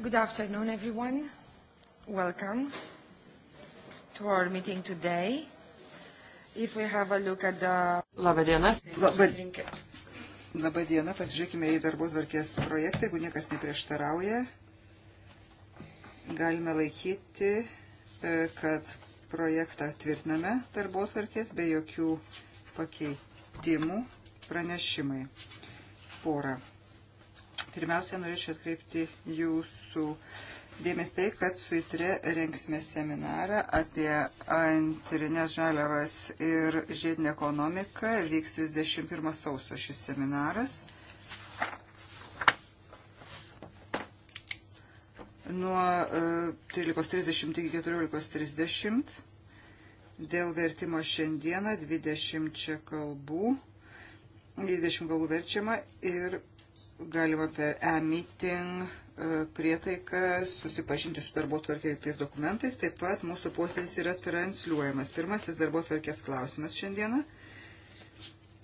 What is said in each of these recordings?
Good afternoon, everyone. Welcome to our meeting today. If we have a look at the... Labą dieną. Labą, labą dieną, pasižiūrėkime į darbo tvarkės projektą, jeigu niekas neprieštarauja. Galime laikyti, e, kad projektą tvirtiname darbo tvarkės be jokių pakeitimų pranešimai. Porą. Pirmiausia, norėčiau atkreipti jūsų jūsų dėmesį tai, kad su ITRE rengsime seminarą apie antrinės žaliavas ir žiedinę ekonomiką. Vyks 31 sausio šis seminaras. Nuo 13.30 e, iki 14.30 dėl vertimo šiandieną 20 kalbų, 20 kalbų verčiama ir galima per e-meeting prietaiką susipažinti su darbo tvarkė tais dokumentais. Taip pat mūsų posėdis yra transliuojamas. Pirmasis darbo tvarkės klausimas šiandieną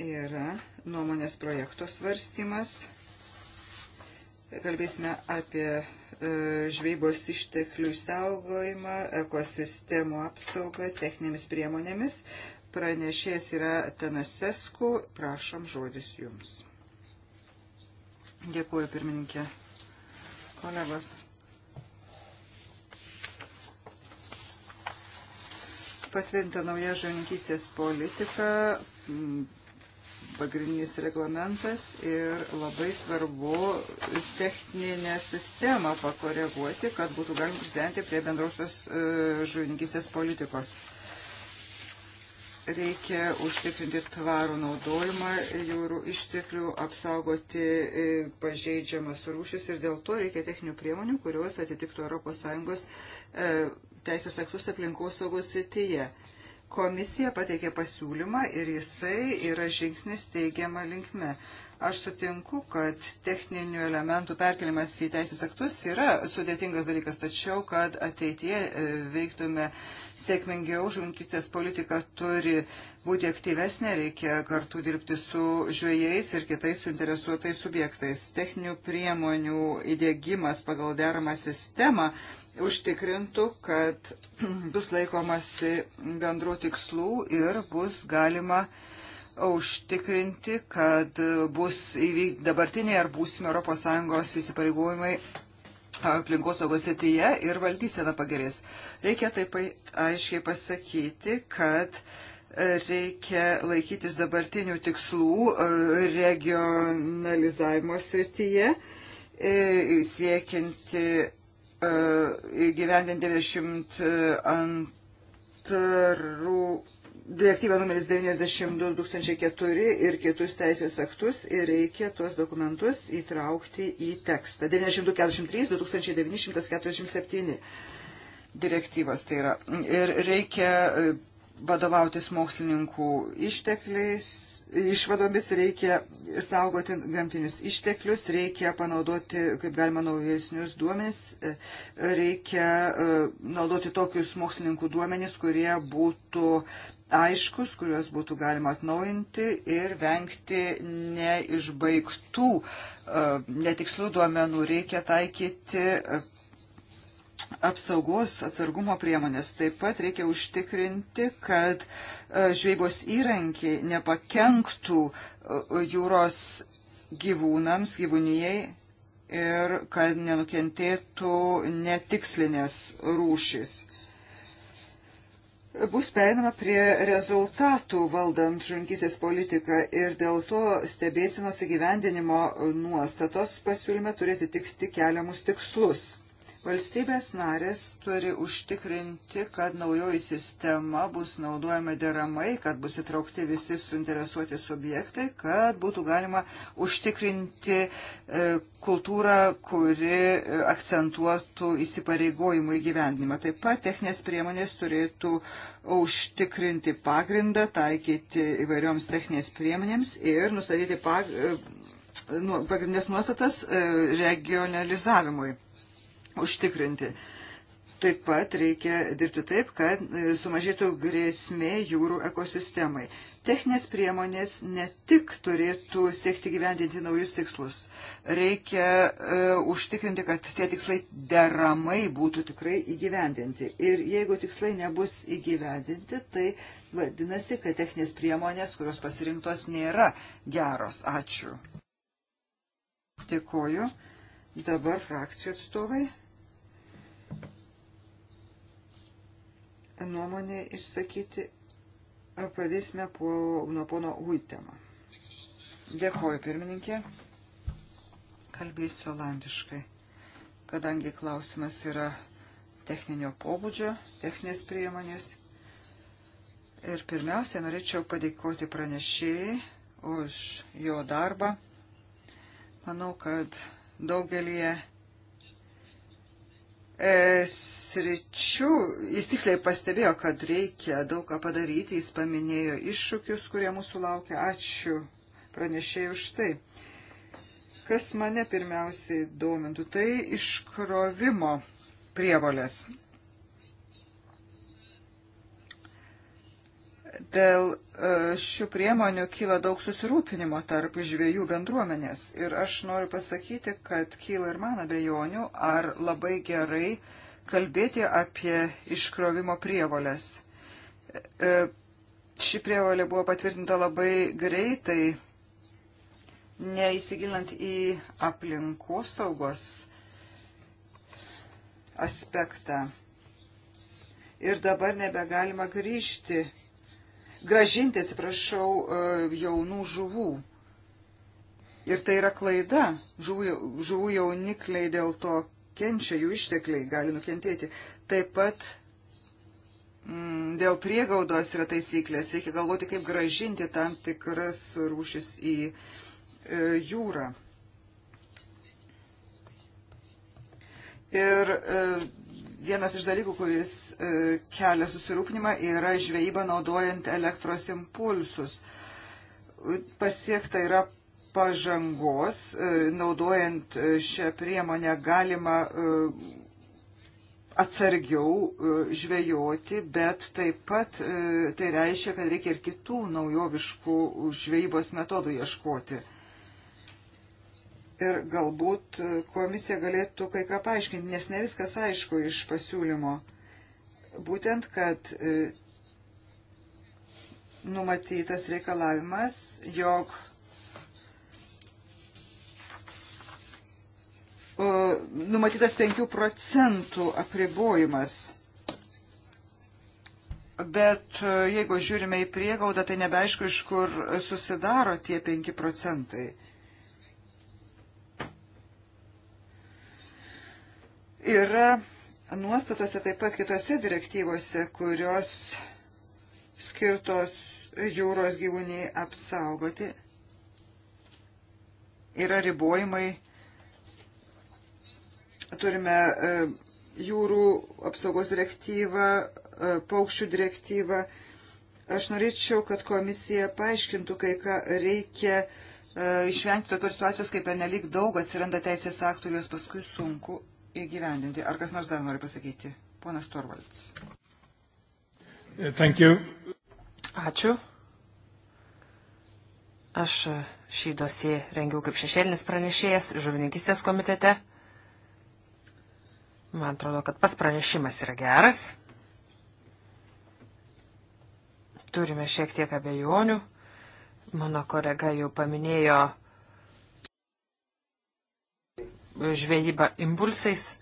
yra nuomonės projekto svarstymas. Kalbėsime apie e, žvejybos išteklių saugojimą, ekosistemų apsaugą techninėmis priemonėmis. Pranešėjas yra Tanasesku, prašom žodis jums. Dėkuoju pirmininkė kolegos. Patvirtinta nauja žuvininkystės politika, pagrindinis reglamentas ir labai svarbu techninę sistemą pakoreguoti, kad būtų galima prisidengti prie bendrosios e, žuvininkystės politikos. Reikia užtikrinti tvarų naudojimą jūrų išteklių, apsaugoti e, pažeidžiamas rūšis ir dėl to reikia techninių priemonių, kurios atitiktų ES e, teisės aktus aplinkos saugos srityje. Komisija pateikė pasiūlymą ir jisai yra žingsnis teigiama linkme. Aš sutinku, kad techninių elementų perkelimas į teisės aktus yra sudėtingas dalykas, tačiau, kad ateitie e, veiktume sėkmingiau, žuvininkystės politika turi būti aktyvesnė, reikia kartu dirbti su žvėjais ir kitais suinteresuotais subjektais. Techninių priemonių įdėgymas pagal deramą sistemą užtikrintų, kad bus laikomasi bendrų tikslų ir bus galima užtikrinti, kad bus įvyk dabartiniai ar būsimi ES įsipareigojimai aplinkosaugos srityje ir valdysena pagerės. Reikia taip aiškiai pasakyti, kad e, reikia laikytis dabartinių tikslų e, regionalizavimo srityje, e, siekinti įgyvendinti 92 direktyvą numeris 92-2004 ir kitus teisės aktus ir reikia tuos dokumentus įtraukti į tekstą. 943-2947 direktyvos tai yra. Ir reikia e, vadovautis mokslininkų ištekliais, išvadomis reikia saugoti gamtinius išteklius, reikia panaudoti, kaip galima, naujesnius duomenys, e, reikia e, naudoti tokius mokslininkų duomenys, kurie būtų aiškus, kuriuos būtų galima atnaujinti ir vengti neišbaigtų, e, netikslių duomenų. Reikia taikyti e, apsaugos atsargumo priemonės. Taip pat reikia užtikrinti, kad e, žvejybos įrankiai nepakenktų jūros gyvūnams, gyvūnijai ir kad nenukentėtų netikslinės rūšis bus perinama prie rezultatų valdant žunkysės politiką ir dėl to stebėsinos įgyvendinimo nuostatos pasiūlyme turėti tik, tik keliamus tikslus. Valstybės narės turi užtikrinti, kad naujoji sistema bus naudojama deramai, kad bus įtraukti visi suinteresuoti subjektai, kad būtų galima užtikrinti e, kultūrą, kuri e, akcentuotų įsipareigojimų įgyvendinimą. Taip pat techninės priemonės turėtų užtikrinti pagrindą, taikyti įvairioms techninės priemonėms ir nustatyti pag... E, nu, pagrindinės nuostatas regionalizavimui užtikrinti. Taip pat reikia dirbti taip, kad e, sumažėtų grėsmė jūrų ekosistemai. Techninės priemonės ne tik turėtų siekti gyvendinti naujus tikslus, reikia e, užtikrinti, kad tie tikslai deramai būtų tikrai įgyvendinti. Ir jeigu tikslai nebus įgyvendinti, tai vadinasi, kad techninės priemonės, kurios pasirinktos, nėra geros. Ačiū. Dėkoju. Dabar frakcijų atstovai. nuomonė išsakyti. Pradėsime po, nuo pono Uitema. Dėkoju, pirmininkė. Kalbėsiu olandiškai, kadangi klausimas yra techninio pobūdžio, techninės priemonės. Ir pirmiausia, norėčiau padėkoti pranešėjai už jo darbą. Manau, kad daugelie e, sričių, jis tiksliai pastebėjo, kad reikia daug ką padaryti, jis paminėjo iššūkius, kurie mūsų laukia. Ačiū pranešėjai už tai. Kas mane pirmiausiai domintų, tai iškrovimo prievolės. Dėl e, šių priemonių kyla daug susirūpinimo tarp žviejų bendruomenės. Ir aš noriu pasakyti, kad kyla ir man abejonių, ar labai gerai kalbėti apie iškrovimo prievolės. E, ši prievolė buvo patvirtinta labai greitai, neįsigilant į aplinkos saugos aspektą. Ir dabar nebegalima grįžti gražinti, atsiprašau, e, jaunų žuvų. Ir tai yra klaida. Žuvų, žuvų jaunikliai dėl to kenčia, jų ištekliai gali nukentėti. Taip pat mm, dėl priegaudos yra taisyklės. Reikia galvoti, kaip gražinti tam tikras rūšis į e, jūrą. Ir e, Vienas iš dalykų, kuris e, kelia susirūpinimą, yra žvejyba naudojant elektros impulsus. Pasiekta yra pažangos, e, naudojant e, šią priemonę galima atsargiau žvejoti, bet taip pat tai reiškia, kad reikia ir kitų naujoviškų žvejybos metodų ieškoti ir galbūt komisija galėtų kai ką paaiškinti, nes ne viskas aišku iš pasiūlymo. Būtent, kad e, numatytas reikalavimas, jog numatytas 5 procentų apribojimas. Bet e, jeigu žiūrime į priegaudą, tai nebeaišku, iš kur susidaro tie 5 procentai. Yra nuostatose taip pat kitose direktyvose, kurios skirtos jūros gyvūniai apsaugoti. Yra ribojimai. Turime e, jūrų apsaugos direktyvą, e, paukščių direktyvą. Aš norėčiau, kad komisija paaiškintų, kai ką reikia e, išvengti tokios situacijos, kai per nelik daug atsiranda teisės aktų ir juos paskui sunku įgyvendinti. Ar kas nors dar nori pasakyti? Ponas Torvalds. Thank you. Ačiū. Aš šį dosį rengiau kaip šešėlinis pranešėjas žuvininkistės komitete. Man atrodo, kad pats pranešimas yra geras. Turime šiek tiek abejonių. Mano kolega jau paminėjo žvejybą impulsais.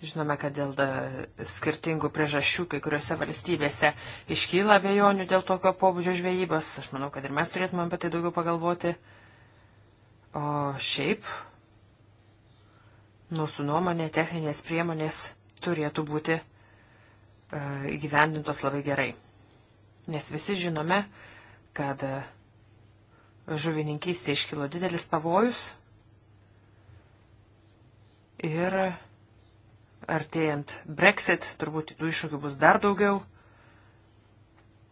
Žinome, kad dėl e, skirtingų priežasčių kai kuriuose valstybėse iškyla abejonių dėl tokio pobūdžio žvejybos. Aš manau, kad ir mes turėtume apie tai daugiau pagalvoti. O šiaip, mūsų nuomonė, techninės priemonės turėtų būti e, įgyvendintos labai gerai. Nes visi žinome, kad e, žuvininkystė iškilo didelis pavojus Ir artėjant Brexit, turbūt tų iššūkių bus dar daugiau.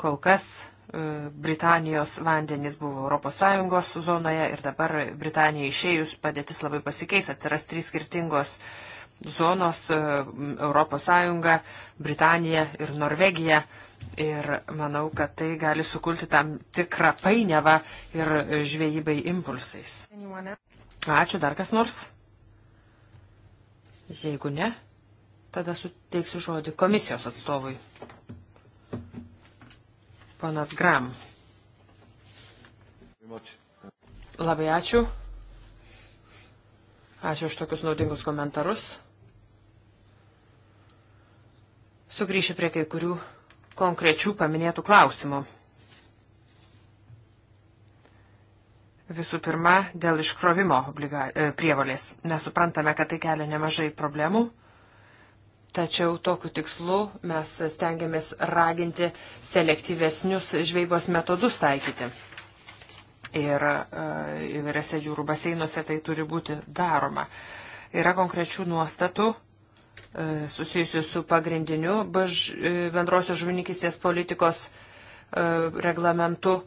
Kol kas e, Britanijos vandenys buvo ES zonoje ir dabar Britanija išėjus padėtis labai pasikeis, atsiras trys skirtingos zonos ES, Britanija ir Norvegija. Ir manau, kad tai gali sukulti tam tikrą painiavą ir žvejybai impulsais. Ačiū, dar kas nors? Jeigu ne, tada suteiksiu žodį komisijos atstovui. Ponas Gram. Labai ačiū. Ačiū už tokius naudingus komentarus. Sugryšiu prie kai kurių konkrečių paminėtų klausimų. Visų pirma, dėl iškrovimo obliga... E, prievalės. Mes suprantame, kad tai kelia nemažai problemų, tačiau tokiu tikslu mes stengiamės raginti selektyvesnius žvejybos metodus taikyti. Ir e, įvairiose jūrų baseinuose tai turi būti daroma. Yra konkrečių nuostatų e, susijusių su pagrindiniu bendrosios žuvininkistės politikos reglamentu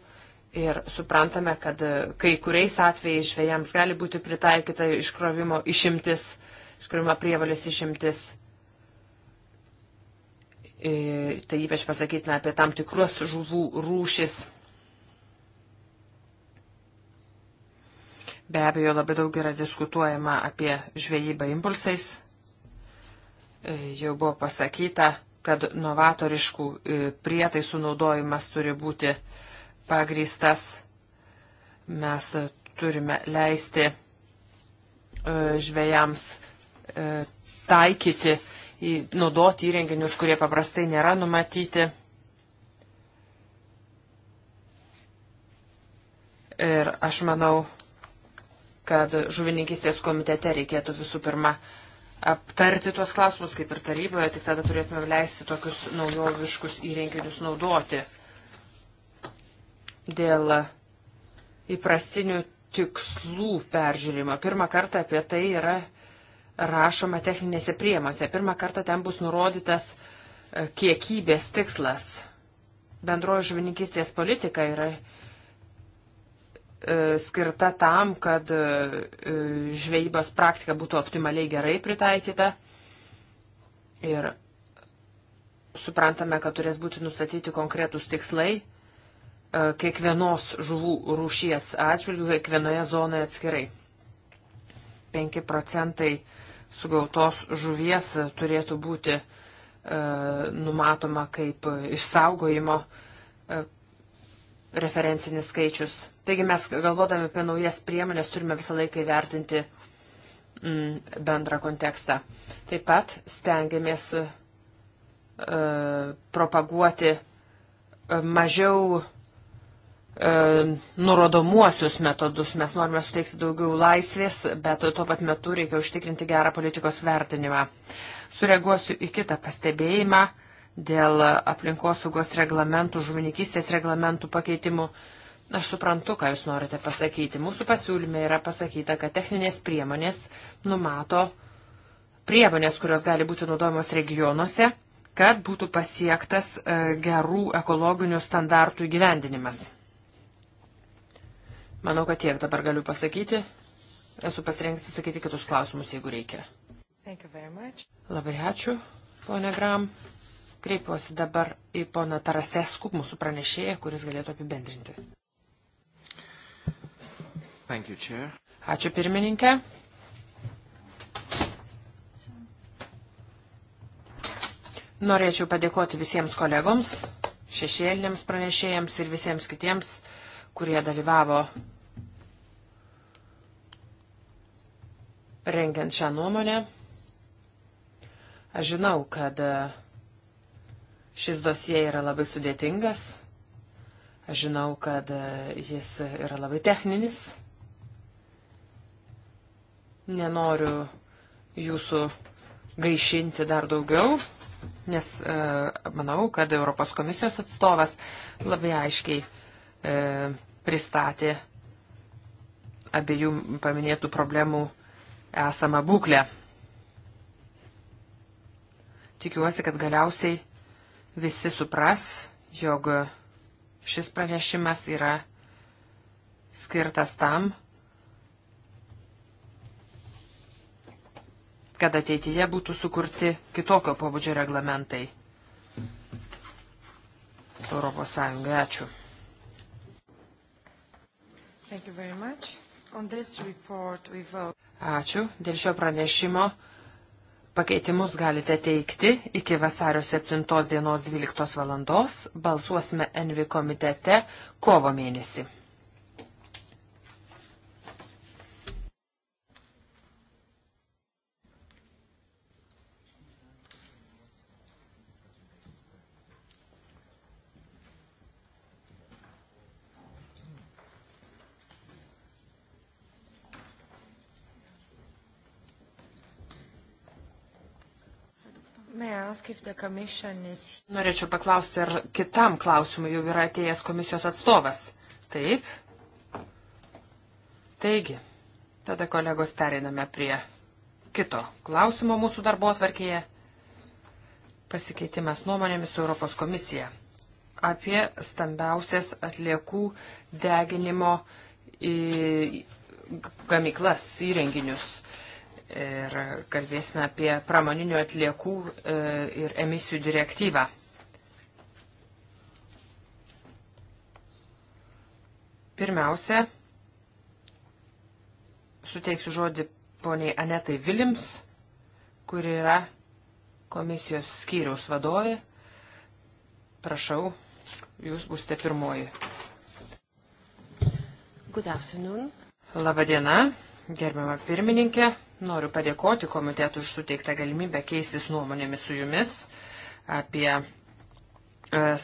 Ir suprantame, kad kai kuriais atvejais žvėjams gali būti pritaikyta iškrovimo išimtis, iškrovimo prievalės išimtis. Ir e, tai ypač pasakytina apie tam tikrus žuvų rūšis. Be abejo, labai daug yra diskutuojama apie žvejybą impulsais. E, jau buvo pasakyta, kad novatoriškų e, prietaisų naudojimas turi būti uh, pagrįstas. Mes turime leisti e, žvėjams e, taikyti, naudoti įrenginius, kurie paprastai nėra numatyti. Ir aš manau, kad žuvininkistės komitete reikėtų visų pirma aptarti tuos klausimus, kaip ir taryboje, tik tada turėtume leisti tokius naujoviškus įrenginius naudoti dėl įprastinių tikslų peržiūrimo. Pirmą kartą apie tai yra rašoma techninėse priemose. Pirmą kartą ten bus nurodytas e, kiekybės tikslas. Bendroji žuvininkystės politika yra e, skirta tam, kad e, žvejybos praktika būtų optimaliai gerai pritaikyta. Ir suprantame, kad turės būti nustatyti konkretūs tikslai E, kiekvienos žuvų rūšies atžvilgių kiekvienoje zonoje atskirai. 5 procentai sugautos žuvies turėtų būti e, numatoma kaip išsaugojimo e, referencinis skaičius. Taigi mes galvodami apie naujas priemonės turime visą laiką įvertinti mm, bendrą kontekstą. Taip pat stengiamės e, propaguoti e, mažiau E, nurodomuosius metodus. Mes norime suteikti daugiau laisvės, bet tuo pat metu reikia užtikrinti gerą politikos vertinimą. Sureaguosiu į kitą pastebėjimą dėl aplinkosaugos reglamentų, žuvininkystės reglamentų pakeitimų. Aš suprantu, ką Jūs norite pasakyti. Mūsų pasiūlyme yra pasakyta, kad techninės priemonės numato priemonės, kurios gali būti naudojamos regionuose, kad būtų pasiektas e, gerų ekologinių standartų įgyvendinimas. Manau, kad tiek dabar galiu pasakyti. Esu pasirengęs atsakyti kitus klausimus, jeigu reikia. Labai ačiū, ponė Gram. Kreipiuosi dabar į poną Tarasesku, mūsų pranešėją, kuris galėtų apibendrinti. Thank you, Chair. Ačiū pirmininkė. Norėčiau padėkoti visiems kolegoms, šešėliniams pranešėjams ir visiems kitiems, kurie dalyvavo rengiant šią nuomonę. Aš žinau, kad e, šis dosie yra labai sudėtingas. Aš žinau, kad e, jis yra labai techninis. Nenoriu jūsų gaišinti dar daugiau, nes e, manau, kad Europos komisijos atstovas labai aiškiai e, pristatė abiejų paminėtų problemų esamą būklę. Tikiuosi, kad galiausiai visi supras, jog šis pranešimas yra skirtas tam, kad ateityje būtų sukurti kitokio pobūdžio reglamentai. Europos Sąjunga, ačiū. Thank you very much. On this report we vote. Ačiū. Dėl šio pranešimo pakeitimus galite teikti iki vasario 7 dienos 12 valandos. Balsuosime Envi komitete kovo mėnesį. Norėčiau paklausti, ar kitam klausimui jau yra atėjęs komisijos atstovas. Taip. Taigi, tada kolegos pereiname prie kito klausimo mūsų darbo atvarkėje. Pasikeitimas nuomonėmis su Europos komisija apie stambiausias atliekų deginimo gamyklas įrenginius ir kalbėsime apie pramoninių atliekų e, ir emisijų direktyvą. Pirmiausia, suteiksiu žodį poniai Anetai Vilims, kuri yra komisijos skyriaus vadovė. Prašau, jūs būsite pirmoji. Good afternoon. Labadiena, gerbiama pirmininkė, Noriu padėkoti komitetu už suteiktą galimybę keistis nuomonėmis su jumis apie e,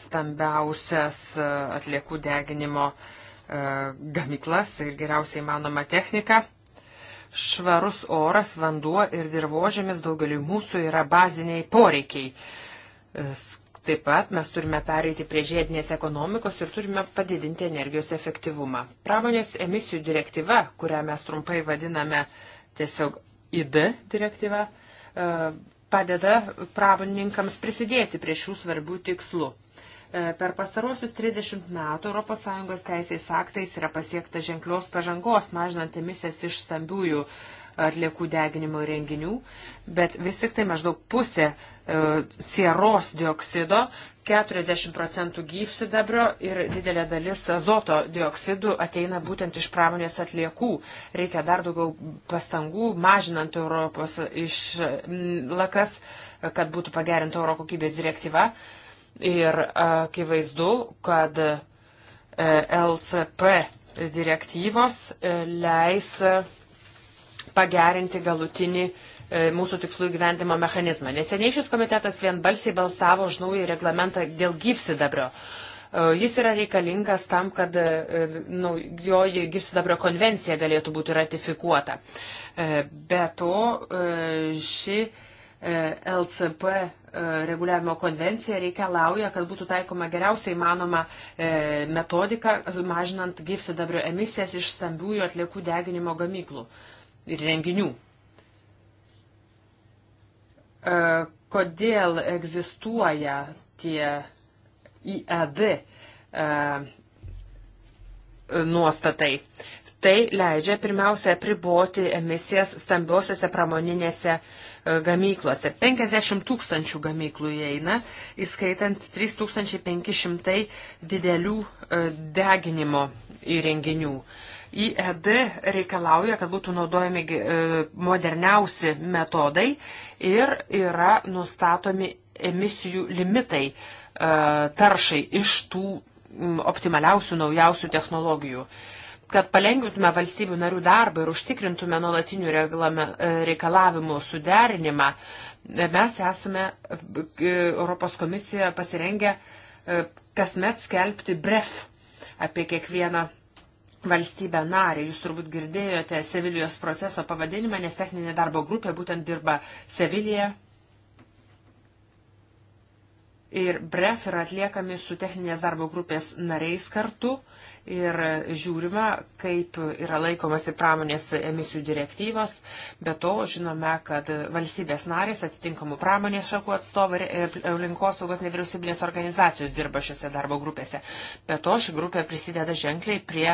stambiausias e, atliekų deginimo e, gamyklas ir geriausiai manoma technika. Švarus oras, vanduo ir dirbožėmis daugeliu mūsų yra baziniai poreikiai. Taip pat mes turime pereiti prie žiedinės ekonomikos ir turime padidinti energijos efektyvumą. Pramonės emisijų direktyva, kurią mes trumpai vadiname tiesiog ID direktyva e, padeda pravininkams prisidėti prie šių svarbių tikslų. E, per pastarosius 30 metų ES teisės aktais yra pasiekta ženklios pažangos, mažinant emisijas iš stambiųjų atliekų deginimo renginių, bet vis tik tai maždaug pusė uh, E, sieros dioksido, 40 procentų gyvsidabrio ir didelė dalis azoto dioksidų ateina būtent iš pramonės atliekų. Reikia dar daugiau pastangų, mažinant Europos išlakas, kad būtų pagerinta oro kokybės direktyva. Ir akivaizdu, kad e, LCP direktyvos e, leis pagerinti galutinį uh, E, mūsų tikslų įgyvendimo mechanizmą. Neseniai šis komitetas vienbalsiai balsavo už naują reglamentą dėl gyvsidabrio. E, jis yra reikalingas tam, kad e, naujoji gyvsidabrio konvencija galėtų būti ratifikuota. Be to, ši LCP reguliavimo konvencija reikalauja, kad būtų taikoma geriausiai manoma metodika, mažinant gyvsidabrio emisijas iš stambiųjų atliekų deginimo gamyklų ir renginių. E, kodėl egzistuoja tie IED e, nuostatai. Tai leidžia pirmiausia priboti emisijas stambiosiuose pramoninėse e, gamyklose. 50 tūkstančių gamyklų įeina, įskaitant 3500 didelių deginimo įrenginių. IED reikalauja, kad būtų naudojami e, moderniausi metodai ir yra nustatomi emisijų limitai e, taršai iš tų optimaliausių, naujausių technologijų. Kad palengvintume valstybių narių darbą ir užtikrintume nuolatinių e, reikalavimų suderinimą, mes esame Europos komisijoje pasirengę kasmet skelbti bref apie kiekvieną valstybę narę. Jūs turbūt girdėjote Sevilijos proceso pavadinimą, nes techninė darbo grupė būtent dirba Sevilija. Ir BREF yra atliekami su techninės darbo grupės nariais kartu ir žiūrime, kaip yra laikomasi pramonės emisijų direktyvos. Be to, žinome, kad valstybės narės atitinkamų pramonės šakų atstovai ir aplinkosaugos nevyriausybinės organizacijos dirba šiuose darbo grupėse. Be to, ši grupė prisideda ženkliai prie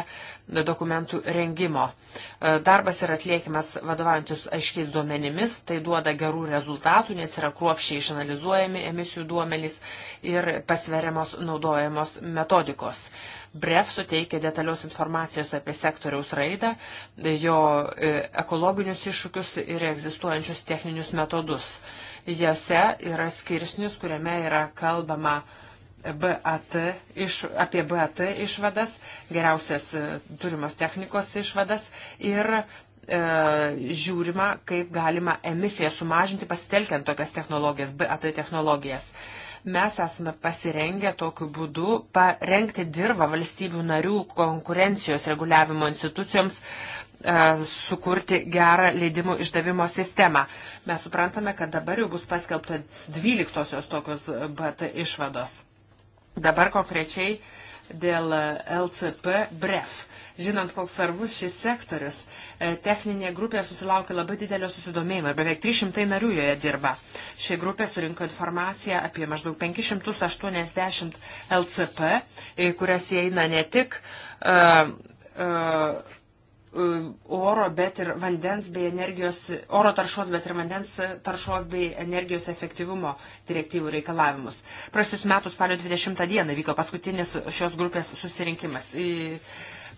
dokumentų rengimo. E, darbas yra atliekimas vadovaujantis aiškiais duomenimis, tai duoda gerų rezultatų, nes yra kruopščiai išanalizuojami emisijų duomenys ir pasveriamos naudojamos metodikos. Uh, BREF suteikia detalios informacijos apie sektoriaus raidą, jo e, ekologinius iššūkius ir egzistuojančius techninius metodus. Jose yra skirsnis, kuriame yra kalbama BAT iš, apie BAT išvadas, geriausias e, turimos technikos išvadas ir e, žiūrima, kaip galima emisiją sumažinti pasitelkiant tokias technologijas, BAT technologijas. E, Mes esame pasirengę tokiu būdu parengti dirbą valstybių narių konkurencijos reguliavimo institucijoms e, sukurti gerą leidimų išdavimo sistemą. Mes suprantame, kad dabar jau bus paskelbta 12-osios tokios BT išvados. Dabar konkrečiai dėl LCP BREF žinant, koks svarbus šis sektorius. E, techninė grupė susilaukė labai didelio susidomėjimo ir beveik 300 narių joje dirba. Ši grupė surinko informaciją apie maždaug 580 LCP, kurias įeina ne tik uh, uh, oro, bet ir vandens bei energijos, oro taršos, bet ir vandens taršos bei energijos efektyvumo direktyvų reikalavimus. Praėjusius metus spalio 20 dieną vyko paskutinis šios grupės susirinkimas. Į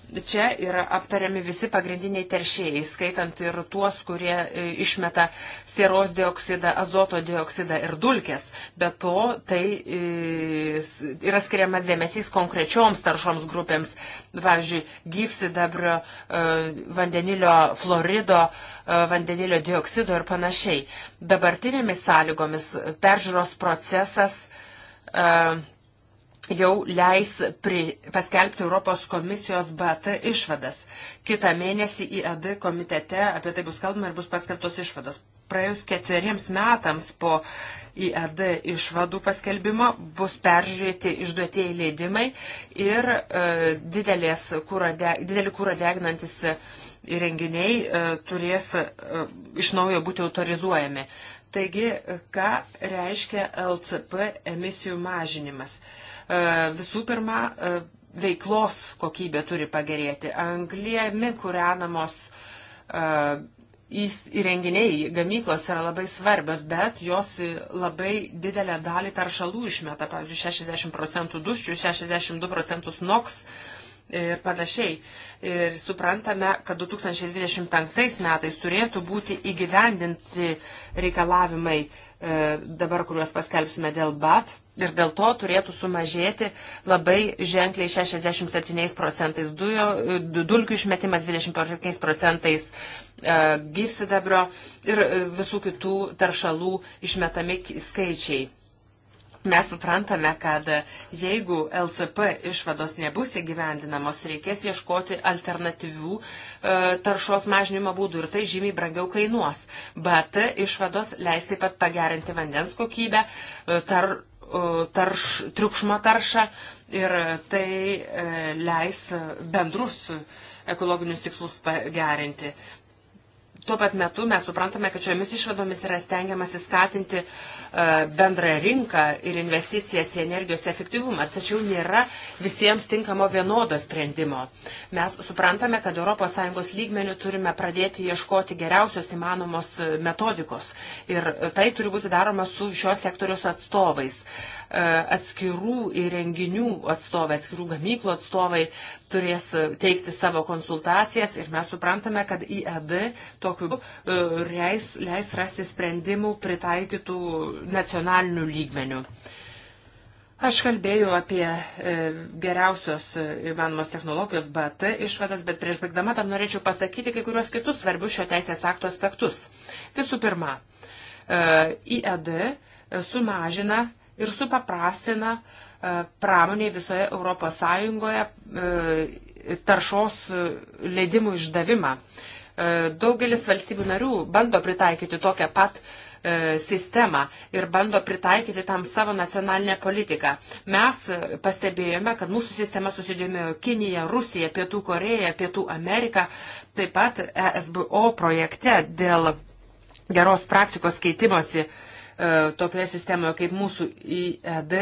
Čia yra aptariami visi pagrindiniai teršėjai, skaitant ir tuos, kurie e, išmeta sieros dioksidą, azoto dioksidą ir dulkes. Be to, tai e, yra skiriamas dėmesys konkrečioms taršoms grupėms, pavyzdžiui, gyvsidabrio, e, vandenilio florido, vandenilio dioksido ir panašiai. Dabartinėmis sąlygomis peržiūros procesas uh, jau leis pri, paskelbti Europos komisijos BAT išvadas. Kita mėnesį į AD komitete apie tai bus kalbama ir bus paskelbtos išvados. Praėjus ketveriems metams po IAD išvadų paskelbimo bus peržiūrėti išduotieji leidimai ir e, didelės kūro de, didelį kūrą degnantis įrenginiai e, turės e, iš naujo būti autorizuojami. Taigi, ką reiškia LCP emisijų mažinimas? E, E, visų pirma, e, veiklos kokybė turi pagerėti. Anglėmi kūrenamos e, įrenginiai, gamyklos yra labai svarbios, bet jos labai didelę dalį taršalų išmeta, pavyzdžiui, 60 procentų duščių, 62 procentus NOX ir panašiai. Ir suprantame, kad 2025 metais turėtų būti įgyvendinti reikalavimai E, dabar, kuriuos paskelbsime dėl BAT. Ir dėl to turėtų sumažėti labai ženkliai 67 procentais dujo, dulkių išmetimas 25 procentais e, gyvsidabrio ir e, visų kitų taršalų išmetami skaičiai. Mes suprantame, kad jeigu LCP išvados nebus įgyvendinamos, reikės ieškoti alternatyvių e, taršos mažinimo būdų ir tai žymiai brangiau kainuos. Bet išvados leis taip pat pagerinti vandens kokybę, e, tar, tarš, triukšmo taršą ir tai e, leis bendrus ekologinius tikslus pagerinti tuo pat metu mes suprantame, kad šiomis išvadomis yra stengiamasi skatinti e, bendrą rinką ir investicijas į energijos efektyvumą, tačiau nėra visiems tinkamo vienodo sprendimo. Mes suprantame, kad ES lygmenių turime pradėti ieškoti geriausios įmanomos e, metodikos ir e, tai turi būti daroma su šios sektorius atstovais. Uh, E, atskirų įrenginių atstovai, atskirų gamyklų atstovai turės e, teikti savo konsultacijas ir mes suprantame, kad IAD e tokiu leis, leis rasti sprendimų pritaikytų nacionalinių lygmenių. Aš kalbėjau apie geriausios įmanomos technologijos BAT išvadas, bet prieš baigdama tam norėčiau pasakyti kai kuriuos kitus svarbius šio teisės akto aspektus. Visų pirma, IAD sumažina ir supaprastina e, pramoniai visoje Europos Sąjungoje e, taršos e, leidimų išdavimą. Daugelis valstybių narių bando pritaikyti tokią pat sistemą ir bando pritaikyti tam savo nacionalinę politiką. Mes pastebėjome, kad mūsų sistema susidėmėjo Kinija, Rusija, Pietų Koreja, Pietų Amerika, taip pat ESBO projekte dėl geros praktikos keitimosi uh, E, tokioje sistemoje kaip mūsų IED e,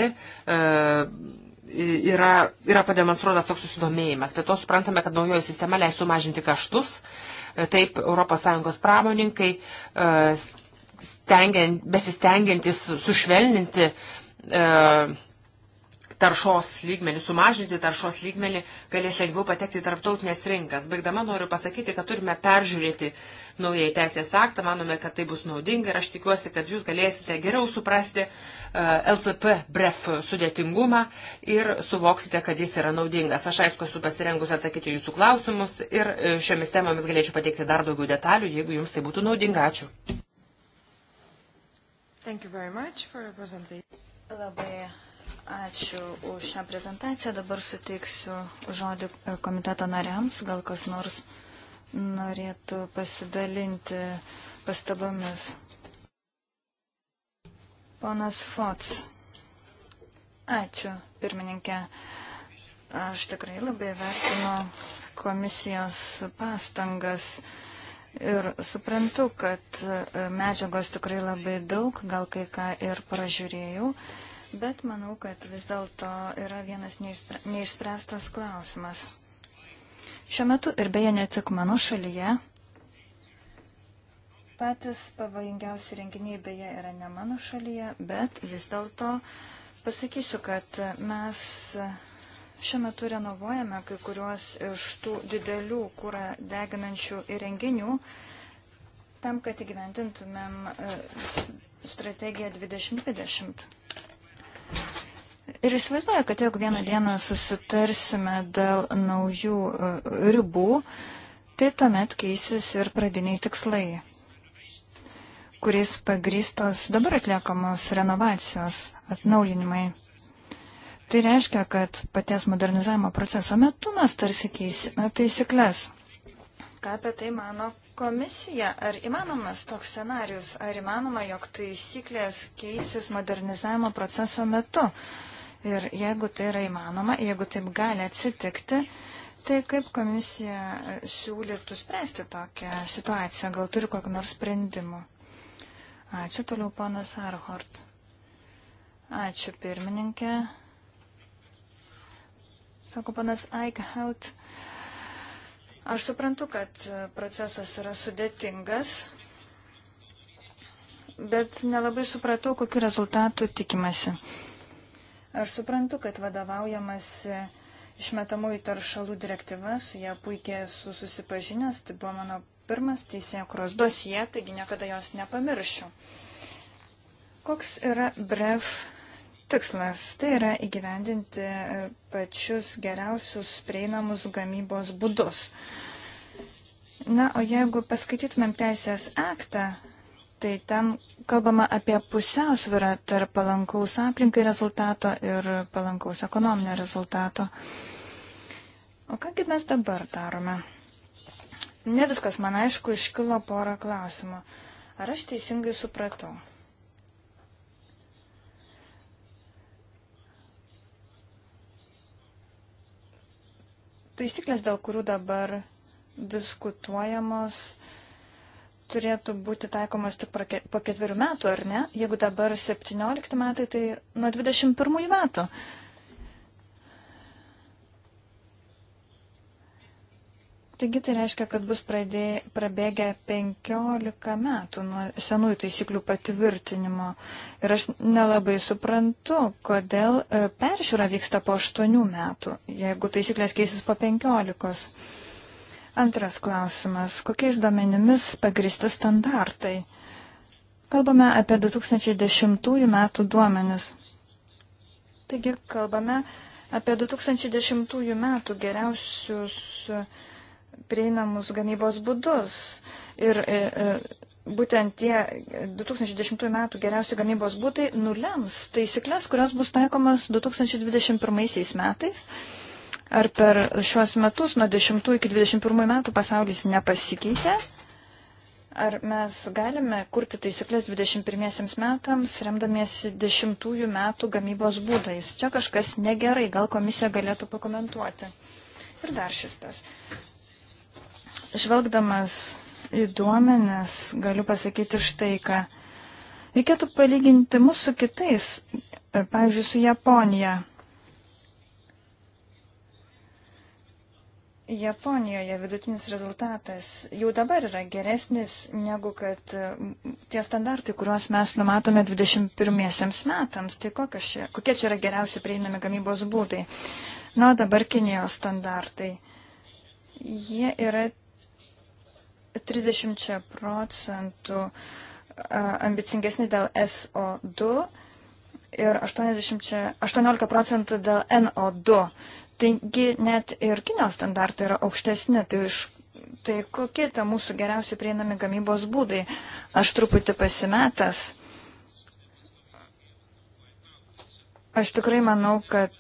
yra, yra pademonstruotas toks susidomėjimas. Bet to suprantame, kad naujoji sistema leis sumažinti kaštus. E, taip ES pramoninkai stengiant, besistengiantis sušvelninti taršos lygmenį, sumažinti taršos lygmenį, galės lengviau patekti į tarptautinės rinkas. Baigdama noriu pasakyti, kad turime peržiūrėti naują teisės aktą, manome, kad tai bus naudinga ir aš tikiuosi, kad jūs galėsite geriau suprasti uh, LCP bref sudėtingumą ir suvoksite, kad jis yra naudingas. Aš aišku, esu pasirengus atsakyti jūsų klausimus ir uh, šiomis temomis galėčiau pateikti dar daugiau detalių, jeigu jums tai būtų naudinga. Ačiū. Labai Ačiū už šią prezentaciją. Dabar suteiksiu žodį uh, komiteto nariams. Gal kas nors norėtų pasidalinti pastabomis. Ponas Fots. Ačiū, pirmininkė. Aš tikrai labai vertinu komisijos pastangas ir suprantu, kad e, medžiagos tikrai labai daug, gal kai ką ir pražiūrėjau, bet manau, kad vis dėlto yra vienas neišspręstas klausimas. Šiuo metu ir beje ne tik mano šalyje. Patys pavojingiausi renginiai beje yra ne mano šalyje, bet vis dėlto pasakysiu, kad mes šiuo metu renovuojame kai kuriuos iš tų didelių kūrą deginančių įrenginių tam, kad įgyventintumėm e, strategiją 2020. Ir įsivaizduoju, kad jeigu vieną dieną susitarsime dėl naujų e, ribų, tai tuomet keisis ir pradiniai tikslai, kuriais pagrystos dabar atliekamos renovacijos atnaujinimai. Tai reiškia, kad paties modernizavimo proceso metu mes tarsi keisime taisyklės. Ką apie tai mano komisija? Ar įmanomas toks scenarius? Ar įmanoma, jog taisyklės keisis modernizavimo proceso metu? Ir jeigu tai yra įmanoma, jeigu taip gali atsitikti, tai kaip komisija siūlytų spręsti tokią situaciją? Gal turi kokį nors sprendimą? Ačiū toliau, ponas Arhort. Ačiū pirmininkė. Sako panas Eichhout. Aš suprantu, kad procesas yra sudėtingas, bet nelabai supratau, kokiu rezultatu tikimasi. Aš suprantu, kad vadovaujamas išmetamųjų taršalų direktyva, su ją puikiai esu susipažinęs, tai buvo mano pirmas teisėjo kuros dosie, taigi niekada jos nepamiršiu. Koks yra brev tikslas? Tai yra įgyvendinti e, pačius geriausius prieinamus gamybos būdus. Na, o jeigu paskaitytumėm teisės aktą, tai ten kalbama apie pusiausvyrą tarp palankaus aplinkai rezultato ir palankaus ekonominio rezultato. O kągi mes dabar darome? Ne viskas man aišku, iškilo porą klausimų. Ar aš teisingai supratau? Taisyklės, dėl kurių dabar diskutuojamos, uh, turėtų būti taikomas tik po ketverių metų, ar ne? Jeigu dabar 17 metai, tai nuo 21 metų. Taigi tai reiškia, kad bus pradė, prabėgę 15 metų nuo senųjų taisyklių patvirtinimo. Ir aš nelabai suprantu, kodėl e, peržiūra vyksta po 8 metų, jeigu taisyklės keisis po 15. Antras klausimas. Kokiais duomenimis pagristi standartai? Kalbame apie 2010 metų duomenis. Taigi kalbame apie 2010 metų geriausius prieinamus gamybos būdus. Ir e, e, būtent tie 2010 metų geriausi gamybos būtai nulems taisyklės, kurios bus taikomas 2021 metais Ar per šiuos metus nuo 10 iki 21 metų pasaulis nepasikeitė? Ar mes galime kurti taisyklės 21 metams, remdamiesi 10 metų gamybos būdais? Čia kažkas negerai, gal komisija galėtų pakomentuoti. Ir dar šis tas. Žvelgdamas į duomenis, galiu pasakyti ir štai ką. Reikėtų palyginti mūsų kitais, pavyzdžiui, su Japonija. Japonijoje vidutinis rezultatas jau dabar yra geresnis negu kad tie standartai, kuriuos mes numatome 21 metams. Tai čia, kokie čia yra geriausi prieinami gamybos būdai? Na, dabar Kinijos standartai. Jie yra 30 procentų ambicingesni dėl SO2 ir 80, 18 procentų dėl NO2. Taigi net ir Kinijos standartai yra aukštesni, tai, iš, tai kokie ta mūsų geriausi prieinami gamybos būdai. Aš truputį pasimetęs. Aš tikrai manau, kad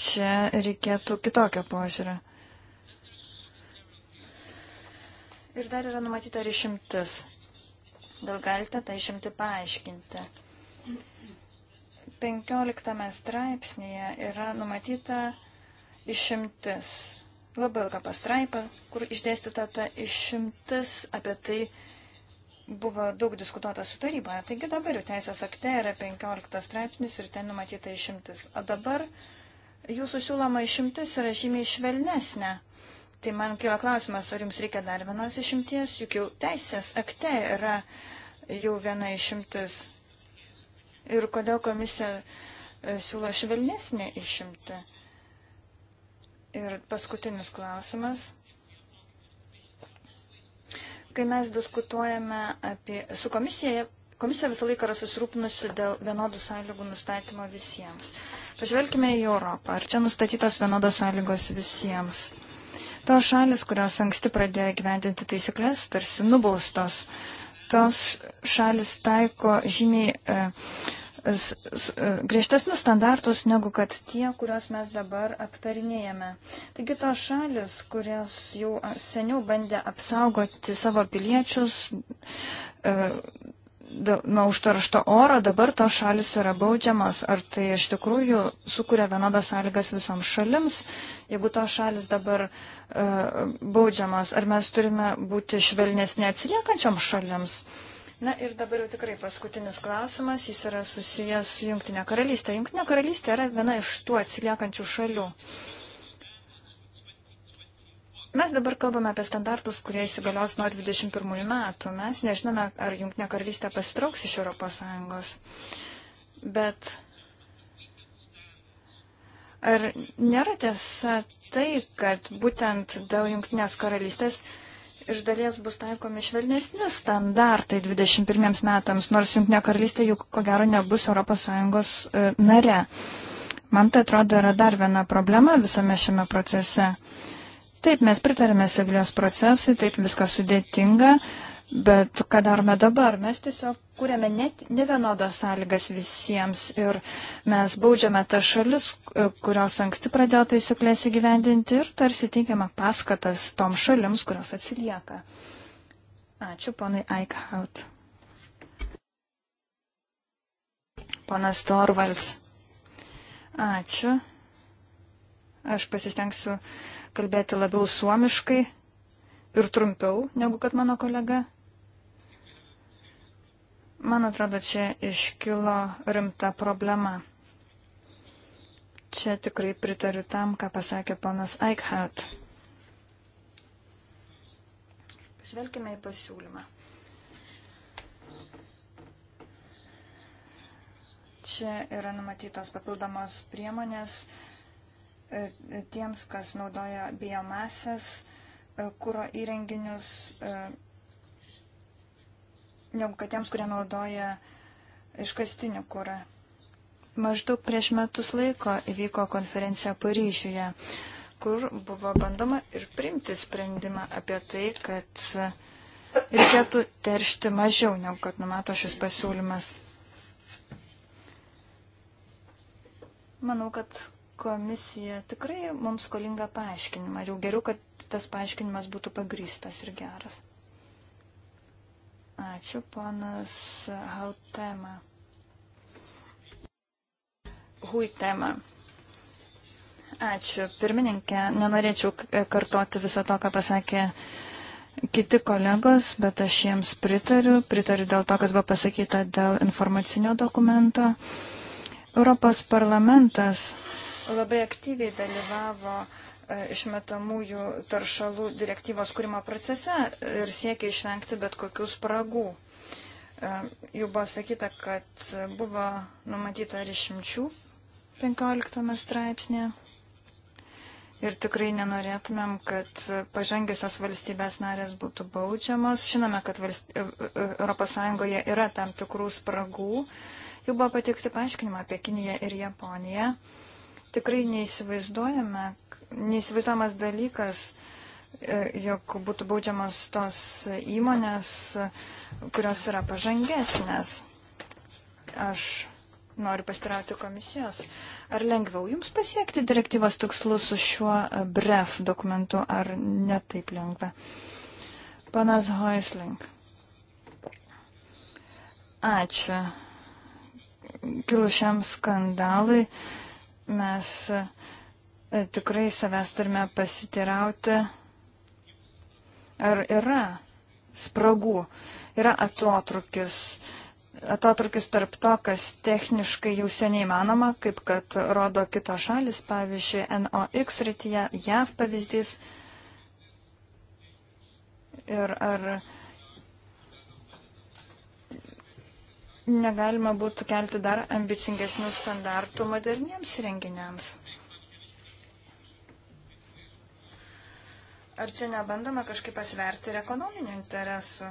čia reikėtų kitokio požiūrio. Ir dar yra numatyta ir išimtis. Gal galite tą išimtį paaiškinti? 15 straipsnėje yra numatyta išimtis. Labai ilga pastraipa, kur išdėstyta ta išimtis, apie tai buvo daug diskutuota su taryboje. Taigi dabar jau teisės akte yra 15 straipsnis ir ten numatyta išimtis. O dabar jūsų siūloma išimtis yra žymiai švelnesnė. Tai man kyla klausimas, ar jums reikia dar vienos išimties, juk jau teisės akte yra jau viena išimtis. Ir kodėl komisija e, siūlo švelnesnį išimtį? Ir paskutinis klausimas. Kai mes diskutuojame apie, su komisija, komisija visą laiką yra susirūpinusi dėl vienodų sąlygų nustatymo visiems. Pažvelkime į Europą. Ar čia nustatytos vienodos sąlygos visiems? Tos šalis, kurios anksti pradėjo gyvendinti taisyklės, tarsi nubaustos. Tos šalis taiko žymiai. E, griežtesnius standartus negu kad tie, kuriuos mes dabar aptarinėjame. Taigi tos šalis, kurias jau seniau bandė apsaugoti savo piliečius e, nuo užtaršto oro, dabar tos šalis yra baudžiamas. Ar tai iš tikrųjų sukuria vienodas sąlygas visoms šalims, jeigu tos šalis dabar e, baudžiamas, ar mes turime būti švelnesnė atsiliekančiom šalims? Na ir dabar jau tikrai paskutinis klausimas, jis yra susijęs su Junktinė karalystė. Junktinė karalystė yra viena iš tų atsiliekančių šalių. Mes dabar kalbame apie standartus, kurie įsigalios nuo 21 metų. Mes nežinome, ar Junktinė karalystė pasitrauks iš ES. Bet ar nėra tiesa tai, kad būtent dėl Junktinės karalystės iš dalies bus taikomi švelnesni standartai 21 metams, nors Junktinė karalystė juk ko gero nebus ES e, nare. Man tai atrodo yra dar viena problema visame šiame procese. Taip, mes pritarėme Sevilijos procesui, taip viskas sudėtinga, bet ką darome dabar? Mes tiesiog kūrėme net nevienodas sąlygas visiems ir mes baudžiame tas šalis, e, kurios anksti pradėjo taisyklės įgyvendinti ir tarsi teikiame paskatas tom šalims, kurios atsilieka. Ačiū, ponai Eichhout. Ponas Torvalds. Ačiū. Aš pasistengsiu kalbėti labiau suomiškai ir trumpiau negu kad mano kolega. Man atrodo, čia iškilo rimta problema. Čia tikrai pritariu tam, ką pasakė ponas Eichhardt. Žvelkime į pasiūlymą. Čia yra numatytos papildomos priemonės e, e, tiems, kas naudoja biomasės, e, kūro įrenginius, negu kad tiems, kurie naudoja iškastinį kūrą. Maždaug prieš metus laiko įvyko konferencija Paryžiuje, kur buvo bandoma ir priimti sprendimą apie tai, kad reikėtų teršti mažiau, negu kad numato šis pasiūlymas. Manau, kad komisija tikrai mums skolinga paaiškinimą. Jau geriau, kad tas paaiškinimas būtų pagrystas ir geras. Ačiū, ponas Hautema. Hui tema. Ačiū, pirmininkė. Nenorėčiau kartoti viso to, ką pasakė kiti kolegos, bet aš jiems pritariu. Pritariu dėl to, kas buvo pasakyta dėl informacinio dokumento. Europos parlamentas labai aktyviai dalyvavo uh, E, išmetamųjų taršalų direktyvos kūrimo procese ir siekia išvengti bet kokių spragų. E, jau buvo sakyta, kad buvo numatyta ir išimčių 15 straipsnė. Ir tikrai nenorėtumėm, kad pažengiusios valstybės narės būtų baudžiamos. Žinome, kad valst... ES e, yra tam tikrų spragų. Jau buvo pateikti paaiškinimą apie Kiniją ir Japoniją. Uh, tikrai neįsivaizduojamas dalykas, e, jog būtų baudžiamas tos įmonės, kurios yra pažangesnės. Aš noriu pastirauti komisijos. Ar lengviau jums pasiekti direktyvos tikslus su šiuo BREF dokumentu, ar netaip lengva? Panas Hoisling. Ačiū. Kilus šiam skandalui mes e, tikrai savęs turime pasitirauti, ar yra spragų, yra atotrukis. Atotrukis tarp to, kas techniškai jau seniai manoma, kaip kad rodo kitos šalis, pavyzdžiui, NOX rytyje, JAV pavyzdys. Ir ar negalima būtų kelti dar ambicingesnių standartų moderniems renginiams? Ar čia nebandoma kažkaip pasverti ir ekonominių interesų?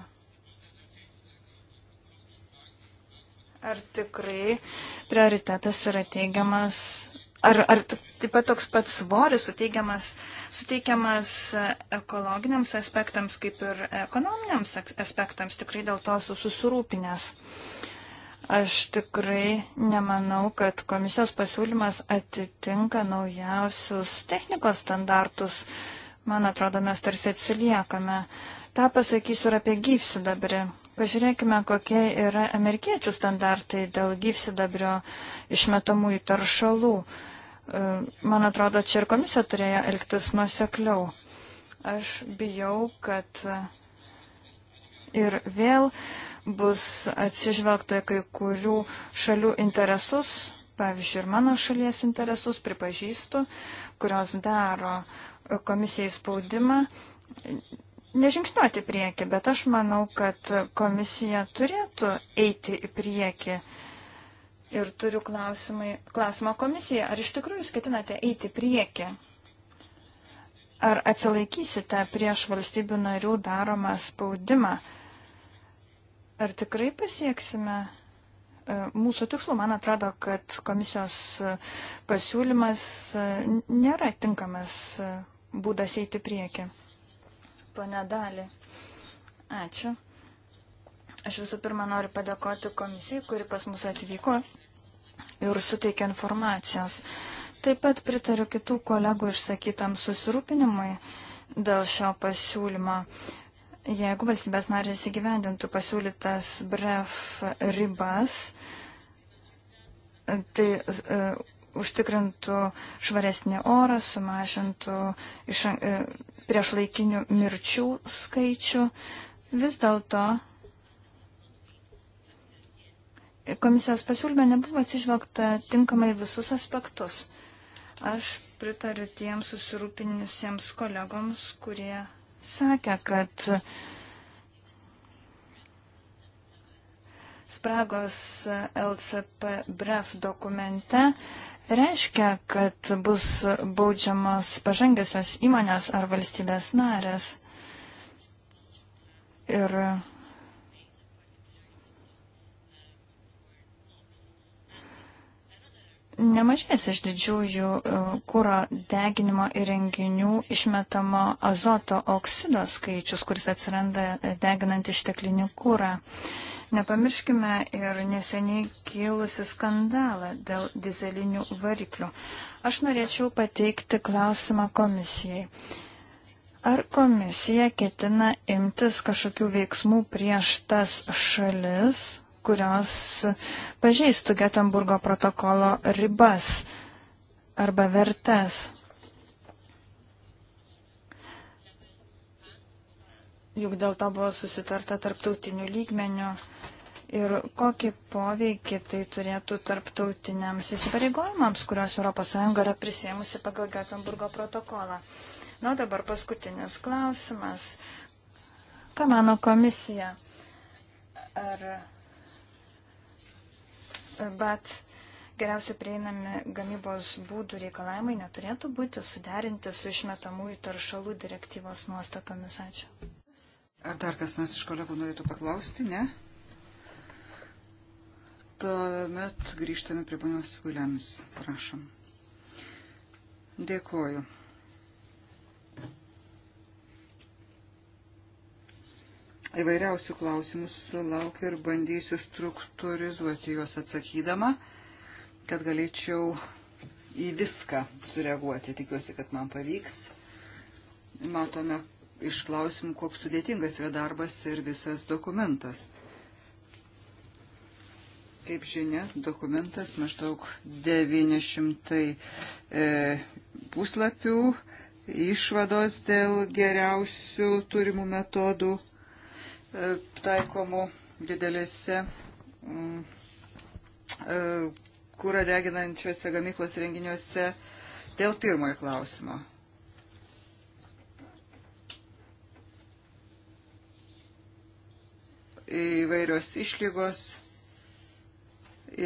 Ar tikrai prioritetas yra teigiamas, ar, ar taip pat toks pat svoris suteikiamas, suteikiamas ekologiniams aspektams kaip ir ekonominiams aspektams, tikrai dėl to esu susirūpinęs. Uh, Aš tikrai nemanau, kad komisijos pasiūlymas atitinka naujausius technikos standartus. Man atrodo, mes tarsi atsiliekame. Ta pasakysiu ir apie gyvsidabrį. Pažiūrėkime, kokie yra amerikiečių standartai dėl gyvsidabrio išmetamųjų taršalų. E, man atrodo, čia ir komisija turėjo elgtis nuosekliau. Aš bijau, kad ir vėl uh, bus atsižvelgta kai kurių šalių interesus, pavyzdžiui, ir mano šalies interesus pripažįstu, kurios daro komisijai spaudimą. Nežingsniuoti prieki, bet aš manau, kad komisija turėtų eiti į priekį. Ir turiu klausimą komisijai, ar iš tikrųjų jūs ketinate eiti prieki? Ar atsilaikysite prieš valstybių narių daromą spaudimą? Ar tikrai pasieksime e, mūsų tikslų? Man atrodo, kad komisijos e, pasiūlymas e, nėra tinkamas būdas eiti prieki. Pane Dali, ačiū. Aš visų pirma noriu padėkoti komisijai, kuri pas mus atvyko ir suteikė informacijos. Taip pat pritariu kitų kolegų išsakytam susirūpinimui dėl šio pasiūlymo. Jeigu valstybės narės įgyvendintų pasiūlytas bref ribas, tai uh, užtikrintų švaresnį orą, sumažintų iš, uh, priešlaikinių mirčių skaičių. Vis dėlto komisijos pasiūlyme nebuvo atsižvelgta tinkamai visus aspektus. Aš pritariu tiems susirūpinusiems kolegoms, kurie sakė, kad spragos LCP BREF dokumente reiškia, kad bus baudžiamos pažangiosios įmonės ar valstybės narės. Ir nemažės iš didžiųjų e, kūro deginimo įrenginių išmetamo azoto oksido skaičius, kuris atsiranda e, deginant išteklinį kūrą. Nepamirškime ir neseniai kilusi skandalą dėl dizelinių variklių. Aš norėčiau pateikti klausimą komisijai. Ar komisija ketina imtis kažkokių veiksmų prieš tas šalis, kurios pažeistų Getemburgo protokolo ribas arba vertes. Juk dėl to buvo susitarta tarptautinių lygmenių. Ir kokį poveikį tai turėtų tarptautiniams įsipareigojimams, kuriuos ES yra prisėmusi pagal Getemburgo protokolą. Na, dabar paskutinis klausimas. Ką mano komisija? Ar bet geriausiai prieinami gamybos būdų reikalavimai neturėtų būti suderinti su išmetamųjų taršalų direktyvos nuostatomis. Ačiū. Ar dar kas nors iš kolegų norėtų paklausti? Ne? Tuomet grįžtame prie ponios Williams. Prašom. Dėkuoju. įvairiausių klausimų sulaukiu ir bandysiu struktūrizuoti juos atsakydama, kad galėčiau į viską sureaguoti. Tikiuosi, kad man pavyks. Matome iš klausimų, koks sudėtingas yra darbas ir visas dokumentas. Kaip žinia, dokumentas maždaug 900 e, puslapių, išvados dėl geriausių turimų metodų E, taikomų didelėse mm, e, kūrą deginančiuose gamyklos renginiuose dėl pirmojo klausimo. Įvairios išlygos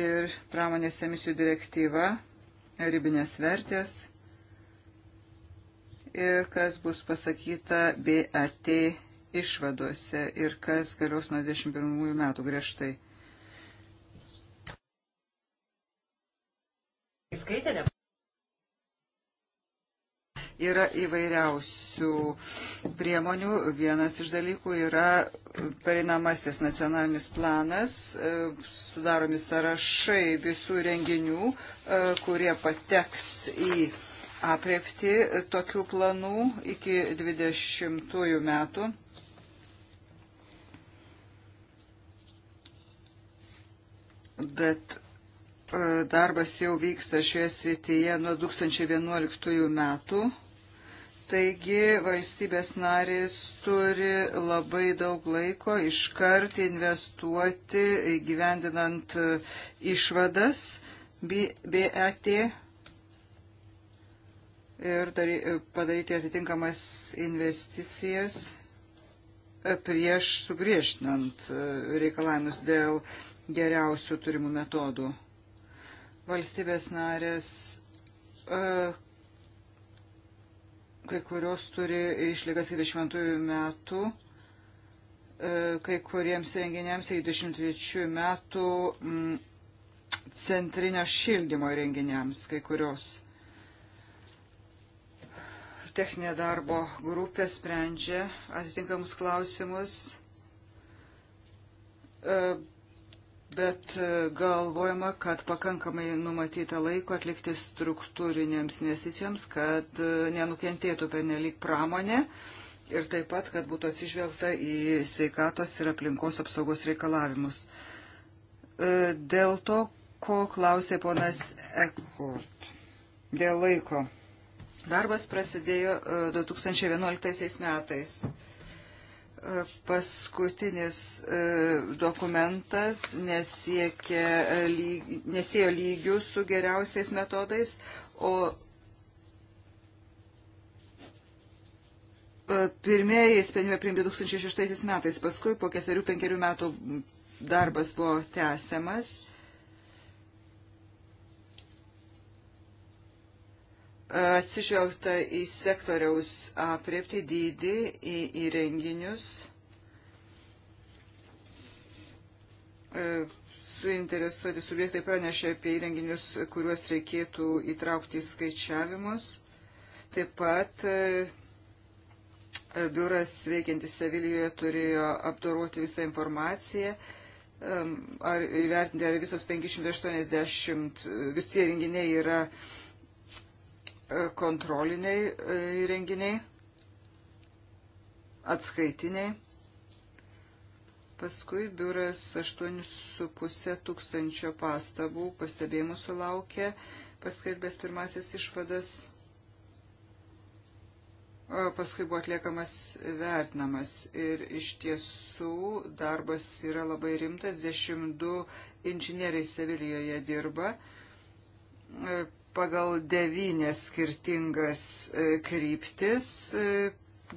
ir pramonės emisijų direktyva, ribinės vertės ir kas bus pasakyta BAT išvadose ir kas galios nuo 21 metų griežtai. Skaitėte? Yra įvairiausių priemonių. Vienas iš dalykų yra perinamasis nacionalinis planas, e, sudaromi sąrašai visų renginių, e, kurie pateks į apriepti tokių planų iki 20 metų. bet e, darbas jau vyksta šioje srityje nuo 2011 metų. Taigi valstybės narės turi labai daug laiko iškart investuoti gyvendinant e, išvadas BET ir e, padaryti atitinkamas investicijas prieš sugriežtinant reikalavimus dėl geriausių turimų metodų. Valstybės narės e, kai kurios turi išlygas 20 metų, e, kai kuriems renginiams 23 metų mm, centrinio šildymo renginiams, kai kurios techninė darbo grupė sprendžia atitinkamus klausimus e, bet e, galvojama, kad pakankamai numatyta laiko atlikti struktūrinėms investicijoms, kad e, nenukentėtų penelik pramonė ir taip pat, kad būtų atsižvelgta į sveikatos ir aplinkos apsaugos reikalavimus. E, dėl to, ko klausė ponas Ekurt, dėl laiko. Darbas prasidėjo 2011 metais paskutinis e, dokumentas lyg, nesėjo lygių su geriausiais metodais, o e, pirmieji sprendimai priimti 2006 metais, paskui po ketverių, penkerių metų darbas buvo tęsiamas atsižvelgta į sektoriaus apriepti dydį, į įrenginius, e, suinteresuoti subjektai pranešė apie įrenginius, kuriuos reikėtų įtraukti į skaičiavimus. Taip pat e, e, biuras veikiantis Sevilijoje turėjo apdoroti visą informaciją, ar įvertinti, ar visos 580, visi renginiai yra E, kontroliniai e, įrenginiai, atskaitiniai. Paskui biuras 8,5 tūkstančio pastabų pastebėjimų sulaukė, paskelbęs pirmasis išvadas. Paskui buvo atliekamas vertinamas ir iš tiesų darbas yra labai rimtas, 12 inžinieriai Sevilijoje dirba, e, pagal devynės skirtingas e, kryptis e,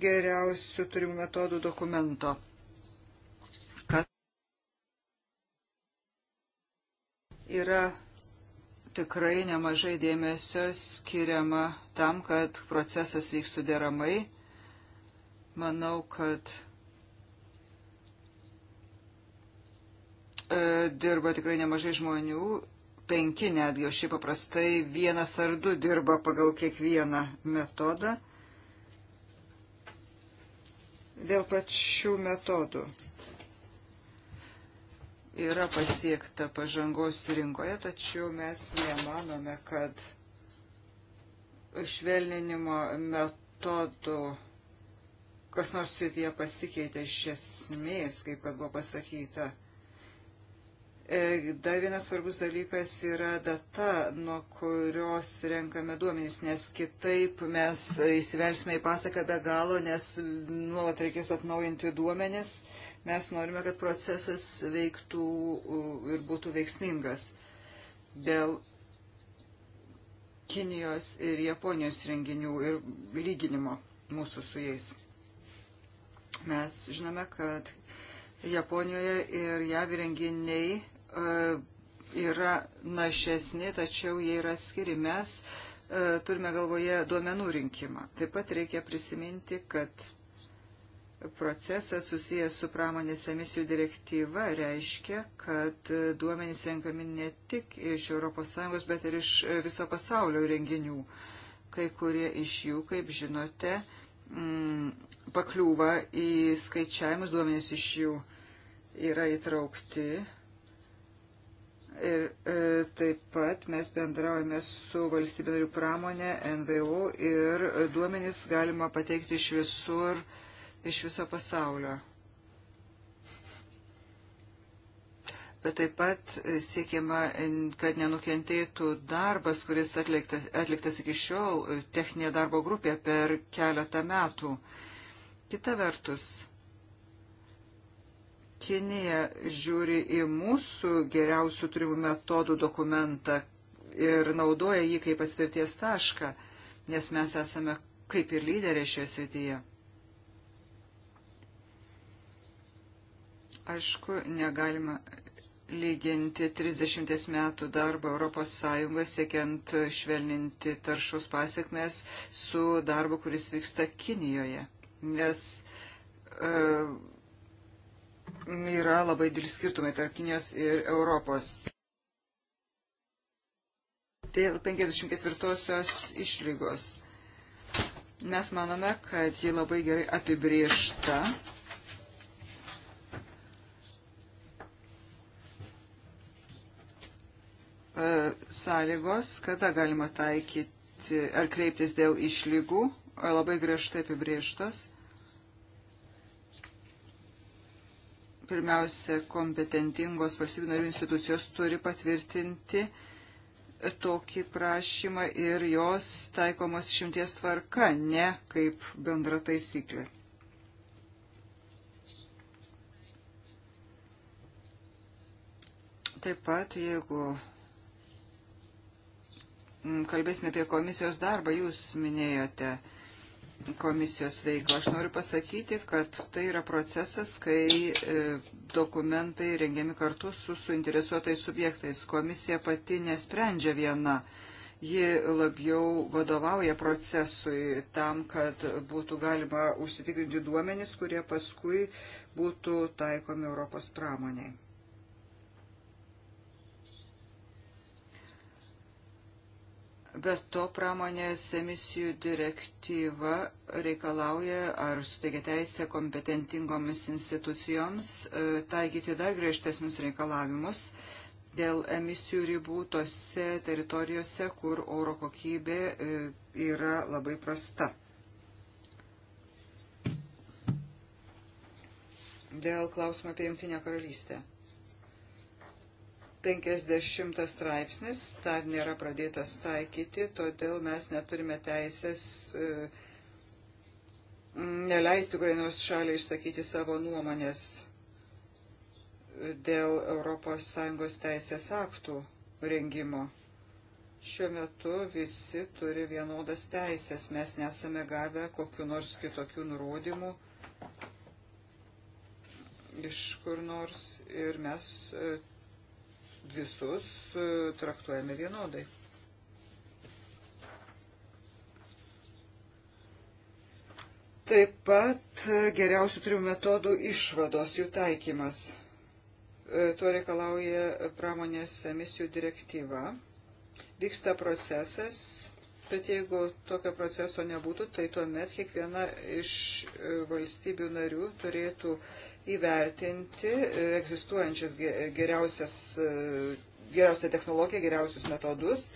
geriausių turimų metodų dokumento. Kas yra tikrai nemažai dėmesio skiriama tam, kad procesas vykstų deramai. Manau, kad e, dirba tikrai nemažai žmonių penki netgi, o šiaip paprastai vienas ar du dirba pagal kiekvieną metodą. Dėl pačių metodų yra pasiekta pažangos rinkoje, tačiau mes nemanome, kad švelninimo metodų kas nors srityje pasikeitė iš esmės, kaip kad buvo pasakyta. E, dar vienas svarbus dalykas yra data, nuo kurios renkame duomenys, nes kitaip mes įsivelsime į pasaką be galo, nes nuolat reikės atnaujinti duomenys. Mes norime, kad procesas veiktų ir būtų veiksmingas. Dėl Kinijos ir Japonijos renginių ir lyginimo mūsų su jais. Mes žinome, kad Japonijoje ir JAV renginiai E, yra našesni, tačiau jie yra skiri. Mes e, turime galvoje duomenų rinkimą. Taip pat reikia prisiminti, kad procesas susijęs su pramonės emisijų direktyva reiškia, kad duomenys renkami ne tik iš ES, bet ir iš e, viso pasaulio renginių. Kai kurie iš jų, kaip žinote, m, mm, pakliūva į skaičiavimus, duomenys iš jų yra įtraukti Ir e, taip pat mes bendraujame su valstybė narių pramonė, NVO ir duomenys galima pateikti iš visur, iš viso pasaulio. bet taip pat siekiama, kad nenukentėtų darbas, kuris atliktas, atliktas iki šiol techninė darbo grupė per keletą metų. Kita vertus, Kinija žiūri į mūsų geriausių turimų metodų dokumentą ir naudoja jį kaip atspirties tašką, nes mes esame kaip ir lyderė šioje srityje. Aišku, negalima lyginti 30 metų darbą Europos Sąjungoje siekiant švelninti taršos pasiekmes su darbu, kuris vyksta Kinijoje. Nes uh, e, yra labai dėl skirtumai tarp Kinijos ir Europos. Dėl 54-osios išlygos. Mes manome, kad ji labai gerai apibriešta. E, sąlygos, kada galima taikyti ar kreiptis dėl išlygų, e, labai griežtai apibrieštos. pirmiausia, kompetentingos valstybių narių institucijos turi patvirtinti tokį prašymą ir jos taikomos šimties tvarka, ne kaip bendra taisyklė. Taip pat, jeigu kalbėsime apie komisijos darbą, jūs minėjote, komisijos veiklą. Aš noriu pasakyti, kad tai yra procesas, kai e, dokumentai rengiami kartu su suinteresuotais subjektais. Komisija pati nesprendžia viena. Ji labiau vadovauja procesui tam, kad būtų galima užsitikrinti duomenis, kurie paskui būtų taikomi Europos pramoniai. Bet to pramonės emisijų direktyva reikalauja ar suteikia teisę kompetentingomis institucijoms e, taikyti dar griežtesnius reikalavimus dėl emisijų ribų tose teritorijose, kur oro kokybė e, yra labai prasta. Dėl klausimo apie Jungtinę karalystę. 50 straipsnis dar nėra pradėtas taikyti, todėl mes neturime teisės e, neleisti kuriai nors šaliai išsakyti savo nuomonės dėl ES teisės aktų rengimo. Šiuo metu visi turi vienodas teisės, mes nesame gavę kokiu nors kitokių nurodymų iš kur nors ir mes e, visus e, traktuojame vienodai. Taip pat e, geriausių trijų metodų išvados jų taikymas. E, tuo reikalauja pramonės emisijų direktyva. Vyksta procesas, Bet jeigu tokio proceso nebūtų, tai tuomet kiekviena iš valstybių narių turėtų įvertinti e, egzistuojančias geriausias, e, geriausią technologiją, geriausius metodus,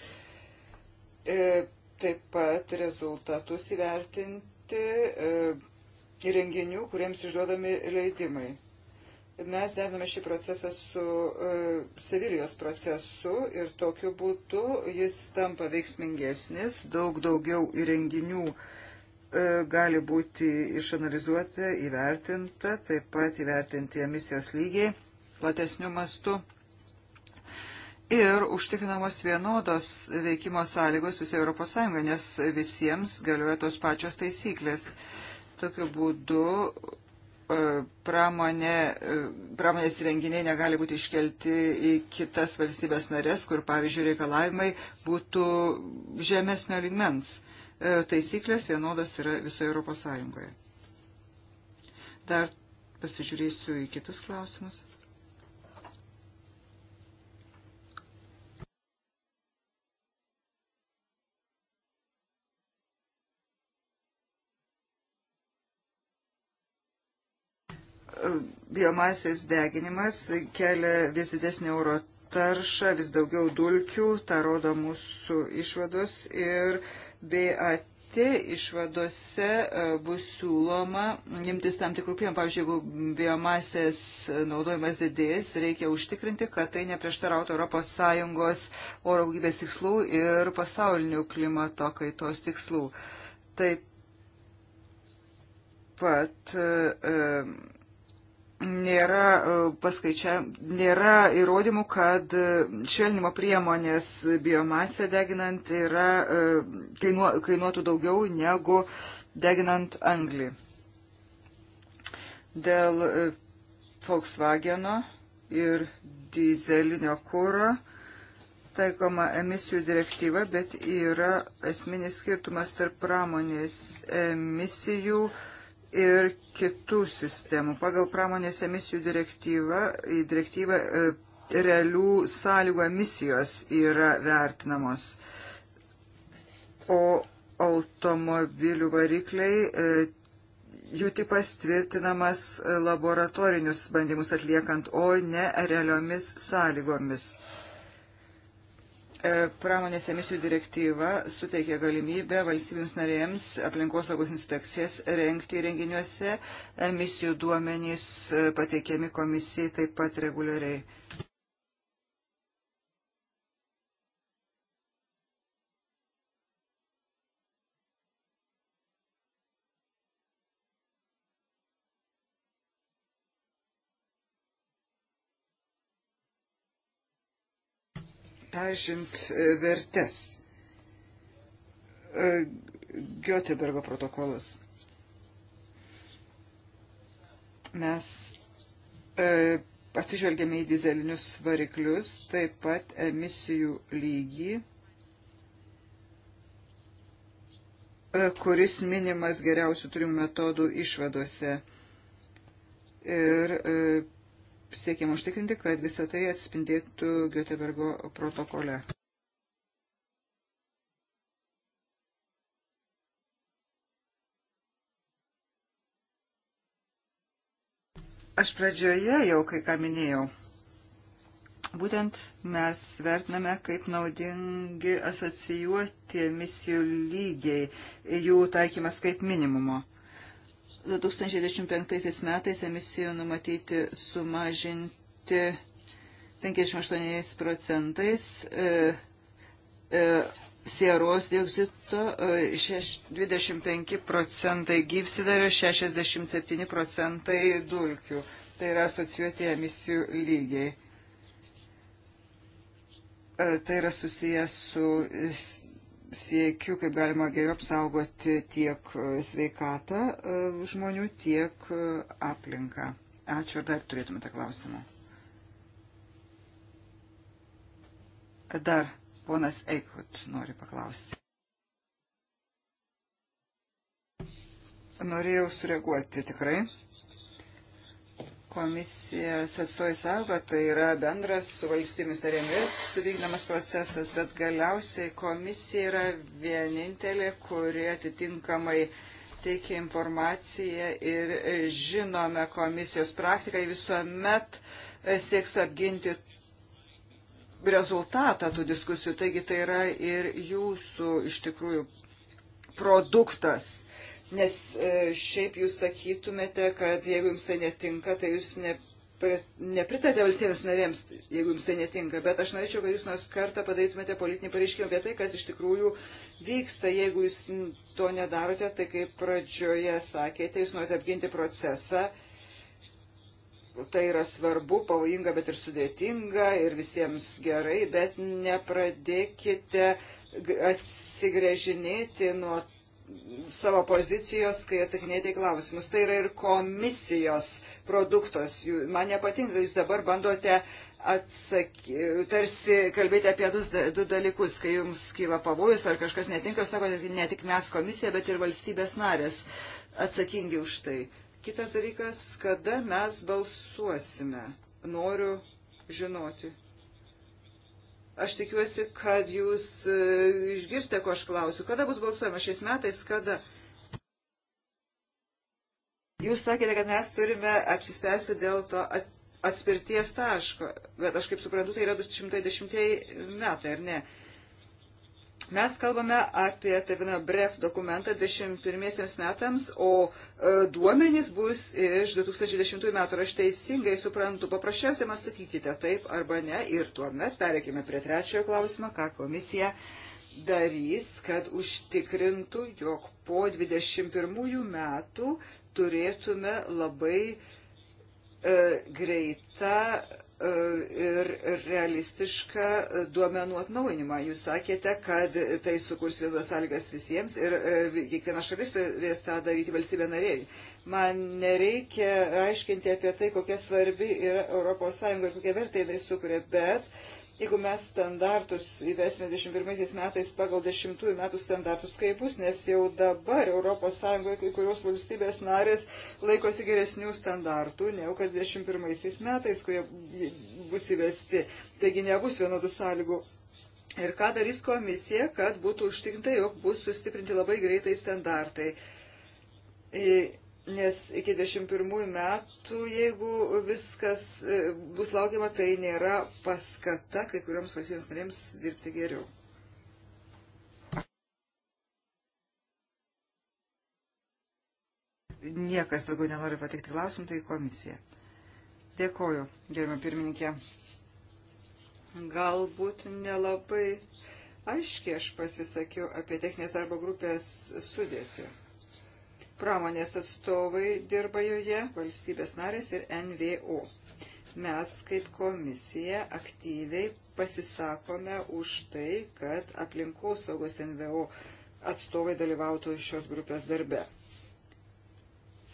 e, taip pat rezultatus įvertinti įrenginių, kuriems išduodami leidimai. Mes deriname šį procesą su uh, Sevilijos procesu ir tokiu būdu jis tampa veiksmingesnis, daug daugiau įrenginių uh, E, gali būti išanalizuota, įvertinta, taip pat įvertinti emisijos lygiai platesnių mastų. Ir užtikrinamos vienodos veikimo sąlygos visoje ES, nes visiems galioja tos pačios taisyklės. Tokiu būdu e, pramonė, e, pramonės renginiai negali būti iškelti į kitas valstybės narės, kur, pavyzdžiui, reikalavimai būtų žemesnio lygmens. E, taisyklės vienodos yra visoje Europos Sąjungoje. Dar pasižiūrėsiu į kitus klausimus. E, biomasės deginimas kelia vis didesnį euro taršą, vis daugiau dulkių, tą rodo mūsų išvados ir BAT išvadose e, bus siūloma imtis tam tikrų priemonių. Pavyzdžiui, jeigu biomasės e, naudojimas didės, reikia užtikrinti, kad tai neprieštarautų ES oro gyvybės tikslų ir pasaulinių klimato kaitos tikslų. Taip pat. E, e, nėra e, paskaičia, nėra įrodymų, kad e, švelnimo priemonės biomasę deginant yra, e, kainuo, kainuotų daugiau negu deginant anglį. Dėl Volkswageno ir dizelinio kūro taikoma emisijų direktyva, bet yra esminis skirtumas tarp pramonės emisijų, uh, ir kitų sistemų. Pagal pramonės emisijų direktyvą, direktyvą e, realių sąlygų emisijos yra vertinamos, o automobilių varikliai, e, jų tipas tvirtinamas laboratorinius bandymus atliekant, o ne realiomis sąlygomis E, pramonės emisijų direktyva suteikia galimybę valstybėms narėms aplinkosaugos inspekcijas renkti renginiuose. Emisijų duomenys e, pateikiami komisijai taip pat reguliariai. pažinti e, vertes. E, Göteborgo protokolas. Mes e, atsižvelgiame į dizelinius variklius, taip pat emisijų lygį, kuris minimas geriausių turimų metodų išvadose. Ir siekiam užtikrinti, kad visą tai atspindėtų Göteborgo protokole. Aš pradžioje jau kai ką minėjau. Būtent mes vertiname kaip naudingi asocijuoti emisijų lygiai, jų taikymas kaip minimumo. 2025 metais emisijų numatyti sumažinti 58 procentais e, e, sieros dioksito, 25 e, procentai gyvsidario, 67 procentai dulkių. Tai yra asociuoti emisijų lygiai. Tai yra susijęs su siekiu, kaip galima geriau apsaugoti tiek e, sveikatą e, žmonių, tiek e, aplinką. Ačiū ir dar turėtumėte klausimų. Dar ponas Eikhut nori paklausti. Norėjau sureaguoti tikrai komisijos atstovai sako, kad tai yra bendras su valstybėmis narėmis vykdomas procesas, bet galiausiai komisija yra vienintelė, kuri atitinkamai teikia informaciją ir žinome komisijos praktiką visuomet e, sieks apginti rezultatą tų diskusijų. Taigi tai yra ir jūsų iš tikrųjų produktas Nes e, šiaip jūs sakytumėte, kad jeigu jums tai netinka, tai jūs ne, nepritarėte valstybės narėms, jeigu jums tai netinka. Bet aš norėčiau, kad jūs nors kartą padarytumėte politinį pareiškimą apie tai, kas iš tikrųjų vyksta. Jeigu jūs to nedarote, tai kaip pradžioje sakėte, jūs norite apginti procesą tai yra svarbu, pavojinga, bet ir sudėtinga ir visiems gerai, bet nepradėkite atsigrėžinėti nuo savo pozicijos, kai atsakinėjate į klausimus. Tai yra ir komisijos produktos. Man nepatinka, jūs dabar bandote atsaky, tarsi kalbėti apie du, du dalykus, kai jums kyla pavojus ar kažkas netinka, sakote, ne tik mes komisija, bet ir valstybės narės atsakingi už tai. Kitas dalykas, kada mes balsuosime. Noriu žinoti. Aš tikiuosi, kad jūs e, išgirsite, ko aš klausiu. Kada bus balsuojama šiais metais, kada? Jūs sakėte, kad mes turime apsispręsti dėl to atspirties taško, bet aš kaip suprantu, tai yra 210 metai, ar ne? Mes kalbame apie taip vieną BREF dokumentą 21 metams, o e, duomenys bus iš 2010 metų. Aš teisingai suprantu, paprasčiausiai man sakykite taip arba ne ir tuomet pereikime prie trečiojo klausimo, ką komisija darys, kad užtikrintų, jog po 21 metų turėtume labai e, greitą E, ir realistišką duomenų atnaujinimą. Jūs sakėte, kad tai sukurs vienodas sąlygas visiems ir e, kiekviena šalis turės tą daryti valstybė nariai. Man nereikia aiškinti apie tai, kokia svarbi yra ES, kokia vertė jinai sukuria, bet Jeigu mes standartus įvesime 21 metais pagal 10 metų standartus, kaip bus, nes jau dabar ES kai kurios valstybės narės laikosi geresnių standartų, negu kad 21 metais, kurie bus įvesti. Taigi nebus vienodų sąlygų. Ir ką darys komisija, kad būtų užtikrinta, jog bus sustiprinti labai greitai standartai. Nes iki 21 metų, jeigu viskas e, bus laukiama, tai nėra paskata kai kuriuoms valstybės narėms dirbti geriau. Niekas daugiau nenori pateikti klausimų, tai komisija. Dėkoju, gerbimo pirmininkė. Galbūt nelabai aiškiai aš pasisakiau apie techninės darbo grupės sudėtį pramonės atstovai dirba joje, valstybės narės ir NVO. Mes kaip komisija aktyviai pasisakome už tai, kad aplinkosaugos NVO atstovai dalyvautų šios grupės darbe.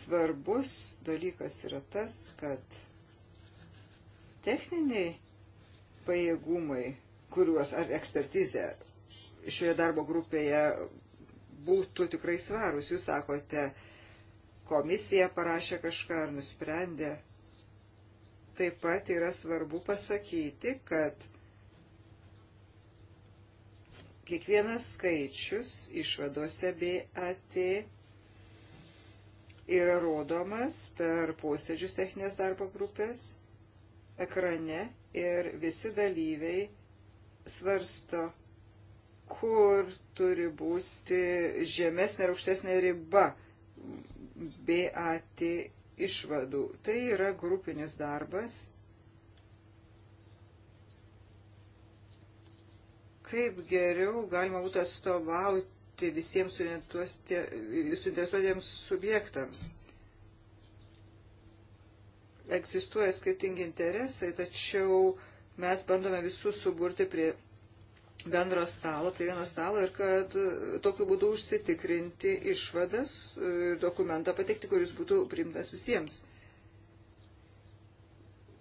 Svarbus dalykas yra tas, kad techniniai pajėgumai, kuriuos ar ekspertizė šioje darbo grupėje būtų tikrai svarus. Jūs sakote, komisija parašė kažką ar nusprendė. Taip pat yra svarbu pasakyti, kad kiekvienas skaičius išvadose BAT yra rodomas per posėdžius techninės darbo grupės ekrane ir visi dalyviai svarsto kur turi būti žemesnė ar aukštesnė riba BAT išvadų. Tai yra grupinis darbas. Kaip geriau galima būtų atstovauti visiems suinteresuotiems subjektams. Egzistuoja skirtingi interesai, tačiau mes bandome visus suburti prie bendro stalo, prie vieno stalo ir kad e, tokiu būdu užsitikrinti išvadas e, ir dokumentą pateikti, kuris būtų priimtas visiems.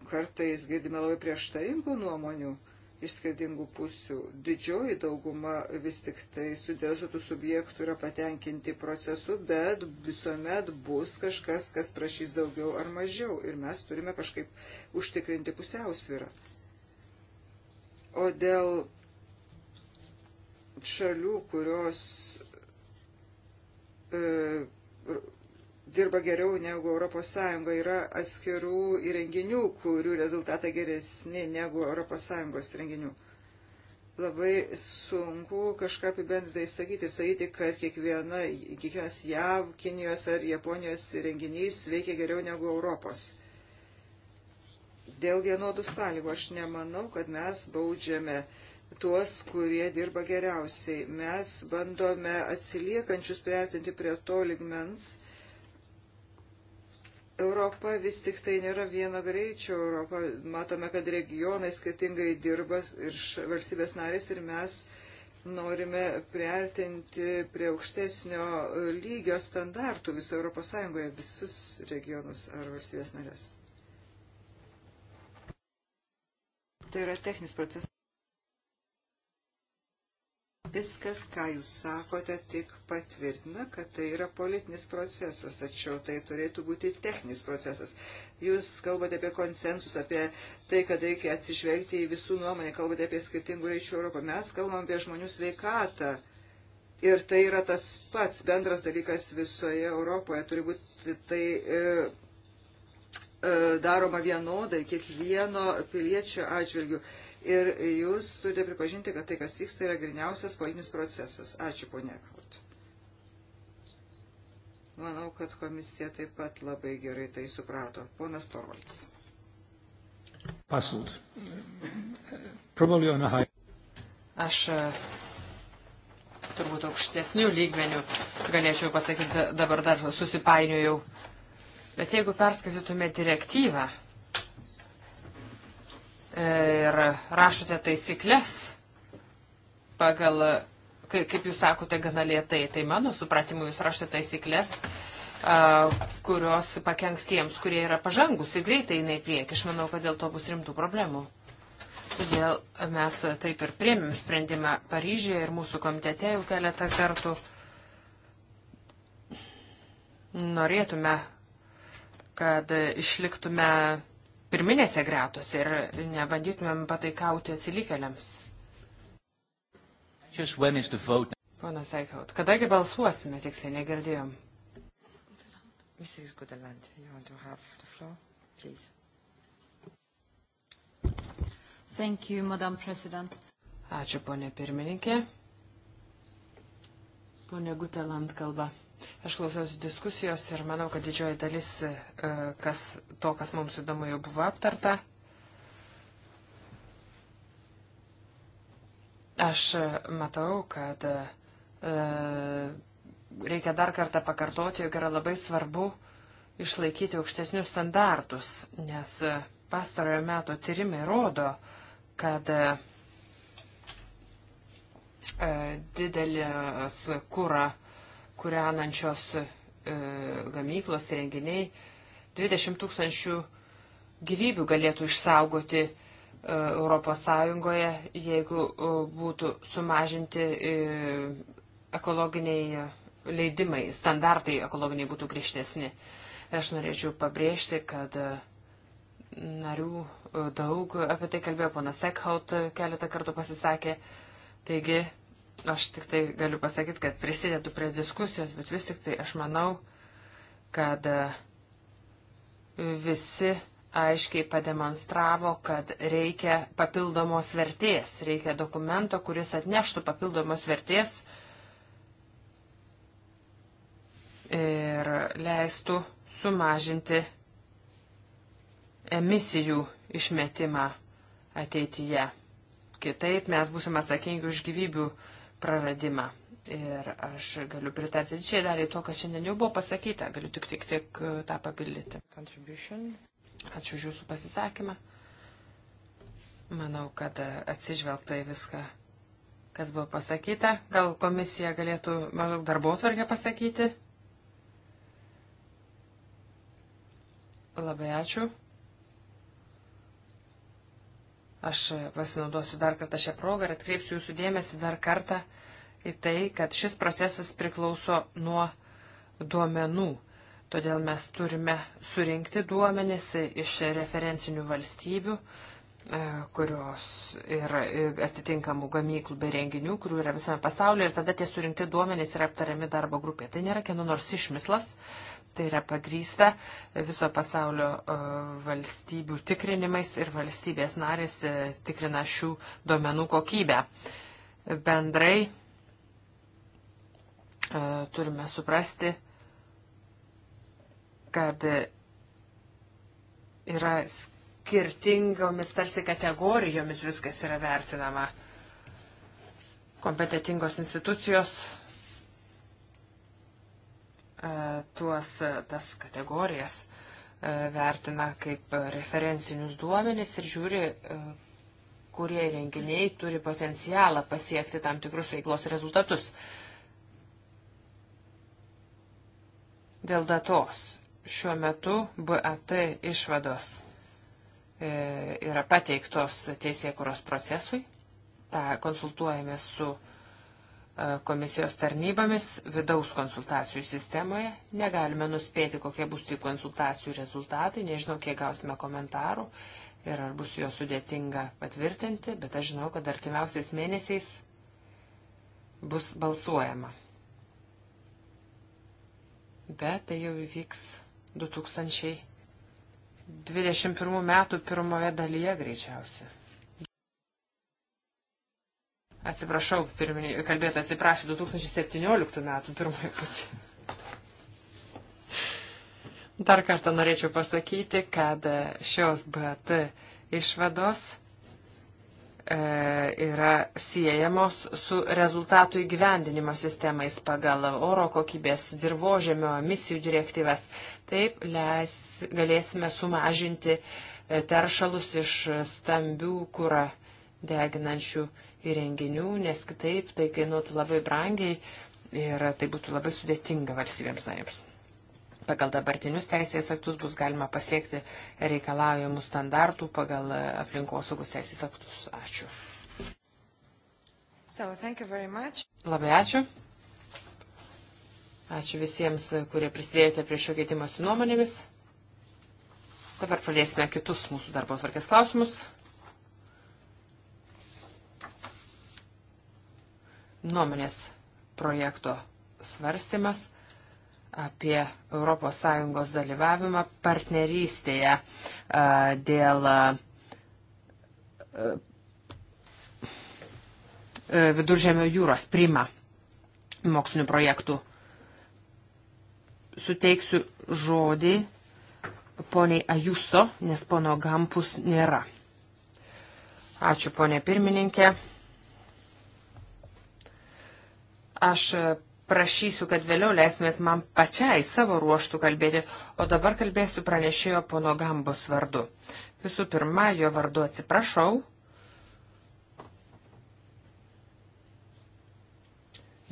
Kartais girdime labai prieštaringų nuomonių iš skirtingų pusių. Didžioji dauguma vis tik tai suinteresuotų subjektų yra patenkinti procesu, bet visuomet bus kažkas, kas prašys daugiau ar mažiau ir mes turime kažkaip užtikrinti pusiausvyrą. O dėl šalių, kurios e, dirba geriau negu ES, yra atskirų įrenginių, kurių rezultatai geresni negu ES renginių. Labai sunku kažką apibendrintai sakyti ir sakyti, kad kiekviena, kiekvienas JAV, Kinijos ar Japonijos renginys veikia geriau negu Europos dėl vienodų sąlygų. Aš nemanau, kad mes baudžiame tuos, kurie dirba geriausiai. Mes bandome atsiliekančius priartinti prie to ligmens. Europa vis tik tai nėra vieno greičio Europa. Matome, kad regionai skirtingai dirba ir valstybės narės ir mes norime priartinti prie aukštesnio lygio standartų viso Europos Sąjungoje visus regionus ar valstybės narės. Tai yra techninis procesas. Viskas, ką jūs sakote, tik patvirtina, kad tai yra politinis procesas, tačiau tai turėtų būti techninis procesas. Jūs kalbate apie konsensus, apie tai, kad reikia atsižvelgti į visų nuomonę, kalbate apie skirtingų reičių Europą. Mes kalbam apie žmonių sveikatą. Ir tai yra tas pats bendras dalykas visoje Europoje. Turi būti tai e, e, daroma vienodai, kiekvieno piliečio atžvilgių. E, ir jūs turite pripažinti, kad tai, kas vyksta, yra griniausias politinis procesas. Ačiū, ponė Kaut. Manau, kad komisija taip pat labai gerai tai suprato. Ponas Torvalds. Puzzled. Probably on a high. Aš e, turbūt aukštesnių lygmenių galėčiau pasakyti, dabar dar susipainiojau. Bet jeigu perskaitytume direktyvą, ir rašote taisyklės pagal, kaip jūs sakote, gana lietai, tai mano supratimu jūs rašote taisyklės, kurios pakenks tiems, kurie yra pažangus ir greitai eina į priekį. Aš manau, kad dėl to bus rimtų problemų. Todėl mes taip ir priemėm sprendimą Paryžiuje ir mūsų komitete jau keletą kartų. Norėtume, kad išliktume pirminėse gretose ir nebandytumėm pataikauti atsilikėliams. Ponas Eichhaut, kadangi balsuosime, tiksliai negirdėjom. Mrs. Goodeland, you want to have the floor, please. Thank you, Madam President. Ačiū, ponė pirmininkė. Ponė Guteland kalba. Aš klausiausi diskusijos ir manau, kad didžioji dalis e, kas, to, kas mums įdomu, jau buvo aptarta. Aš e, matau, kad e, reikia dar kartą pakartoti, jog yra labai svarbu išlaikyti aukštesnius standartus, nes e, pastarojo meto tyrimai rodo, kad e, didelės kūra e, kūrenančios e, gamyklos renginiai 20 tūkstančių gyvybių galėtų išsaugoti e, Europos Sąjungoje, jeigu e, būtų sumažinti e, ekologiniai leidimai, standartai ekologiniai būtų griežtesni. Aš norėčiau pabrėžti, kad e, narių e, daug, apie tai kalbėjo ponas Sekhaut, e, keletą kartų pasisakė. Taigi Aš tik tai galiu pasakyti, kad prisidedu prie diskusijos, bet vis tik tai aš manau, kad e, visi aiškiai pademonstravo, kad reikia papildomos vertės, reikia dokumento, kuris atneštų papildomos vertės ir leistų sumažinti emisijų išmetimą ateityje. Kitaip mes būsim atsakingi už gyvybių uh, praradimą. Ir aš galiu pritarti didžiai daliai to, kas šiandien jau buvo pasakyta. Galiu tik tik, tik uh, tą papildyti. Ačiū už Jūsų pasisakymą. Manau, kad uh, atsižvelgta į viską, kas buvo pasakyta. Gal komisija galėtų maždaug darbo tvarkę pasakyti? Labai ačiū. Aš pasinaudosiu dar kartą šią progą ir atkreipsiu jūsų dėmesį dar kartą į tai, kad šis procesas priklauso nuo duomenų. Todėl mes turime surinkti duomenis iš referencinių valstybių, e, kurios ir atitinkamų gamyklų bei renginių, kurių yra visame pasaulyje, ir tada tie surinkti duomenys yra aptariami darbo grupėje. Tai nėra kieno nors išmislas, Tai yra pagrysta viso pasaulio e, valstybių tikrinimais ir valstybės narės e, tikrina šių duomenų kokybę. Bendrai e, turime suprasti, kad yra skirtingomis tarsi kategorijomis viskas yra vertinama. Kompetitingos institucijos E, tuos e, tas kategorijas e, vertina kaip referencinius duomenis ir žiūri, kurie renginiai turi potencialą pasiekti tam tikrus veiklos rezultatus. Dėl datos šiuo metu BAT išvados yra pateiktos teisėkuros procesui. Ta konsultuojame su E, komisijos tarnybomis vidaus konsultacijų sistemoje. Negalime nuspėti, kokie bus tų konsultacijų rezultatai, nežinau, kiek gausime komentarų ir ar bus jo sudėtinga patvirtinti, bet aš žinau, kad artimiausiais mėnesiais bus balsuojama. Bet tai jau įvyks 2021 metų pirmoje dalyje greičiausiai. Atsiprašau, pirminį, kalbėtą atsiprašė 2017 metų pirmoje pusėje. Dar kartą norėčiau pasakyti, kad šios BAT išvados e, yra siejamos su rezultatų įgyvendinimo sistemais pagal oro kokybės dirbožėmio emisijų direktyvas. Taip leis, galėsime sumažinti e, teršalus iš stambių kūrą deginančių įrenginių, nes kitaip tai kainuotų labai brangiai ir tai būtų labai sudėtinga valstybėms narėms. Pagal dabartinius teisės aktus bus galima pasiekti reikalaujamų standartų pagal aplinkosaugos teisės aktus. Ačiū. So, labai ačiū. Ačiū visiems, kurie prisidėjote prie šio keitimo su nuomonėmis. Dabar pradėsime kitus mūsų darbo svarkės klausimus. nuomonės projekto svarstymas apie ES dalyvavimą partnerystėje dėl Viduržėmio jūros prima mokslinių projektų. Suteiksiu žodį poniai Ajuso, nes pono Gampus nėra. Ačiū ponė pirmininkė. Aš prašysiu, kad vėliau leismėt man pačiai savo ruoštų kalbėti, o dabar kalbėsiu pranešėjo pono Gambos vardu. Visų pirma, jo vardu atsiprašau.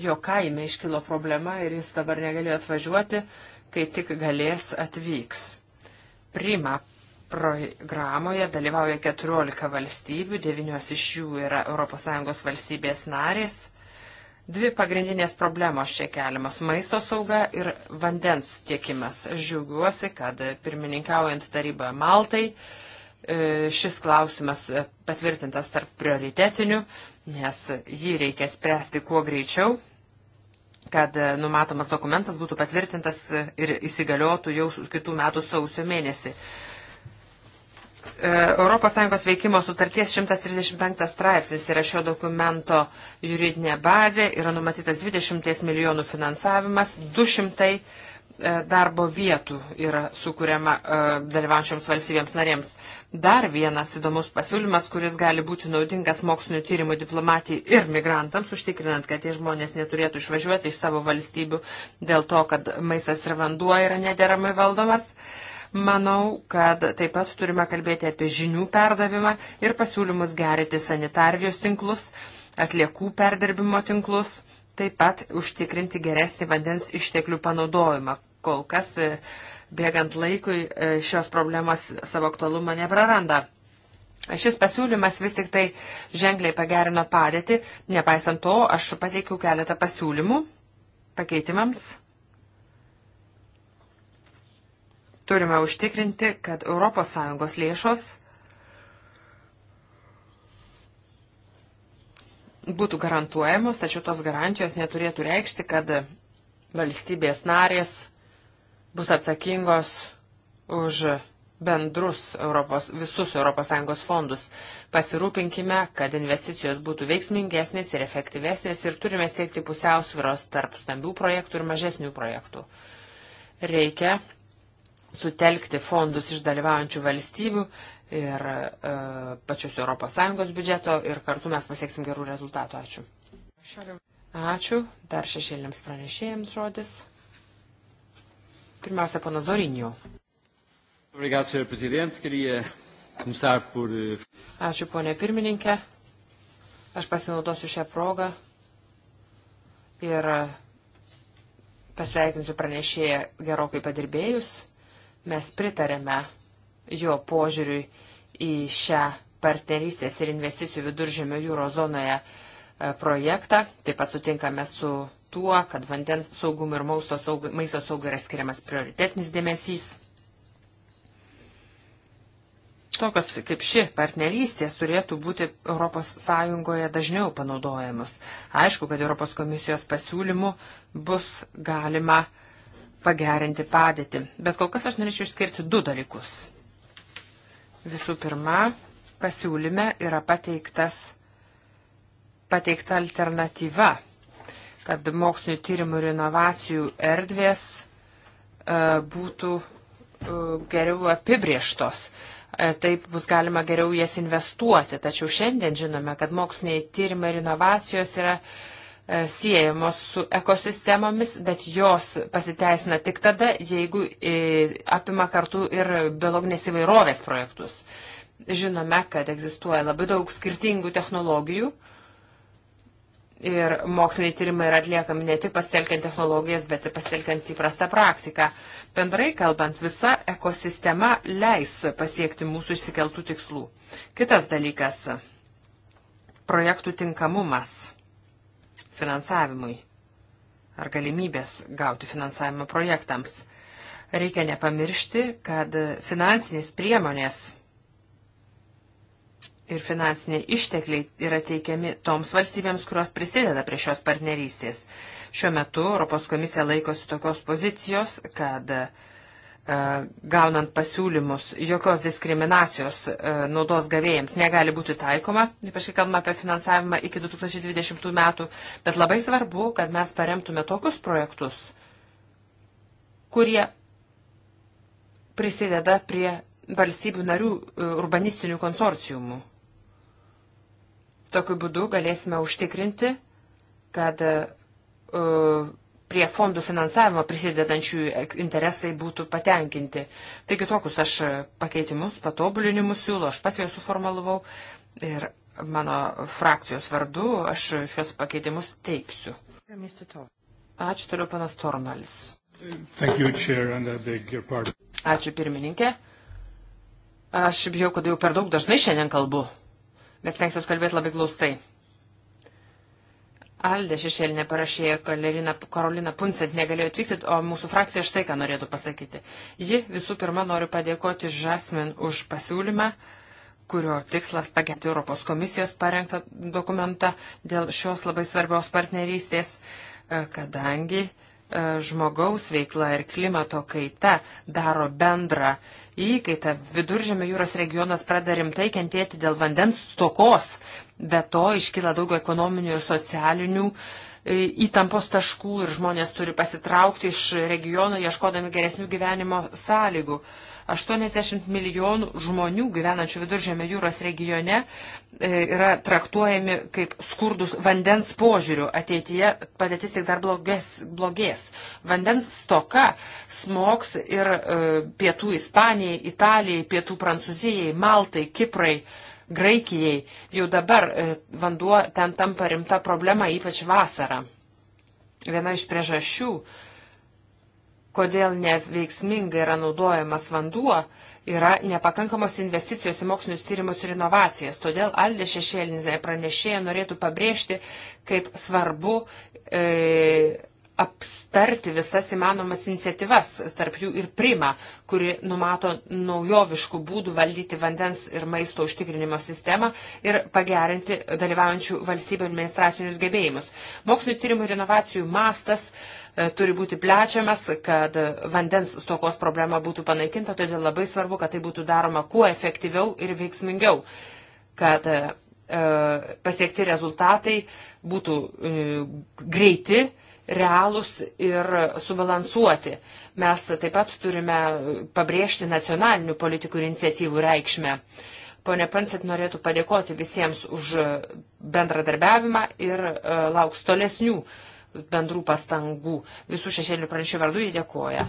Jo kaime iškilo problema ir jis dabar negalėjo atvažiuoti, kai tik galės atvyks. Prima programoje dalyvauja 14 valstybių, 9 iš jų yra ES valstybės narės Dvi pagrindinės problemos čia keliamos - maisto sauga ir vandens tiekimas. Aš džiaugiuosi, kad pirmininkaujant taryboje Maltai e, šis klausimas patvirtintas tarp prioritetinių, nes jį reikia spręsti kuo greičiau, kad numatomas dokumentas būtų patvirtintas ir įsigaliotų jau kitų metų sausio mėnesį. E, ES veikimo sutarties 135 straipsnis yra šio dokumento juridinė bazė, yra numatytas 20 milijonų finansavimas, 200 e, darbo vietų yra sukūriama e, dalyvančioms valstybėms narėms. Dar vienas įdomus pasiūlymas, kuris gali būti naudingas mokslinio tyrimų diplomatijai ir migrantams, užtikrinant, kad tie žmonės neturėtų išvažiuoti iš savo valstybių dėl to, kad maistas ir vanduo yra nederamai valdomas. Uh, Manau, kad taip pat turime kalbėti apie žinių perdavimą ir pasiūlymus gerinti sanitarijos tinklus, atliekų perdirbimo tinklus, taip pat užtikrinti geresnį vandens išteklių panaudojimą. Kol kas, e, bėgant laikui, e, šios problemas savo aktualumą nepraranda. Šis pasiūlymas vis tik tai ženkliai pagerino padėtį, nepaisant to, aš pateikiau keletą pasiūlymų pakeitimams Turime užtikrinti, kad ES lėšos būtų garantuojamos, tačiau tos garantijos neturėtų reikšti, kad valstybės narės bus atsakingos už bendrus Europos, visus ES fondus. Pasirūpinkime, kad investicijos būtų veiksmingesnės ir efektyvesnės ir turime siekti pusiausviros tarp stambių projektų ir mažesnių projektų. Reikia sutelkti fondus iš dalyvaujančių valstybių ir e, pačius ES biudžeto ir kartu mes pasieksim gerų rezultatų. Ačiū. Ačiū. Dar šešėlėms pranešėjams žodis. Pirmiausia, pana Zorinio. Eh, Ačiū, ponė pirmininkė. Aš pasinaudosiu šią progą ir eh, pasveikinsiu pranešėją gerokai padirbėjus Mes pritarėme jo požiūriui į šią partnerystės ir investicijų viduržėmio jūro zonoje e, projektą. Taip pat sutinkame su tuo, kad vandens saugumui ir maisto saugui yra skiriamas prioritetinis dėmesys. Tokios kaip ši partnerystės turėtų būti ES dažniau panaudojamos. Aišku, kad ES komisijos pasiūlymų bus galima uh, pagerinti padėtį. Bet kol kas aš norėčiau išskirti du dalykus. Visų pirma, pasiūlyme yra pateiktas, pateikta alternatyva, kad mokslinio tyrimų ir inovacijų erdvės e, būtų e, geriau apibrieštos. E, taip bus galima geriau jas investuoti. Tačiau šiandien žinome, kad moksliniai tyrimai ir inovacijos yra e, E, siejamos su ekosistemomis, bet jos pasiteisina tik tada, jeigu e, apima kartu ir biologinės įvairovės projektus. Žinome, kad egzistuoja labai daug skirtingų technologijų ir moksliniai tyrimai yra atliekami ne tik pasitelkiant technologijas, bet ir pasitelkiant įprastą praktiką. Bendrai kalbant, visa ekosistema leis pasiekti mūsų išsikeltų tikslų. Kitas dalykas - projektų tinkamumas finansavimui ar galimybės gauti finansavimą projektams. Reikia nepamiršti, kad finansinės priemonės ir finansiniai ištekliai yra teikiami toms valstybėms, kurios prisideda prie šios partnerystės. Šiuo metu Europos komisija laikosi tokios pozicijos, kad uh, E, gaunant pasiūlymus, jokios diskriminacijos e, naudos gavėjams negali būti taikoma, ypač kai kalbame apie finansavimą iki 2020 metų, bet labai svarbu, kad mes paremtume tokius projektus, kurie prisideda prie valstybių narių e, urbanistinių konsorciumų. Tokiu būdu galėsime užtikrinti, kad uh, prie fondų finansavimo prisidedančių interesai būtų patenkinti. Taigi tokius aš pakeitimus, patobulinimus siūlau, aš pats jau suformalavau ir mano frakcijos vardu aš šios pakeitimus teiksiu. Ačiū toliau panas Tornalis. Ačiū pirmininkė. Aš bijau, kad jau per daug dažnai šiandien kalbu, bet stengsiuosi kalbėti labai glaustai. Aldė šešėlinė parašėja Karolina, Karolina Puncent negalėjo atvykti, o mūsų frakcija štai ką norėtų pasakyti. Ji visų pirma noriu padėkoti Žasmin už pasiūlymą kurio tikslas pagerinti Europos komisijos parengtą dokumentą dėl šios labai svarbios partnerystės, e, kadangi e, žmogaus veikla ir klimato kaita daro bendrą įkaitą. Viduržėmio jūros regionas pradeda rimtai kentėti dėl vandens stokos, Be to iškyla daug ekonominių ir socialinių e, įtampos taškų ir žmonės turi pasitraukti iš regionų ieškodami geresnių gyvenimo sąlygų. 80 milijonų žmonių gyvenančių viduržėmio jūros regione e, yra traktuojami kaip skurdus vandens požiūrių. Ateityje padėtis tik dar blogės. blogės. Vandens stoka smoks ir e, pietų Ispanijai, Italijai, pietų Prancūzijai, Maltai, Kiprai. E, Graikijai. Jau dabar e, vanduo ten tampa rimta problema, ypač vasarą. Viena iš priežasčių, kodėl neveiksmingai yra naudojamas vanduo, yra nepakankamos investicijos į mokslinius tyrimus ir inovacijas. Todėl Aldė šešėlinė pranešėja norėtų pabrėžti, kaip svarbu e, apstarti visas įmanomas iniciatyvas, tarp jų ir Prima, kuri numato naujoviškų būdų valdyti vandens ir maisto užtikrinimo sistemą ir pagerinti dalyvaujančių valstybių administracinius gebėjimus. Mokslinio tyrimų ir inovacijų mastas e, turi būti plečiamas, kad vandens stokos problema būtų panaikinta, todėl labai svarbu, kad tai būtų daroma kuo efektyviau ir veiksmingiau, kad e, e, pasiekti rezultatai būtų greiti, realūs ir subalansuoti. Mes taip pat turime pabrėžti nacionalinių politikų ir iniciatyvų reikšmę. Pone Pansit norėtų padėkoti visiems už bendradarbiavimą ir e, lauks tolesnių bendrų pastangų. Visų šešėlių pranešėjų vardų jį dėkoja.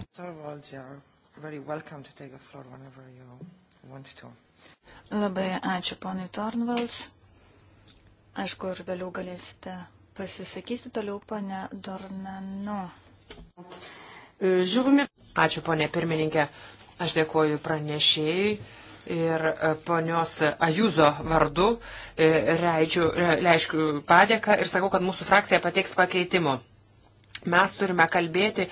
Labai ačiū, ponai Tornvalds. Aišku, ir vėliau galėsite pasisakysiu toliau, pane Dornano. Ačiū, ponė pirmininkė. Aš dėkoju pranešėjai ir e, ponios Ajuzo vardu reičiu, e, reiškiu e, padėką ir sakau, kad mūsų frakcija pateiks pakeitimu. Mes turime kalbėti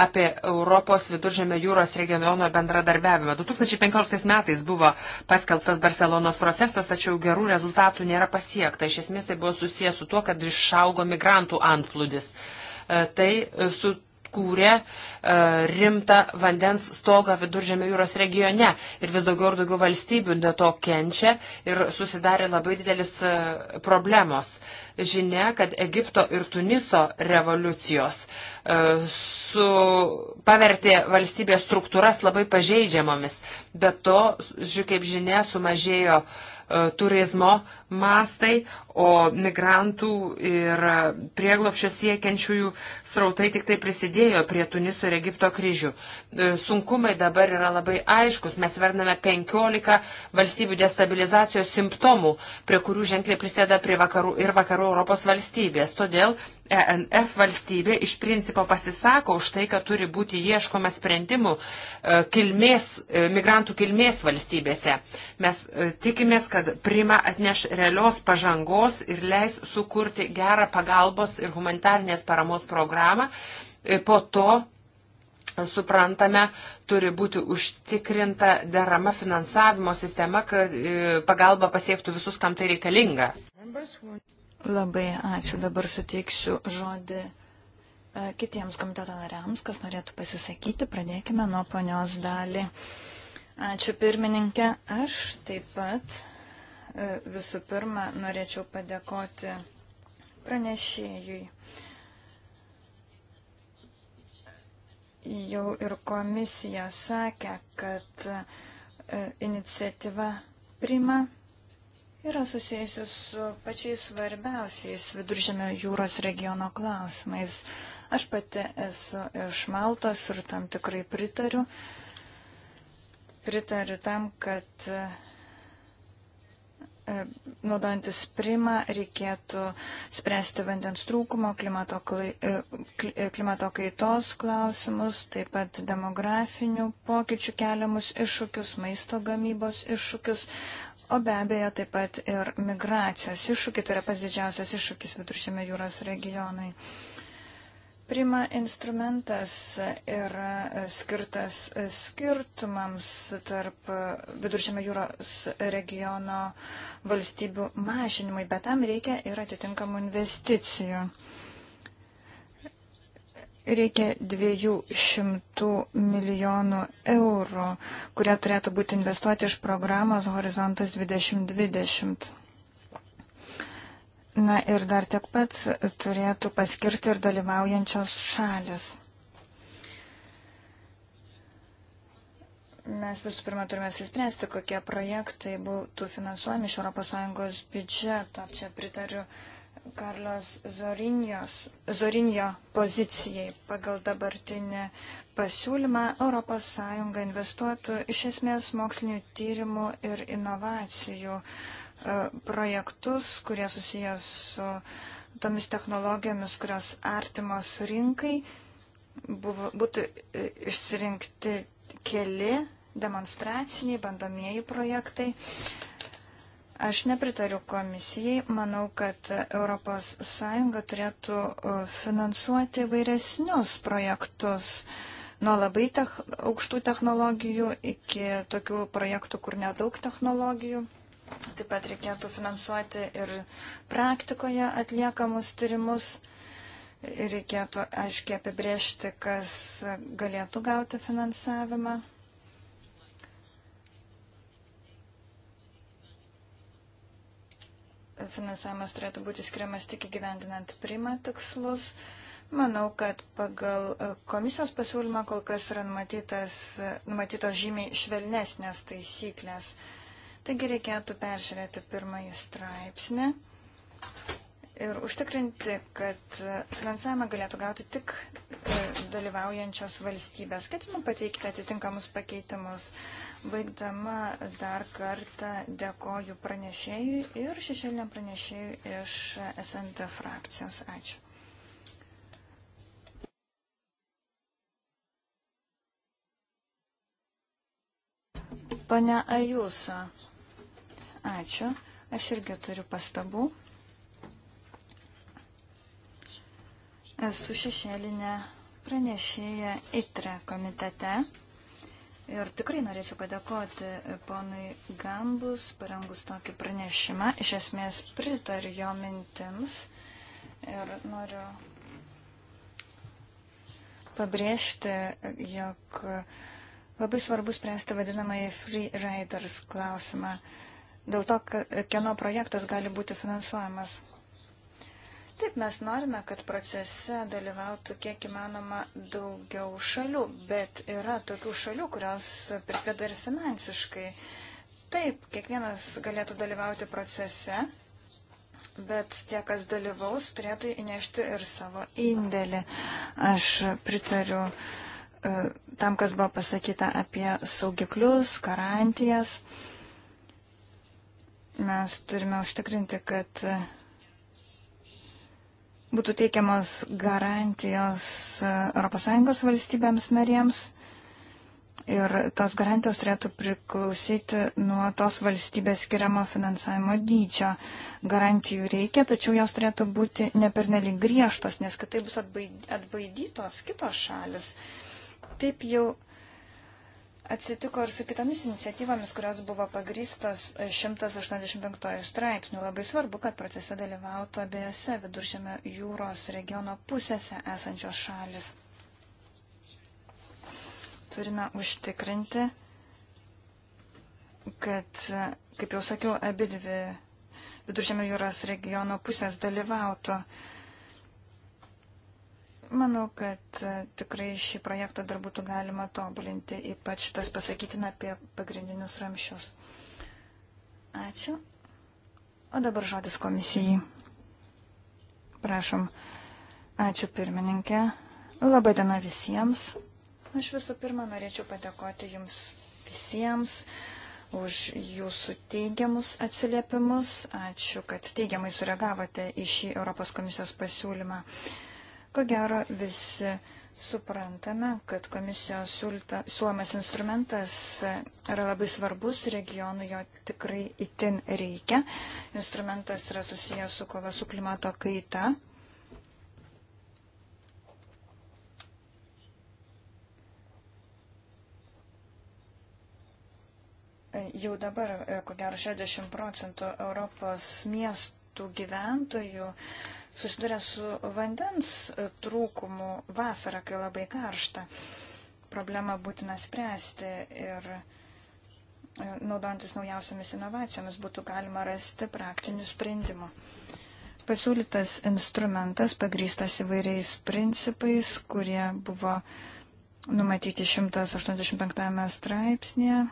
apie Europos viduržėmio jūros regiono bendradarbiavimą. 2015 metais buvo paskelbtas Barcelonos procesas, tačiau gerų rezultatų nėra pasiekta. Iš esmės tai buvo susijęs su tuo, kad išaugo migrantų antplūdis. E, tai e, su atkūrė e, rimtą vandens stogą viduržėmio jūros regione. Ir vis daugiau ir daugiau valstybių nuo to kenčia ir susidarė labai didelis e, problemos. Žinia, kad Egipto ir Tuniso revoliucijos e, su, pavertė valstybės struktūras labai pažeidžiamomis. Be to, kaip žinia, sumažėjo turizmo mastai, o migrantų ir prieglopščio siekiančiųjų srautai tik tai prisidėjo prie Tuniso ir Egipto kryžių. E, sunkumai dabar yra labai aiškus. Mes vardame 15 valstybių destabilizacijos simptomų, prie kurių ženkliai prisėda prie vakarų ir vakarų Europos valstybės. Todėl ENF valstybė iš principo pasisako už tai, kad turi būti ieškoma sprendimų e, kilmės, e, migrantų kilmės valstybėse. Mes tikimės, kad prima atneš realios pažangos ir leis sukurti gerą pagalbos ir humanitarnės paramos programą programą. E, po to, suprantame, turi būti užtikrinta derama finansavimo sistema, kad e, pagalba pasiektų visus, kam tai reikalinga. Labai ačiū. Dabar suteiksiu žodį e, kitiems komiteto nariams, kas norėtų pasisakyti. Pradėkime nuo ponios dalį. Ačiū pirmininkė. Aš taip pat visų pirma norėčiau padėkoti pranešėjui. Uh, Jau ir komisija sakė, kad e, iniciatyva prima yra susijusi su pačiais svarbiausiais viduržėmio jūros regiono klausimais. Aš pati esu iš Maltos ir tam tikrai pritariu. Pritariu tam, kad E, naudojantis primą reikėtų spręsti vandens trūkumo, klimato, klai, e, e, klimato kaitos klausimus, taip pat demografinių pokyčių keliamus iššūkius, maisto gamybos iššūkius, o be abejo taip pat ir migracijos iššūkį, tai yra pas didžiausias iššūkis viduržėme jūros regionai. Uh, Prima instrumentas yra skirtas skirtumams tarp viduržėme jūros regiono valstybių mažinimui, bet tam reikia ir atitinkamų investicijų. Reikia 200 milijonų eurų, kurie turėtų būti investuoti iš programos Horizontas 2020. Na ir dar tiek pat turėtų paskirti ir dalyvaujančios šalis. Mes visų pirma turime įspręsti, kokie projektai būtų finansuojami iš ES biudžeto. Čia pritariu Karlos Zorinjos, Zorinjo pozicijai. Pagal dabartinį pasiūlymą ES investuotų iš esmės mokslinių tyrimų ir inovacijų uh, E, projektus, kurie susijęs su tomis technologijomis, kurios artimos rinkai. Buvo, būtų e, išsirinkti keli demonstraciniai, bandomieji projektai. Aš nepritariu komisijai. Manau, kad ES turėtų e, finansuoti vairesnius projektus nuo labai tech, aukštų technologijų iki tokių projektų, kur nedaug technologijų. Taip pat reikėtų finansuoti ir praktikoje atliekamus tyrimus. Reikėtų aiškiai apibriežti, kas galėtų gauti finansavimą. Finansavimas turėtų būti skiriamas tik įgyvendinant primą tikslus. Manau, kad pagal komisijos pasiūlymą kol kas yra numatytas, numatytos žymiai švelnesnės taisyklės. Taigi reikėtų peržiūrėti pirmąjį straipsnį ir užtikrinti, kad finansavimą galėtų gauti tik e, dalyvaujančios valstybės. Ketinu pateikti atitinkamus pakeitimus. Baigdama dar kartą dėkoju pranešėjui ir šešėliniam pranešėjui iš SNT frakcijos. Ačiū. Pane Ajusa. Ačiū. Aš irgi turiu pastabų. Esu šešėlinė pranešėja ITRE komitete. Ir tikrai norėčiau padėkoti ponui Gambus, parengus tokį pranešimą. Iš esmės pritariu jo mintims ir noriu pabrėžti, jog labai svarbu spręsti vadinamąjį free riders klausimą. Uh, dėl to, kieno projektas gali būti finansuojamas. Taip, mes norime, kad procese dalyvautų kiek įmanoma daugiau šalių, bet yra tokių šalių, kurios prisideda ir finansiškai. Taip, kiekvienas galėtų dalyvauti procese, bet tie, kas dalyvaus, turėtų įnešti ir savo indėlį. Aš pritariu e, tam, kas buvo pasakyta apie saugiklius, garantijas. Uh, Mes turime užtikrinti, kad būtų teikiamos garantijos ES valstybėms narėms ir tos garantijos turėtų priklausyti nuo tos valstybės skiriamo finansavimo dydžio. Garantijų reikia, tačiau jos turėtų būti nepernelyg griežtos, nes kitaip bus atbaidytos kitos šalis. Taip jau atsitiko ir su kitomis iniciatyvomis, kurios buvo pagrystos 185 straipsnių. Labai svarbu, kad procese dalyvautų abiejose viduržėme jūros regiono pusėse esančios šalis. Turime užtikrinti, kad, e, kaip jau sakiau, abi dvi viduržėme jūros regiono pusės dalyvautų uh, Manau, kad e, tikrai šį projektą dar būtų galima tobulinti, ypač tas pasakytina apie pagrindinius ramščius. Ačiū. O dabar žodis komisijai. Prašom. Ačiū pirmininkė. Labai diena visiems. Aš visų pirma norėčiau padėkoti jums visiems už jūsų teigiamus atsiliepimus. Ačiū, kad teigiamai sureagavote į šį Europos komisijos pasiūlymą. Uh, Ko gero visi suprantame, kad komisijos siūlomas instrumentas yra labai svarbus, regionų jo tikrai itin reikia. Instrumentas yra susijęs su kova su klimato kaita. Jau dabar, e, ko gero, 60 procentų Europos miestų gyventojų uh, susiduria su vandens e, trūkumu vasarą, kai labai karšta. Problemą būtina spręsti ir e, naudojantis naujausiamis inovacijomis būtų galima rasti praktinių sprendimų. Pasiūlytas instrumentas pagrystas įvairiais principais, kurie buvo numatyti 185 straipsnėje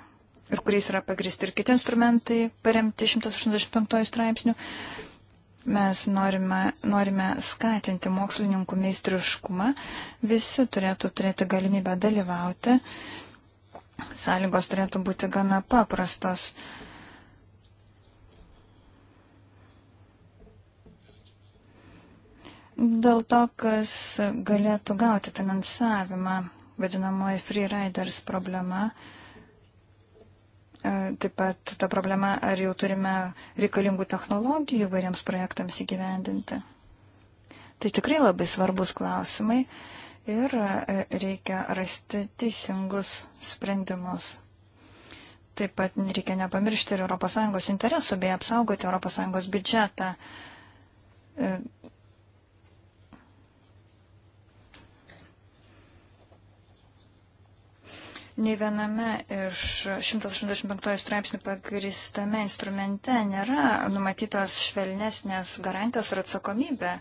ir kuriais yra pagristi ir kiti instrumentai paremti 185 straipsnių mes norime, norime skatinti mokslininkų meistriškumą, visi turėtų turėti galimybę dalyvauti, sąlygos turėtų būti gana paprastos. Dėl to, kas galėtų gauti finansavimą, vadinamoji free riders problema, uh, E, taip pat ta problema, ar jau turime reikalingų technologijų įvairiems projektams įgyvendinti. Tai tikrai labai svarbus klausimai ir e, reikia rasti teisingus sprendimus. Taip pat reikia nepamiršti ir ES interesų bei apsaugoti ES biudžetą. E, Nei viename iš 185 straipsnių pagristame instrumente nėra numatytos švelnesnės garantijos ir atsakomybė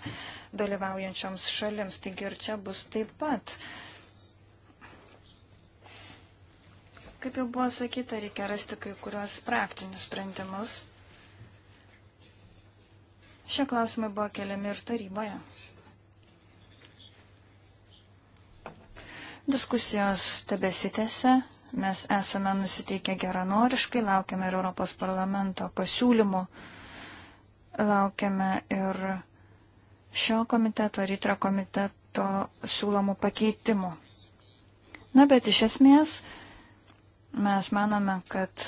dalyvaujančioms šalims. Taigi ir čia bus taip pat. Kaip jau buvo sakyta, reikia rasti kai kurios praktinius sprendimus. Šie klausimai buvo keliami ir taryboje. Diskusijos tebesitėse, mes esame nusiteikę geranoriškai, laukiame ir Europos parlamento pasiūlymų, laukiame ir šio komiteto, rytro komiteto siūlomų pakeitimų. Na, bet iš esmės mes manome, kad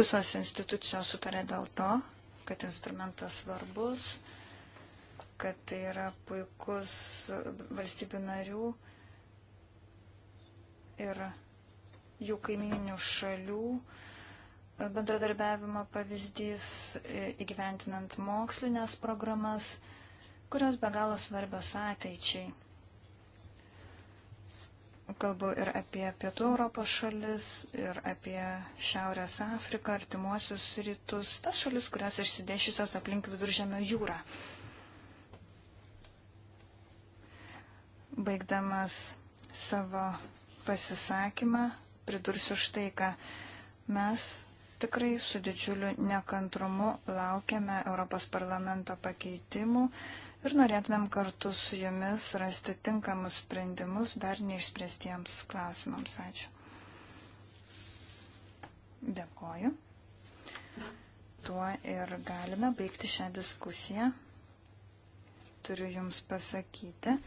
visos institucijos sutarė dėl to, kad instrumentas svarbus, kad tai yra puikus valstybių narių ir jų kaimininių šalių bendradarbiavimo pavyzdys įgyventinant mokslinės programas, kurios be galo svarbios ateičiai. Kalbu ir apie Pietų Europos šalis, ir apie Šiaurės Afriką, artimuosius rytus, tas šalis, kurios išsidėšiusios aplink viduržėmio jūrą. Baigdamas savo pasisakymą pridursiu štai ką. Mes tikrai su didžiuliu nekantrumu laukiame Europos parlamento pakeitimų ir norėtumėm kartu su jumis rasti tinkamus sprendimus dar neišspręstiems klausimams. Ačiū. Dėkoju. Tuo ir galime baigti šią diskusiją. Turiu Jums pasakyti,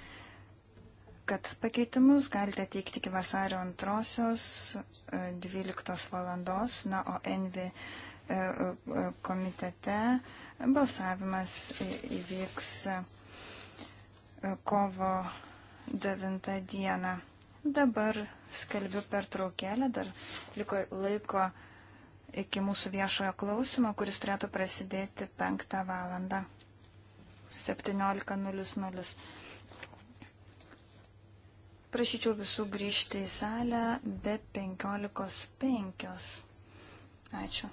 kad pakeitimus galite teikti iki vasario antrosios 12 e, valandos, na, o Envi e, e, komitete balsavimas įvyks kovo 9 dieną. Dabar skalbiu per traukėlę, dar liko laiko iki mūsų viešojo klausimo, kuris turėtų prasidėti 5 valandą 17.00. Prašyčiau visų grįžti į salę be 15.05. Ačiū.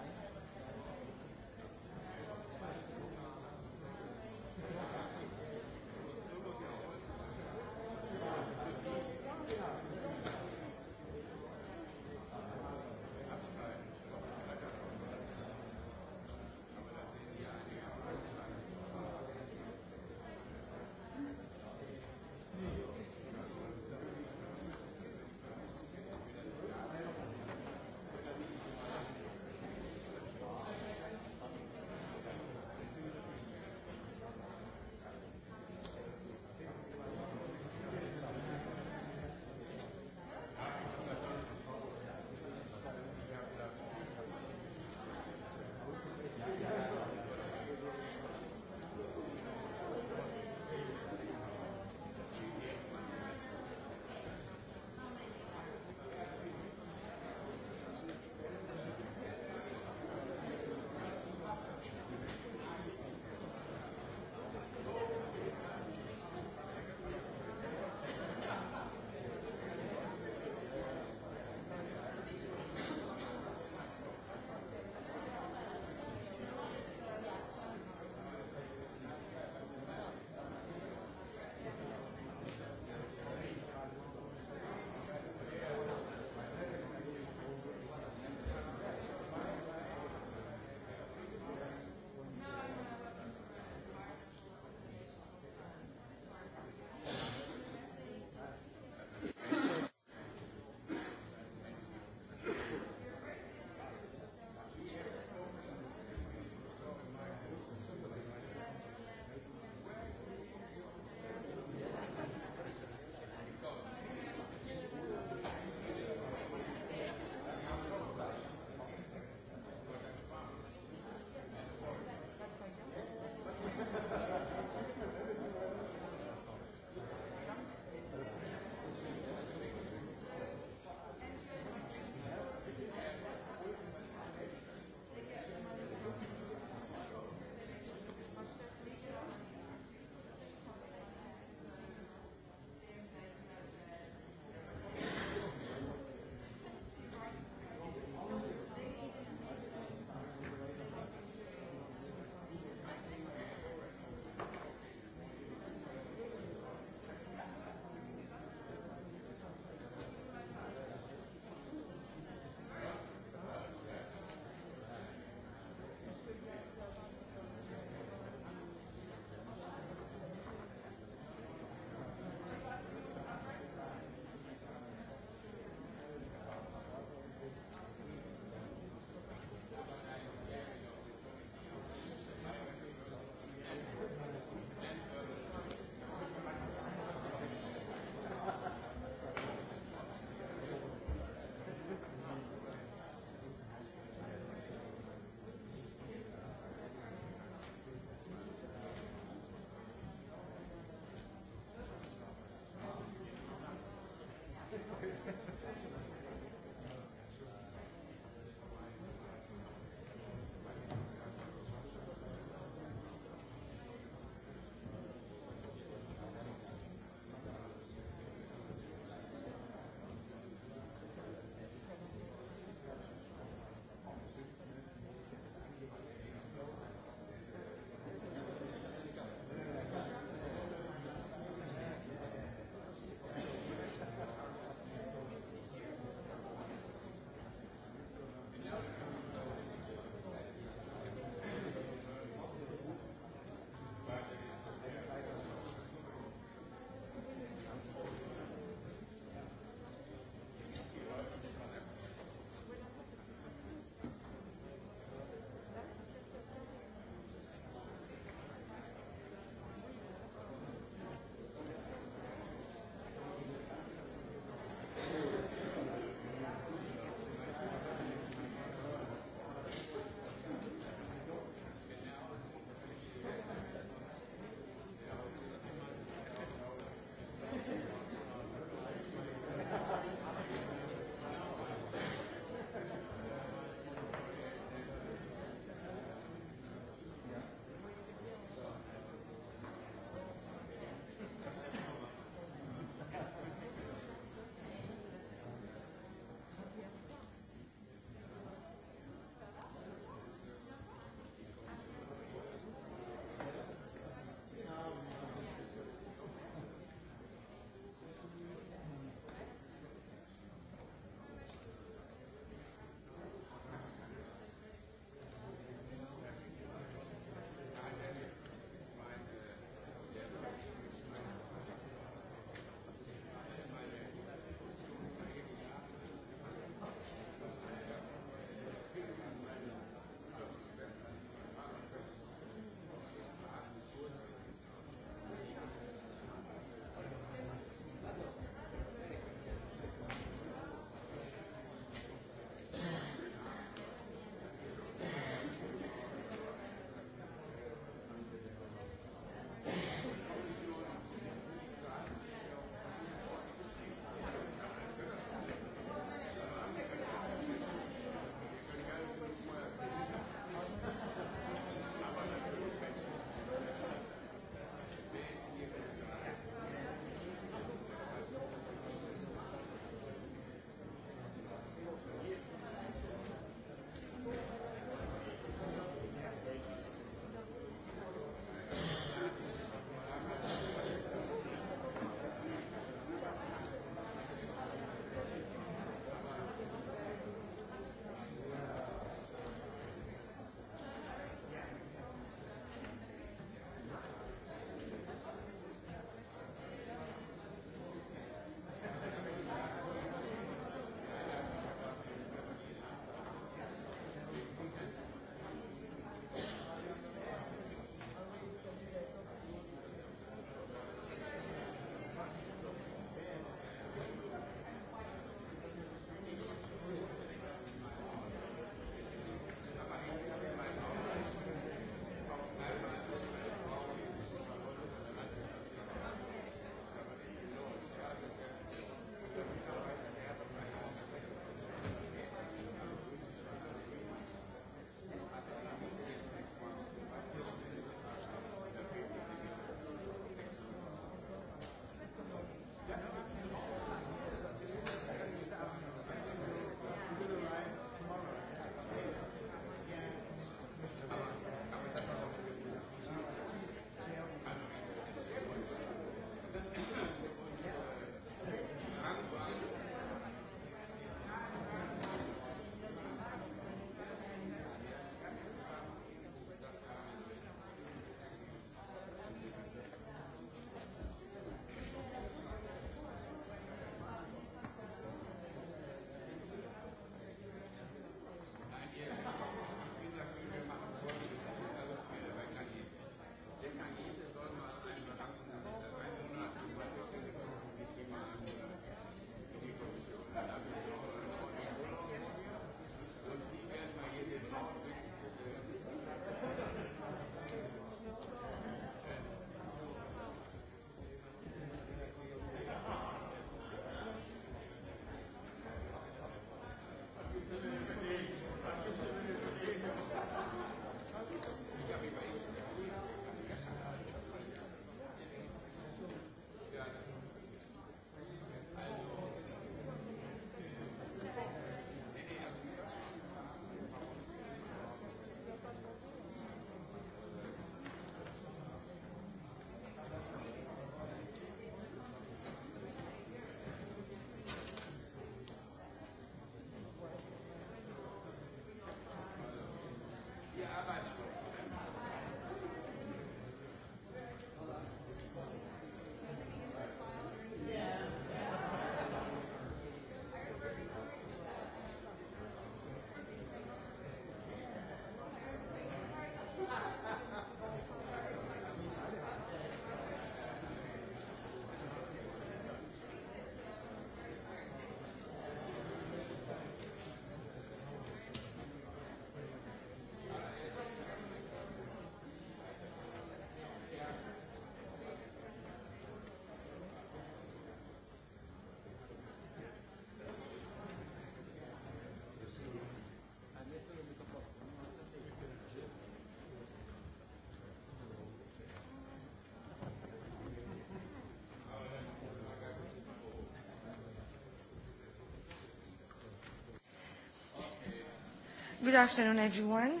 Good afternoon, everyone.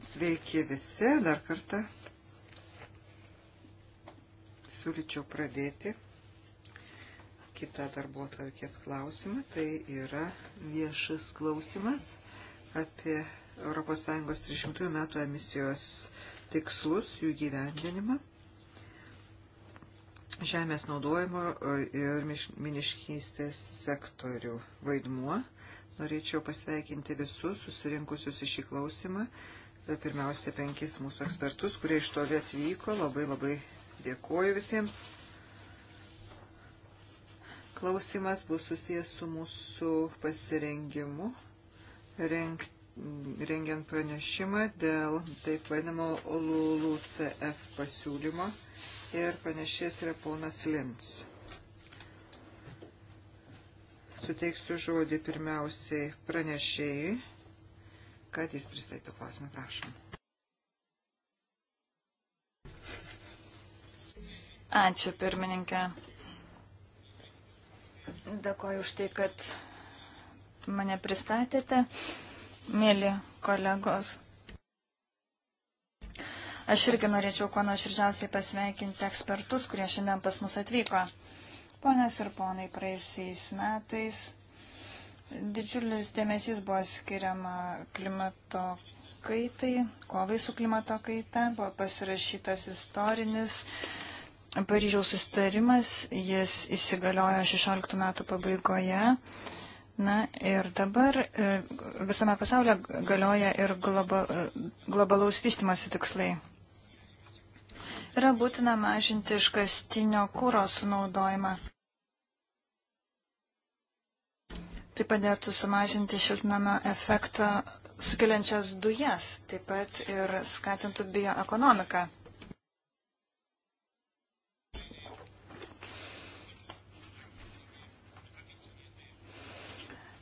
Sveiki visi, dar kartą. Siūlyčiau pradėti kitą darbo tvarkės klausimą. Tai yra viešas klausimas apie ES 300 metų emisijos tikslus, jų gyvendinimą žemės naudojimo e, ir miniškystės sektorių vaidmuo norėčiau pasveikinti visus susirinkusius į šį klausimą. E, pirmiausia, penkis mūsų ekspertus, kurie iš toli atvyko. Labai labai dėkuoju visiems. Klausimas bus susijęs su mūsų pasirengimu rengti rengiant pranešimą dėl taip vadinamo LULUCF pasiūlymo ir pranešės yra ponas Lins suteiksiu žodį pirmiausiai pranešėjai, kad jis pristatytų klausimą. Prašom. Ačiū, pirmininkė. Dėkoju už tai, kad mane pristatėte, mėly kolegos. Aš irgi norėčiau kuo nuoširdžiausiai pasveikinti ekspertus, kurie šiandien pas mus atvyko. Ponas ir ponai, praėjusiais metais didžiulis dėmesys buvo skiriama klimato kaitai, kovai su klimato kaita, buvo pasirašytas istorinis Paryžiaus sustarimas, jis įsigaliojo 16 metų pabaigoje. Na ir dabar e, visame pasaulyje galioja ir globa, e, globalaus vystimosi tikslai. Yra būtina mažinti iškastinio kūro sunaudojimą. Tai padėtų sumažinti šiltnamio efektą sukeliančias dujas, taip pat ir skatintų bioekonomiką.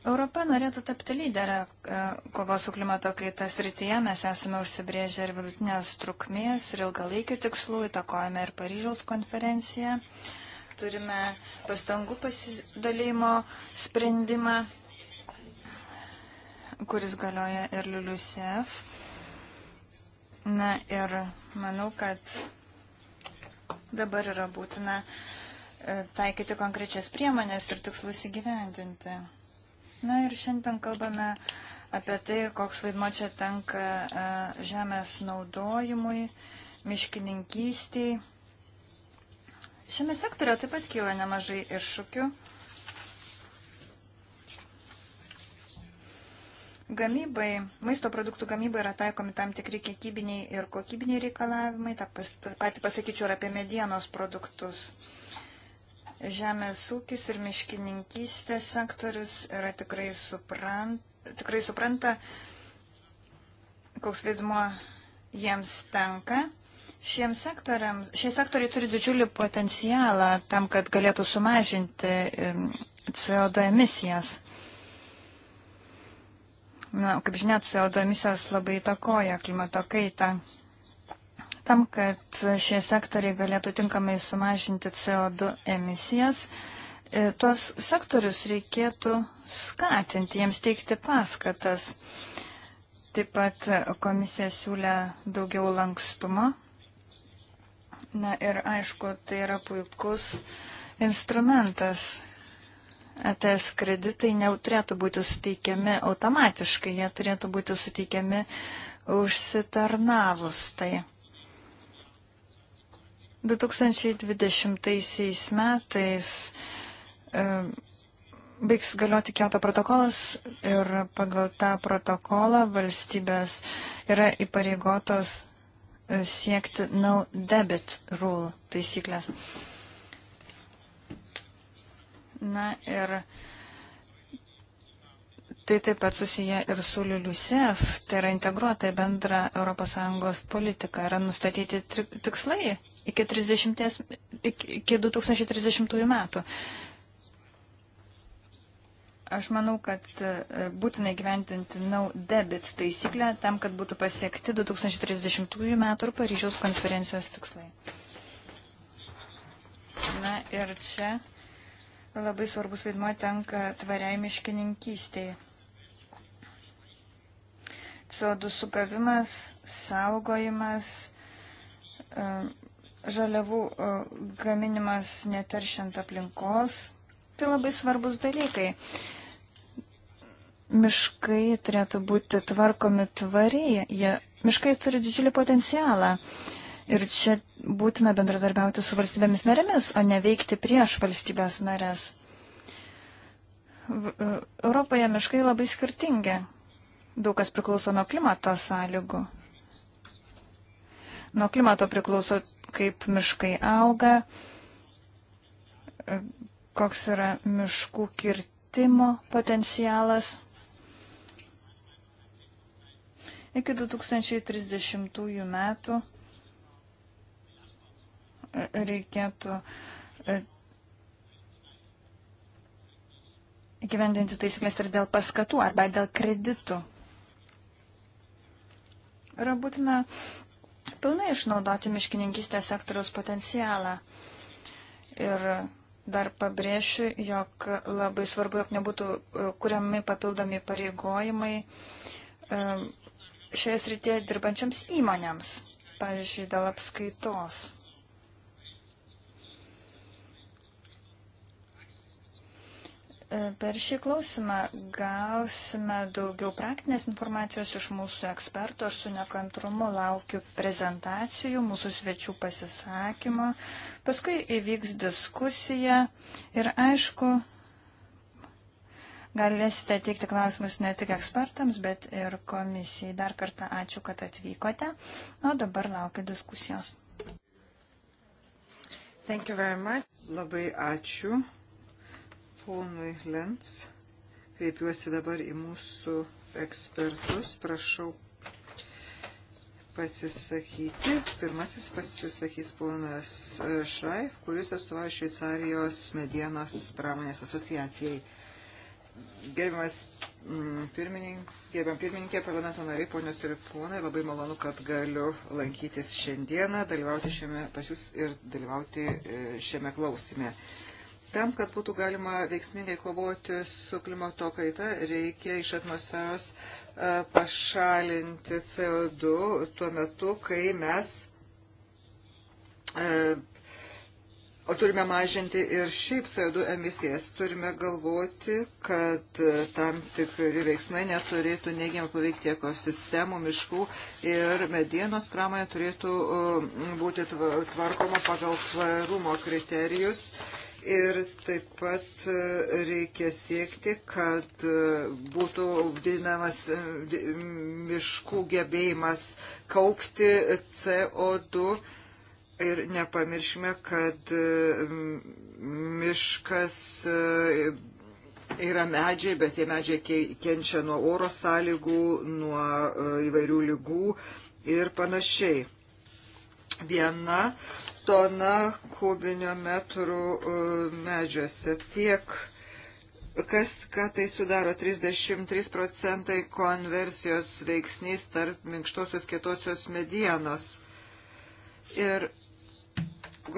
Europa norėtų tapti lyderę e, kovos su klimato kaita srityje. Mes esame užsibrėžę ir vidutinės trukmės, ir ilgalaikių tikslų, įtakojame ir Paryžiaus konferenciją. Turime pastangų pasidalymo sprendimą, kuris galioja ir LULUSEF. Na ir manau, kad dabar yra būtina e, taikyti konkrečias priemonės ir tikslus įgyvendinti. Na ir šiandien kalbame apie tai, koks vaidmo čia tenka e, žemės naudojimui, miškininkystiai. Šiame sektorio taip pat kyla nemažai iššūkių. Gamybai, maisto produktų gamybai yra taikomi tam tikri kiekybiniai ir kokybiniai reikalavimai, tą pas, patį pasakyčiau ir apie medienos produktus. Uh, Žemės ūkis ir miškininkystės sektorius yra tikrai, suprant, tikrai supranta, koks vaidmuo jiems tenka. Šiems sektoriams, šie sektoriai turi didžiulį potencialą tam, kad galėtų sumažinti CO2 emisijas. Na, kaip žinia, CO2 emisijos labai įtakoja klimato kaitą. Tam, kad šie sektoriai galėtų tinkamai sumažinti CO2 emisijas, e, tuos sektorius reikėtų skatinti, jiems teikti paskatas. Taip pat komisija siūlė daugiau lankstumo. Na ir aišku, tai yra puikus instrumentas. ATS e kreditai neturėtų būti suteikiami automatiškai, jie turėtų būti suteikiami užsitarnavus tai. 2020 metais e, baigs galioti Kioto protokolas ir pagal tą protokolą valstybės yra įpareigotos e, siekti no debit rule taisyklės. Na ir tai taip pat susiję ir su LULUSEF, tai yra integruota į bendrą ES politiką, yra nustatyti tikslai iki, 30, iki 2030 metų. Aš manau, kad e, būtina įgyvendinti no debit taisyklę tam, kad būtų pasiekti 2030 metų ir Paryžiaus konferencijos tikslai. Na ir čia labai svarbus vaidmuo tenka tvariai miškininkystėje. CO2 sugavimas, saugojimas, e, žaliavų e, gaminimas neteršiant aplinkos. Tai labai svarbus dalykai. Miškai turėtų būti tvarkomi tvariai. Jie, miškai turi didžiulį potencialą. Ir čia būtina bendradarbiauti su valstybėmis narėmis, o ne veikti prieš valstybės narės. E, Europoje miškai labai skirtingi. Daug kas priklauso nuo klimato sąlygų. Nuo klimato priklauso, kaip miškai auga, koks yra miškų kirtimo potencialas. Iki 2030 metų reikėtų e, įgyvendinti taisyklės ir dėl paskatų arba dėl kreditų. Yra būtina pilnai išnaudoti miškininkystės sektoriaus potencialą. Ir dar pabrėšiu, jog labai svarbu, jog nebūtų e, kuriami papildomi pareigojimai e, šioje srityje dirbančiams įmonėms, pavyzdžiui, dėl apskaitos. E, per šį klausimą gausime daugiau praktinės informacijos iš mūsų ekspertų. Aš su nekantrumu laukiu prezentacijų, mūsų svečių pasisakymo. Paskui įvyks diskusija ir aišku, galėsite teikti klausimus ne tik ekspertams, bet ir komisijai. Dar kartą ačiū, kad atvykote. Na, dabar laukia diskusijos. Labai ačiū ponui Lenz. Kreipiuosi dabar į mūsų ekspertus. Prašau pasisakyti. Pirmasis pasisakys ponas e, Šraif, kuris atstovauja Šveicarijos medienos pramonės asociacijai. Gerbiamas mm, pirmininkė, gerbiam pirmininkė, parlamento nariai, ponios ir ponai, labai malonu, kad galiu lankytis šiandieną, dalyvauti šiame pas jūs ir dalyvauti e, šiame klausime. Tam, kad būtų galima veiksmingai kovoti su klimato kaita, reikia iš atmosferos e, pašalinti CO2 tuo metu, kai mes e, O turime mažinti ir šiaip CO2 emisijas. Turime galvoti, kad e, tam tikri veiksmai neturėtų neigiamai paveikti ekosistemų, miškų ir medienos pramonė turėtų būti tvarkoma pagal tvarumo kriterijus. Uh, Ir taip pat e, reikia siekti, kad e, būtų didinamas e, miškų gebėjimas kaupti CO2 ir nepamiršime, kad miškas yra medžiai, bet tie medžiai kenčia nuo oro sąlygų, nuo įvairių lygų ir panašiai. Viena tona kubinio metrų e, medžiuose. Tiek, kas, ką tai sudaro, 33 procentai konversijos veiksnys tarp minkštosios kietosios medienos. Ir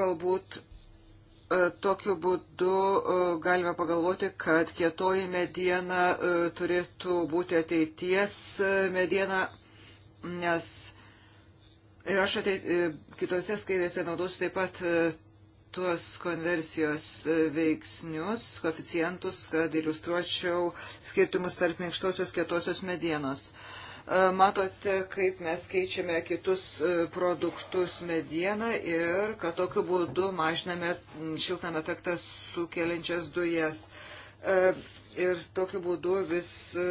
galbūt e, tokiu būdu e, galime pagalvoti, kad kietoji mediena turėtų būti ateities mediena, nes Ir aš ateit, e, kitose skaidrėse naudosiu taip pat e, tuos konversijos e, veiksnius, koficijantus, kad iliustruočiau skirtumus tarp minkštosios kietosios medienos. Matote, kaip mes keičiame kitus produktus medieną ir kad tokiu būdu mažiname šiltnamio efektą sukeliančias dujas ir tokiu būdu vis e,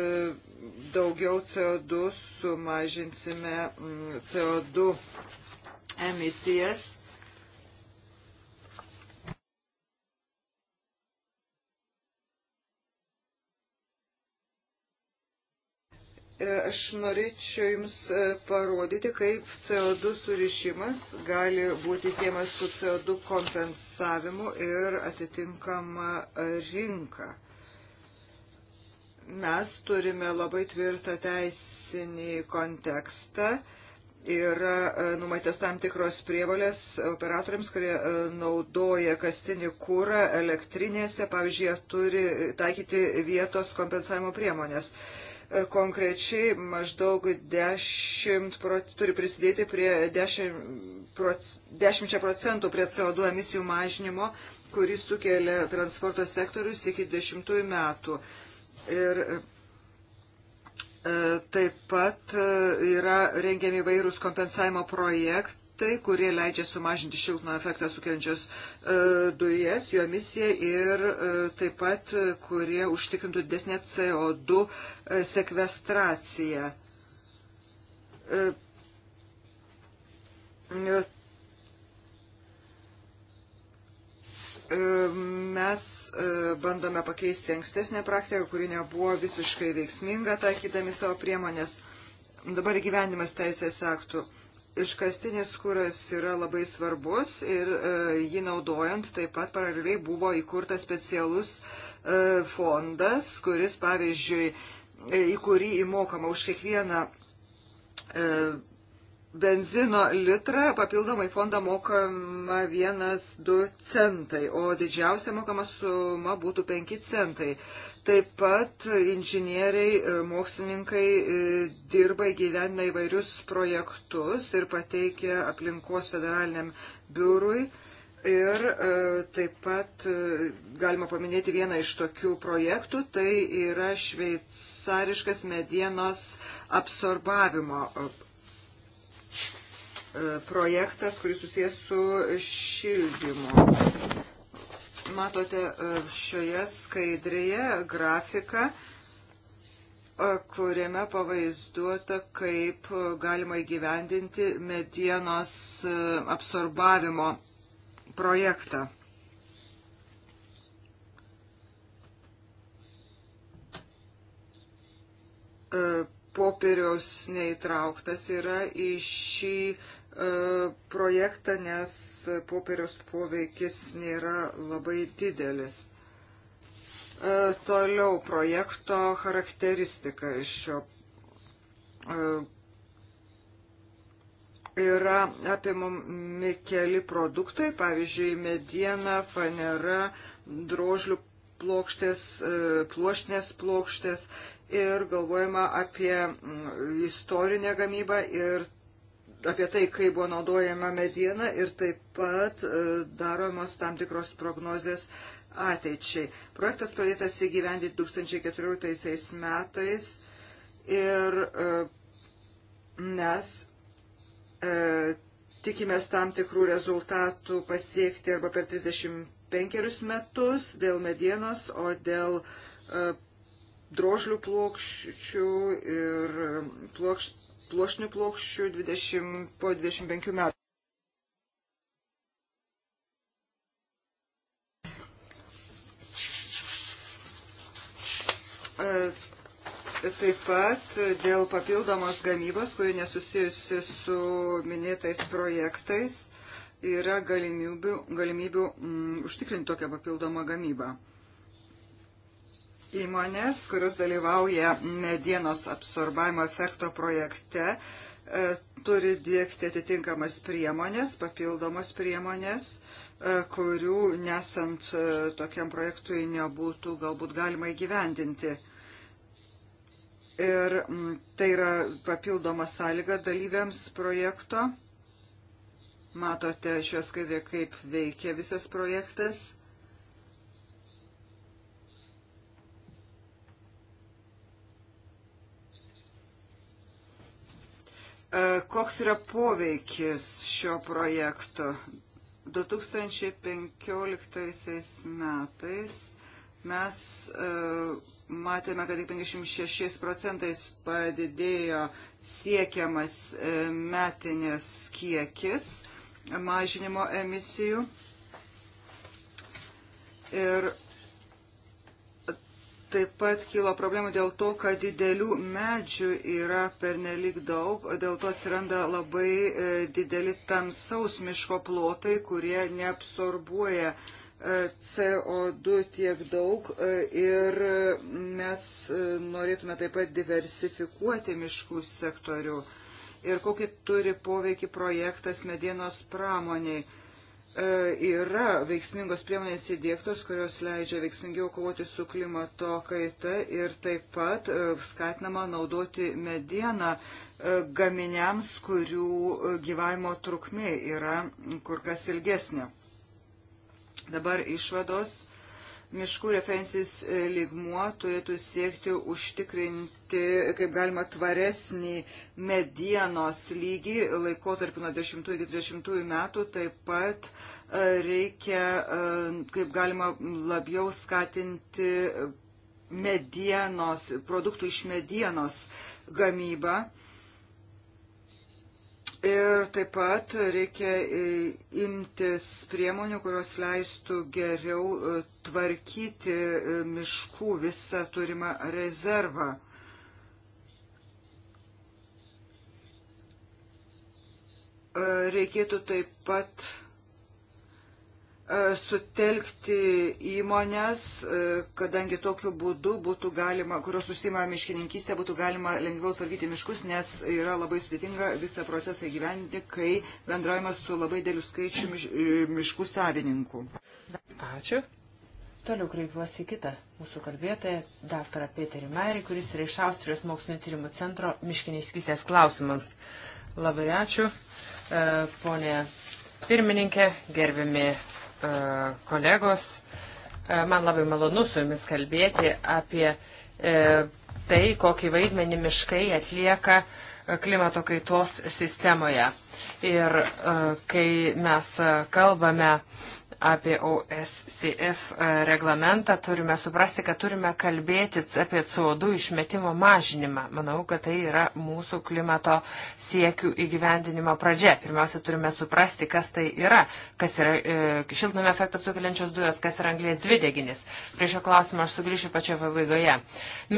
daugiau CO2 sumažinsime mm, CO2 emisijas. E, aš norėčiau Jums e, parodyti, kaip CO2 surišimas gali būti siemas su CO2 kompensavimu ir atitinkama rinka mes turime labai tvirtą teisinį kontekstą yra e, numatęs tam tikros prievalės operatoriams, kurie e, naudoja kastinį kūrą elektrinėse, pavyzdžiui, turi taikyti vietos kompensavimo priemonės. E, konkrečiai maždaug 10 proc, turi prisidėti prie 10 proc, 10 procentų prie CO2 emisijų mažinimo, kurį sukelia transporto sektorius iki 10 metų. Ir e, e, Taip pat e, yra rengiami vairūs kompensavimo projektai, kurie leidžia sumažinti šiltno efektą sukeliančios dujas, jo emisiją ir taip pat, kurie užtikrintų didesnę CO2 sekvestraciją. E, mes e, bandome pakeisti ankstesnę praktiką, kuri nebuvo visiškai veiksminga, taikydami savo priemonės. Dabar gyvenimas teisės aktų. Iškastinis kuras yra labai svarbus ir e, jį naudojant taip pat paraleliai buvo įkurtas specialus e, fondas, kuris pavyzdžiui, e, į kurį įmokama už kiekvieną e, benzino litrą papildomai fondą mokama 1-2 centai, o didžiausia mokama suma būtų 5 centai. Taip pat inžinieriai, e, mokslininkai e, dirba įgyvendina įvairius projektus ir pateikia aplinkos federaliniam biurui. Ir e, taip pat galima paminėti vieną iš tokių projektų, tai yra šveicariškas medienos absorbavimo projektas, kuris susijęs su šildymu. Matote e, šioje skaidrėje grafiką, e, kuriame pavaizduota, kaip galima įgyvendinti medienos e, absorbavimo projektą. Uh, popieriaus neįtrauktas yra į šį e, projektą, nes popieriaus poveikis nėra labai didelis. E, toliau projekto charakteristika iš šio e, yra apimami keli produktai, pavyzdžiui, mediena, fanera, drožlių plokštės, pluoštinės plokštės ir galvojama apie mm, istorinę gamybą ir apie tai, kaip buvo naudojama mediena ir taip pat e, daromos tam tikros prognozės ateičiai. Projektas pradėtas įgyvendinti 2014 metais ir e, mes e, tikimės tam tikrų rezultatų pasiekti arba per 35 metus dėl medienos, o dėl drožlių plokščių ir plokš, pluošnių plokščių 20, po 25 metų. E, taip pat dėl papildomos gamybos, kuri nesusijusi su minėtais projektais, yra galimybių, galimybių m, mm, užtikrinti tokią papildomą gamybą. Įmonės, kurios dalyvauja medienos absorbavimo efekto projekte, e, turi dėkti atitinkamas priemonės, papildomos priemonės, e, kurių nesant e, tokiam projektui nebūtų galbūt galima įgyvendinti. Ir tai yra papildoma sąlyga dalyviams projekto. Matote šios skaidrė, kaip veikia visas projektas. E, koks yra poveikis šio projekto? 2015 metais mes e, matėme, kad tik 56 procentais padidėjo siekiamas e, metinės kiekis mažinimo emisijų. Ir Taip pat kilo problemų dėl to, kad didelių medžių yra pernelik daug, dėl to atsiranda labai e, dideli tamsaus miško plotai, kurie neabsorbuoja e, CO2 tiek daug e, ir mes norėtume taip pat diversifikuoti miškų sektorių ir kokį turi poveikį projektas medienos pramoniai. E, yra veiksmingos priemonės įdėktos, kurios leidžia veiksmingiau kovoti su klimato kaita ir taip pat e, skatinama naudoti medieną e, gaminiams, kurių gyvavimo trukmė yra kur kas ilgesnė. Dabar išvados miškų referencinis e, lygmuo turėtų siekti užtikrinti, kaip galima, tvaresnį medienos lygį laikotarpį nuo 10 iki 30 metų. Taip pat e, reikia, e, kaip galima, labiau skatinti medienos, produktų iš medienos gamybą Ir taip pat reikia e, imtis priemonių, kurios leistų geriau e, tvarkyti e, miškų visą turimą rezervą. Reikėtų taip pat sutelkti įmonės, e, kadangi tokiu būdu būtų galima, kurios užsima miškininkystė, būtų galima lengviau tvarkyti miškus, nes yra labai sudėtinga visą procesą įgyvendinti, kai bendraujamas su labai dėliu skaičiu miš, e, miškų savininkų. Ačiū. Toliau kreipiuosi į kitą mūsų kalbėtoją, daktarą Peterį Mairį, kuris yra iš Austrijos mokslinio tyrimų centro miškininkystės klausimams. Labai ačiū, e, ponė pirmininkė, gerbiami E, kolegos. E, man labai malonu su jumis kalbėti apie e, tai, kokį vaidmenį miškai atlieka klimato kaitos sistemoje. Ir kai mes kalbame apie OSCF e, reglamentą, turime suprasti, kad turime kalbėti apie CO2 išmetimo mažinimą. Manau, kad tai yra mūsų klimato siekių įgyvendinimo pradžia. Pirmiausia, turime suprasti, kas tai yra, kas yra e, šiltnamio efektą sukeliančios dujos, kas yra anglės dvideginis. Prie šio klausimo aš sugrįšiu pačioje pabaigoje.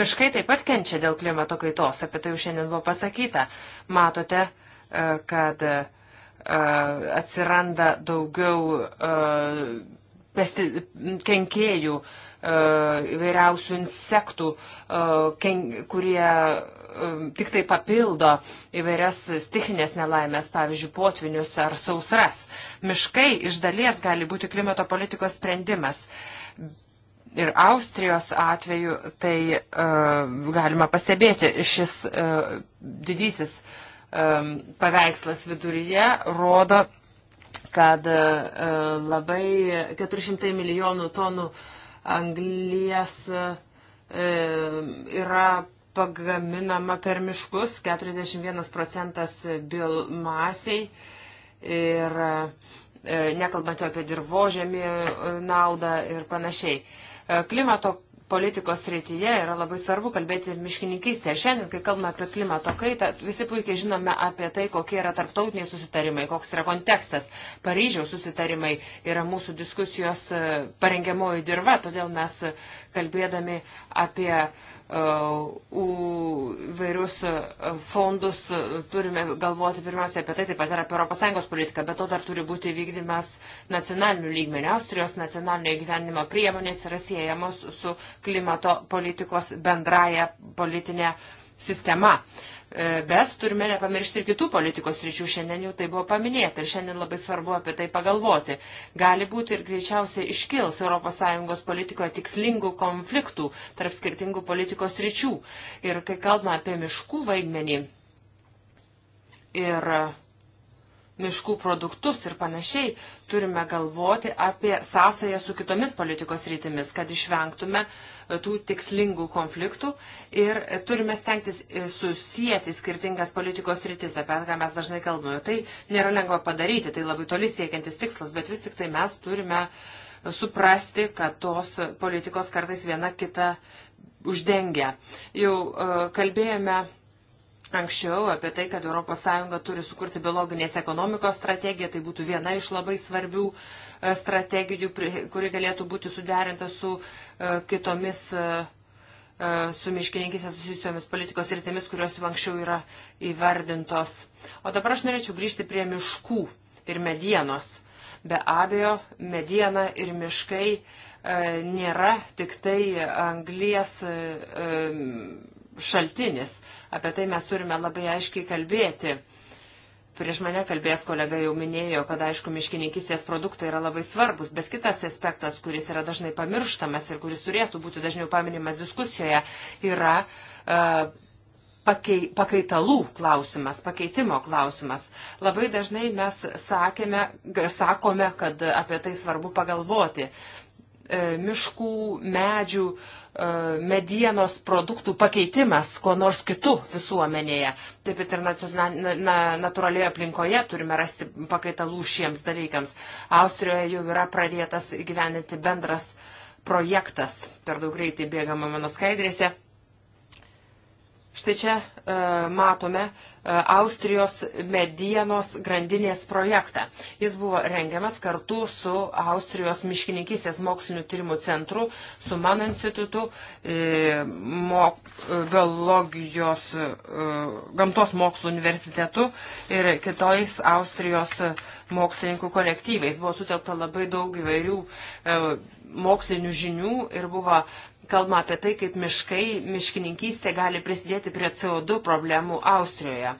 Miškai taip pat kenčia dėl klimato kaitos, apie tai jau šiandien buvo pasakyta. Matote, e, kad e, atsiranda daugiau pesti, kenkėjų, įvairiausių insektų, ken, kurie tik tai papildo įvairias stichinės nelaimės, pavyzdžiui, potvinius ar sausras. Miškai iš dalies gali būti klimato politikos sprendimas. Ir Austrijos atveju tai uh, galima pastebėti, šis uh, didysis uh, paveikslas viduryje rodo, kad e, labai 400 milijonų tonų anglies e, yra pagaminama per miškus, 41 procentas biomasiai ir e, nekalbant jau apie dirbožėmį naudą ir panašiai. Klimato politikos srityje yra labai svarbu kalbėti miškininkystę. Ir šiandien, kai kalbame apie klimato kaitą, visi puikiai žinome apie tai, kokie yra tarptautiniai susitarimai, koks yra kontekstas. Paryžiaus susitarimai yra mūsų diskusijos e, parengiamoji dirba, todėl mes e, kalbėdami apie uh, įvairius uh, uh, fondus, uh, turime galvoti pirmiausia apie tai, taip pat ir apie ES politiką, bet to dar turi būti vykdymas nacionalinių lygmenių. Austrijos nacionalinio gyvenimo priemonės yra siejamos su klimato politikos bendraja politinė sistema. E, bet turime nepamiršti ir kitų politikos ryčių, šiandien jau tai buvo paminėta ir šiandien labai svarbu apie tai pagalvoti. Gali būti ir greičiausiai iškils ES politikoje tikslingų konfliktų tarp skirtingų politikos ryčių. Ir kai kalbame apie miškų vaidmenį ir miškų produktus ir panašiai, turime galvoti apie sąsają su kitomis politikos rytimis, kad išvengtume uh, tų tikslingų konfliktų ir turime stengtis e, susijęti skirtingas politikos rytis, apie ką mes dažnai kalbame. Tai nėra lengva padaryti, tai labai toli siekiantis tikslas, bet vis tik tai mes turime suprasti, kad tos politikos kartais viena kitą uždengia. Jau e, kalbėjome anksčiau apie tai, kad ES turi sukurti biologinės ekonomikos strategiją, tai būtų viena iš labai svarbių e, strategijų, kuri galėtų būti suderinta su E, kitomis e, e, su miškininkise susijusiomis politikos rytimis, kurios jau anksčiau yra įvardintos. O dabar aš norėčiau grįžti prie miškų ir medienos. Be abejo, mediena ir miškai e, nėra tik tai anglies e, šaltinis. Apie tai mes turime labai aiškiai kalbėti. E, Prieš mane kalbės kolega jau minėjo, kad aišku, miškininkistės produktai yra labai svarbus, bet kitas aspektas, kuris yra dažnai pamirštamas ir kuris turėtų būti dažniau paminimas diskusijoje, yra uh, pakei, pakaitalų klausimas, pakeitimo klausimas. Labai dažnai mes sakėme, sakome, kad apie tai svarbu pagalvoti. E, miškų, medžių E, medienos produktų pakeitimas, ko nors kitų visuomenėje. Taip pat ir natūralioje aplinkoje turime rasti pakaitalų šiems dalykams. Austrijoje jau yra pradėtas gyveninti bendras projektas, per daug greitai bėgama mano skaidrėse, Štai čia e, matome e, Austrijos medienos grandinės projektą. Jis buvo rengiamas kartu su Austrijos miškininkystės mokslinių tyrimų centru, su mano institutu, e, mok, e, biologijos e, gamtos mokslo universitetu ir kitojais Austrijos mokslininkų kolektyvais. Buvo sutelkta labai daug įvairių e, mokslinių žinių ir buvo kalbama apie tai, kaip miškai, miškininkystė gali prisidėti prie CO2 problemų Austrijoje.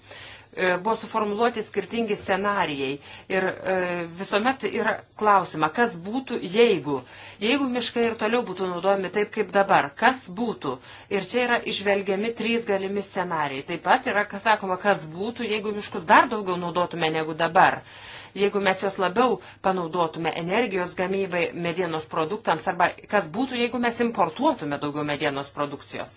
E, buvo suformuluoti skirtingi scenarijai ir e, visuomet yra klausima, kas būtų jeigu. Jeigu miškai ir toliau būtų naudojami taip kaip dabar, kas būtų. Ir čia yra išvelgiami trys galimi scenarijai. Taip pat yra, kas sakoma, kas būtų, jeigu miškus dar daugiau naudotume negu dabar. Jeigu mes jos labiau panaudotume energijos gamybai, medienos produktams arba kas būtų, jeigu mes importuotume daugiau medienos produkcijos.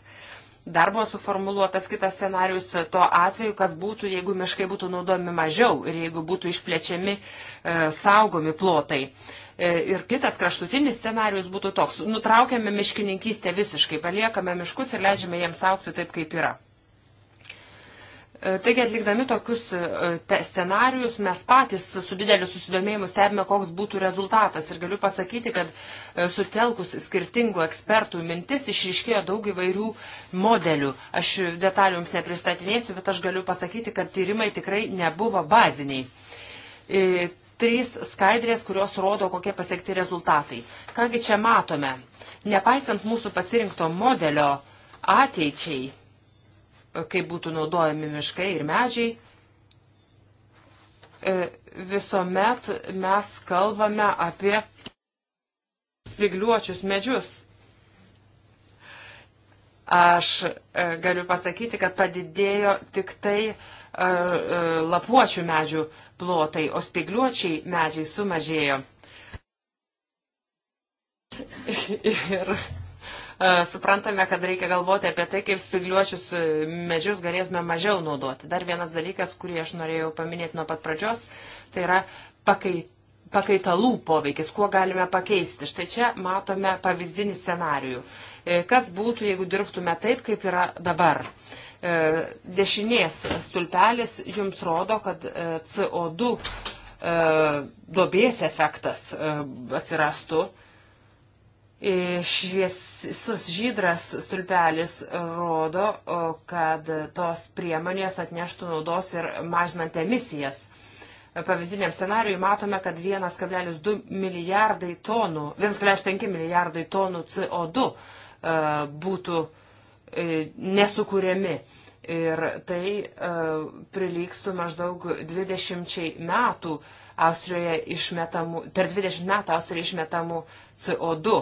Dar buvo suformuluotas kitas scenarius to atveju, kas būtų, jeigu miškai būtų naudojami mažiau ir jeigu būtų išplečiami e, saugomi plotai. E, ir kitas kraštutinis scenarius būtų toks, nutraukiame miškininkystę visiškai, paliekame miškus ir leidžiame jiems aukti taip, kaip yra. E, taigi atlikdami tokius e, scenarius mes patys su dideliu susidomėjimu stebime, koks būtų rezultatas. Ir galiu pasakyti, kad e, sutelkus skirtingų ekspertų mintis išriškėjo daug įvairių modelių. Aš detalių jums nepristatinėsiu, bet aš galiu pasakyti, kad tyrimai tikrai nebuvo baziniai. Trys skaidrės, kurios rodo, kokie pasiekti rezultatai. Kągi čia matome? Nepaisant mūsų pasirinkto modelio ateičiai kaip būtų naudojami miškai ir medžiai, e, visuomet mes kalbame apie spigliuočius medžius. Aš e, galiu pasakyti, kad padidėjo tik tai e, lapuočių medžių plotai, o spigliuočiai medžiai sumažėjo. Ir E, suprantame, kad reikia galvoti apie tai, kaip spigliuočius e, medžius galėtume mažiau naudoti. Dar vienas dalykas, kurį aš norėjau paminėti nuo pat pradžios, tai yra pakeit, pakaitalų poveikis, kuo galime pakeisti. Štai čia matome pavyzdinį scenarijų. E, kas būtų, jeigu dirbtume taip, kaip yra dabar? Dešinės stulpelis jums rodo, kad CO2 duobės efektas atsirastų šviesus žydras stulpelis rodo, kad tos priemonės atneštų naudos ir mažinant emisijas. Pavyzdiniam scenariui matome, kad 1,2 milijardai tonų, 1,5 milijardai tonų CO2 e, būtų e, nesukūrėmi. Ir tai e, prilikstų maždaug 20 metų Austrijoje išmetamų, per 20 metų Austrijoje išmetamų CO2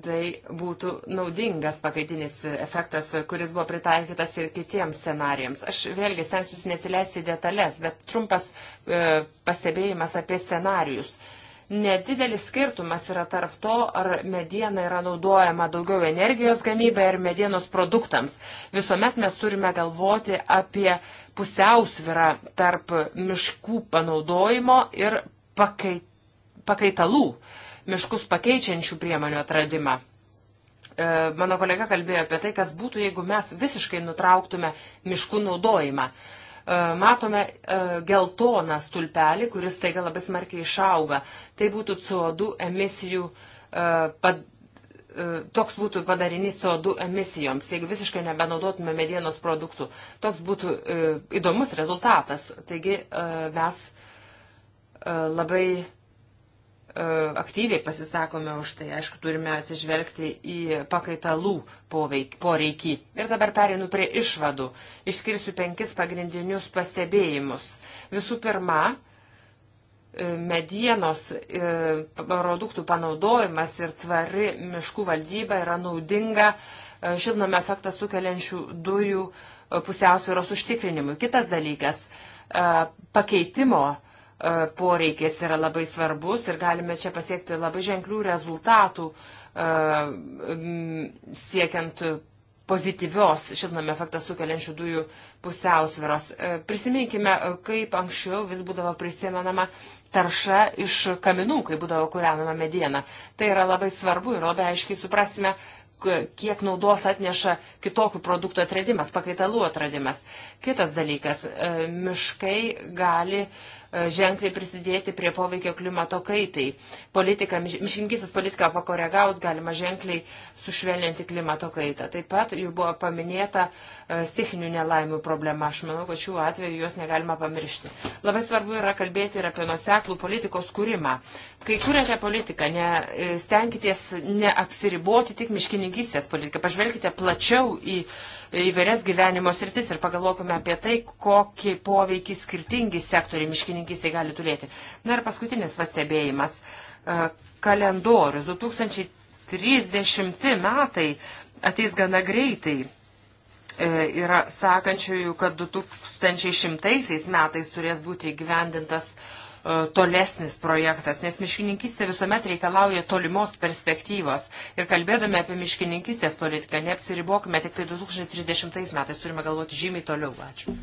tai būtų naudingas pakaitinis efektas, kuris buvo pritaikytas ir kitiems scenarijams. Aš vėlgi stengsiuosi nesileisti detalės, bet trumpas e, pastebėjimas apie scenarius. Nedidelis skirtumas yra tarp to, ar mediena yra naudojama daugiau energijos gamybai ar medienos produktams. Visuomet mes turime galvoti apie pusiausvirą tarp miškų panaudojimo ir pakai, pakaitalų. Uh, miškus pakeičiančių priemonių atradimą. E, mano kolega kalbėjo apie tai, kas būtų, jeigu mes visiškai nutrauktume miškų naudojimą. E, matome e, geltoną stulpelį, kuris taiga labai smarkiai išauga. Tai būtų CO2 emisijų, toks būtų padarinys CO2 emisijoms, jeigu visiškai nebenaudotume medienos produktų. Toks būtų įdomus rezultatas. Taigi mes labai E, aktyviai pasisakome už tai, aišku, turime atsižvelgti į pakaitalų poveik, poreikį. Ir dabar perinu prie išvadų. Išskirsiu penkis pagrindinius pastebėjimus. Visų pirma, e, medienos e, produktų panaudojimas ir tvari miškų valdyba yra naudinga šiltnamio efektą sukeliančių dujų pusiausvėros užtikrinimui. Kitas dalykas - pakeitimo uh, poreikis yra labai svarbus ir galime čia pasiekti labai ženklių rezultatų e, siekiant pozityvios šiltnamio efektą sukeliančių dujų pusiausviros. E, prisiminkime, kaip anksčiau vis būdavo prisimenama tarša iš kaminų, kai būdavo kūrenama mediena. Tai yra labai svarbu ir labai aiškiai suprasime, kiek naudos atneša kitokių produktų atradimas, pakaitalų atradimas. Kitas dalykas, e, miškai gali uh, ženkliai prisidėti prie poveikio klimato kaitai. Politika, miškinkistas politika pakoregavus galima ženkliai sušvelninti klimato kaitą. Taip pat jau buvo paminėta e, stichinių nelaimių problema. Aš manau, kad šiuo atveju juos negalima pamiršti. Labai svarbu yra kalbėti ir apie nuseklų politikos kūrimą. Kai kuriate politiką, ne, e, stenkitės neapsiriboti tik miškininkistės politiką. Pažvelkite plačiau į uh, įvairias gyvenimo sritis ir pagalvokime apie tai, kokį poveikį skirtingi sektoriai miškininkystai gali turėti. Na ir paskutinis pastebėjimas. E, kalendorius 2030 metai ateis gana greitai e, yra sakančiųjų, kad 2100 metais turės būti įgyvendintas E, tolesnis projektas, nes miškininkistė visuomet reikalauja tolimos perspektyvos. Ir kalbėdami apie miškininkistės politiką, neapsiribokime tik tai 2030 metais, turime galvoti žymiai toliau. Ačiū.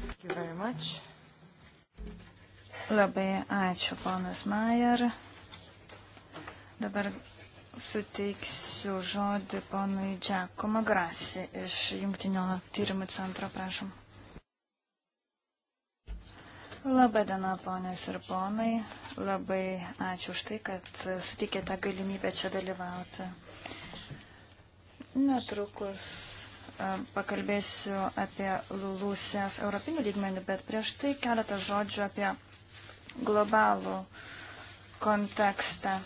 Labai ačiū, ponas Majer. Dabar suteiksiu žodį ponui Džeku Magrasi iš Jungtinio tyrimų centro, prašom. Labadiena, ponės ir ponai. Labai ačiū už tai, kad sutikėte galimybę čia dalyvauti. Netrukus e, pakalbėsiu apie LULUSEF europinių lygmenių, bet prieš tai keletą žodžių apie globalų kontekstą.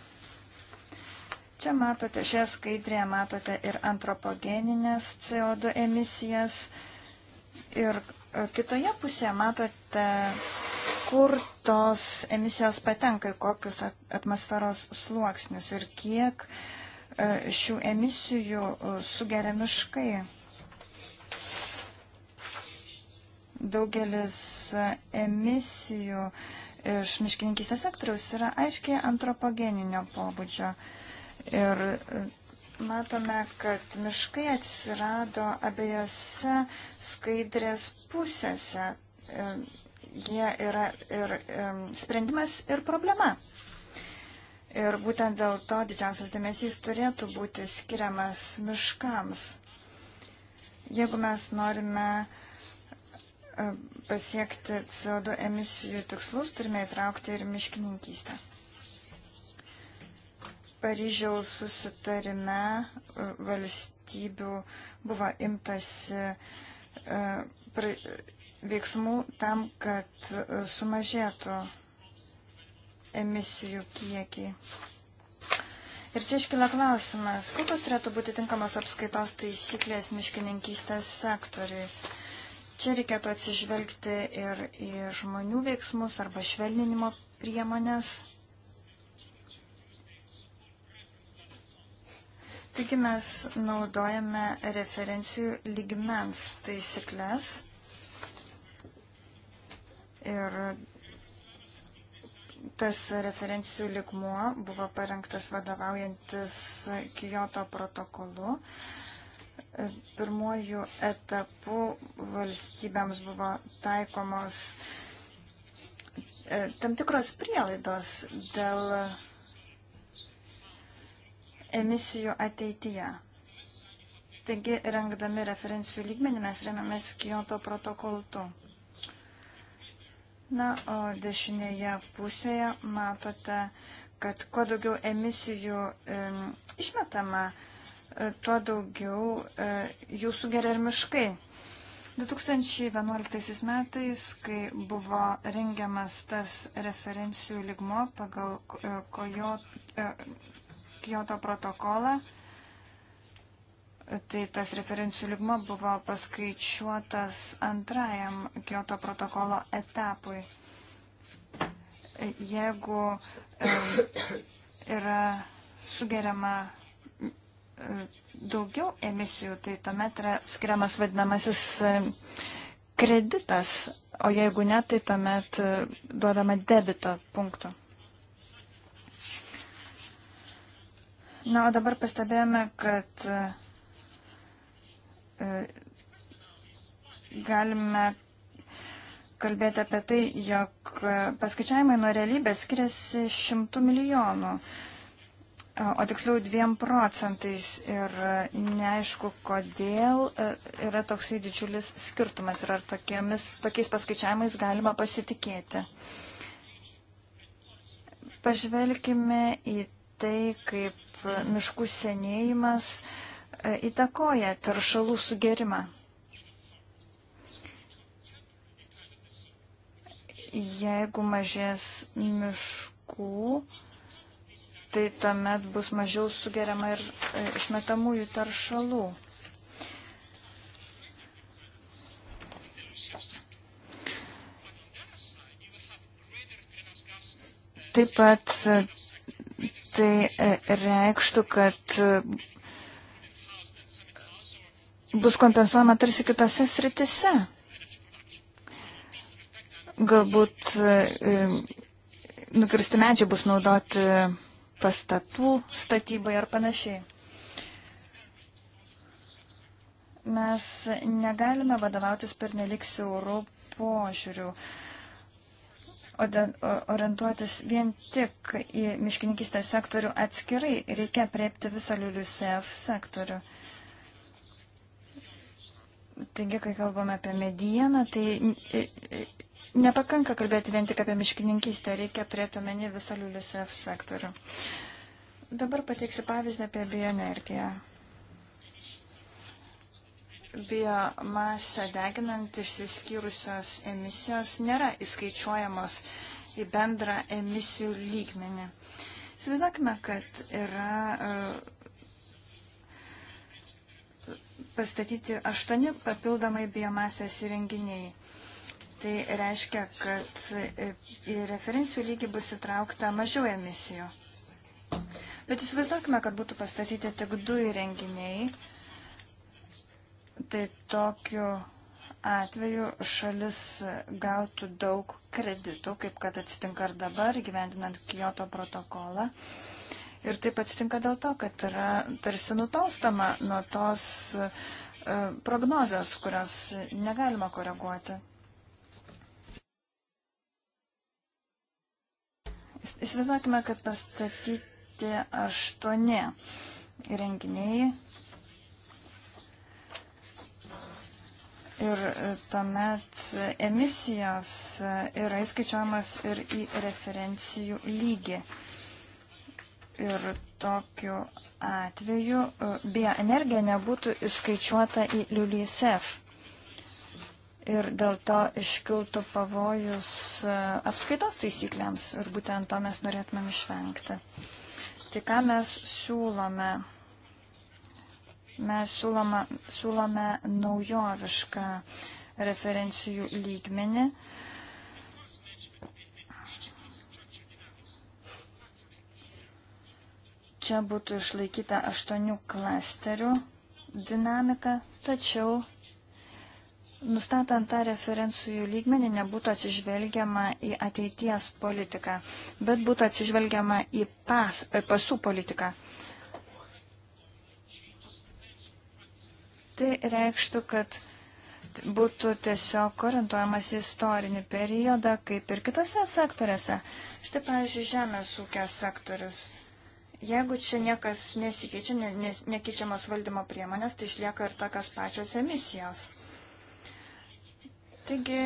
Čia matote, šioje skaidrėje matote ir antropogeninės CO2 emisijas. Ir e, kitoje pusėje matote kur tos emisijos patenka, kokius atmosferos sluoksnius ir kiek e, šių emisijų e, sugeria miškai. Daugelis e, emisijų iš miškininkystės sektoriaus yra aiškiai antropogeninio pobūdžio. Ir matome, kad miškai atsirado abiejose skaidrės pusėse jie yra ir sprendimas, ir problema. Ir būtent dėl to didžiausias dėmesys turėtų būti skiriamas miškams. Jeigu mes norime e, pasiekti CO2 emisijų tikslus, turime įtraukti ir miškininkystę. Paryžiaus susitarime e, valstybių buvo imtasi e, veiksmų tam, kad e, sumažėtų emisijų kiekiai. Ir čia iškila klausimas, kokios turėtų būti tinkamos apskaitos taisyklės miškininkystės sektoriui. Čia reikėtų atsižvelgti ir į žmonių veiksmus arba švelninimo priemonės. Taigi mes naudojame referencijų lygmens taisyklės Ir tas referencijų likmuo buvo parengtas vadovaujantis Kyoto protokolu. Pirmuoju etapu valstybėms buvo taikomos e, tam tikros prielaidos dėl emisijų ateityje. Taigi, rengdami referencijų lygmenį, mes remiamės Kyoto protokolu. Na, o dešinėje pusėje matote, kad kuo daugiau emisijų e, išmetama, e, tuo daugiau e, jų sugeria ir miškai. 2011 metais, kai buvo rengiamas tas referencijų ligmo pagal e, e, Kyoto protokolą, tai tas referencijų lygmo buvo paskaičiuotas antrajam Kyoto protokolo etapui. Jeigu yra sugeriama daugiau emisijų, tai tuomet yra skiriamas vadinamasis kreditas, o jeigu ne, tai tuomet e, duodama debito punktų. Na, o dabar pastebėjome, kad E, galime kalbėti apie tai, jog paskaičiavimai nuo realybės skiriasi šimtų milijonų, e, o tiksliau dviem procentais. Ir neaišku, kodėl e, yra toksai didžiulis skirtumas ir ar tokiemis, tokiais paskaičiavimais galima pasitikėti. Pažvelkime į tai, kaip miškų senėjimas uh, E, įtakoja taršalų sugerimą. Jeigu mažės miškų, tai tuomet bus mažiau sugeriama ir e, išmetamųjų taršalų. Taip pat e, tai reikštų, kad bus kompensuojama tarsi kitose sritise. Galbūt e, nukirsti medžiai bus naudoti pastatų statybai ar panašiai. Mes negalime vadovautis per nelik siaurų požiūrių, orientuotis vien tik į miškininkistės sektorių atskirai, reikia priepti visą LULUSEF sektorių. sektorių Taigi, kai kalbame apie medieną, tai nepakanka kalbėti vien tik apie miškininkystę, reikia turėti omeny visą LULUSEF sektorių. Dabar pateiksiu pavyzdį apie bioenergiją. Biomasę deginant išsiskyrusios emisijos nėra įskaičiuojamos į bendrą emisijų lygmenį. Įsivaizduokime, kad yra uh, pastatyti aštuoni papildomai biomasės įrenginiai. Tai reiškia, kad į referencijų lygį bus įtraukta mažiau emisijų. Bet įsivaizduokime, kad būtų pastatyti tik du įrenginiai. Tai tokiu atveju šalis gautų daug kreditų, kaip kad atsitinka ir dabar, gyvendinant Kyoto protokolą. Uh, Ir taip atsitinka dėl to, kad yra tarsi nutolstama nuo tos e, prognozės, kurios negalima koreguoti. Įsivaizduokime, kad pastatyti aštuoni renginiai ir e, tuomet emisijos e, yra įskaičiuojamas ir į referencijų lygį. Ir tokiu atveju e, bioenergija nebūtų įskaičiuota į LULISEF. Ir dėl to iškiltų pavojus e, apskaitos taisyklėms ir būtent to mes norėtumėm išvengti. Tai ką mes siūlome? Mes siūlome, siūlome naujovišką referencijų lygmenį. Uh, Čia būtų išlaikyta aštuonių klasterių dinamika, tačiau nustatant tą referencijų lygmenį nebūtų atsižvelgiama į ateities politiką, bet būtų atsižvelgiama į pas, pasų politiką. Tai reikštų, kad būtų tiesiog orientuojamas į istorinį periodą, kaip ir kitose sektoriuose. Štai, pavyzdžiui, žemės ūkio sektorius. Jeigu čia niekas nesikeičia, ne, ne, nekeičiamas valdymo priemonės, tai išlieka ir tokios pačios emisijos. Taigi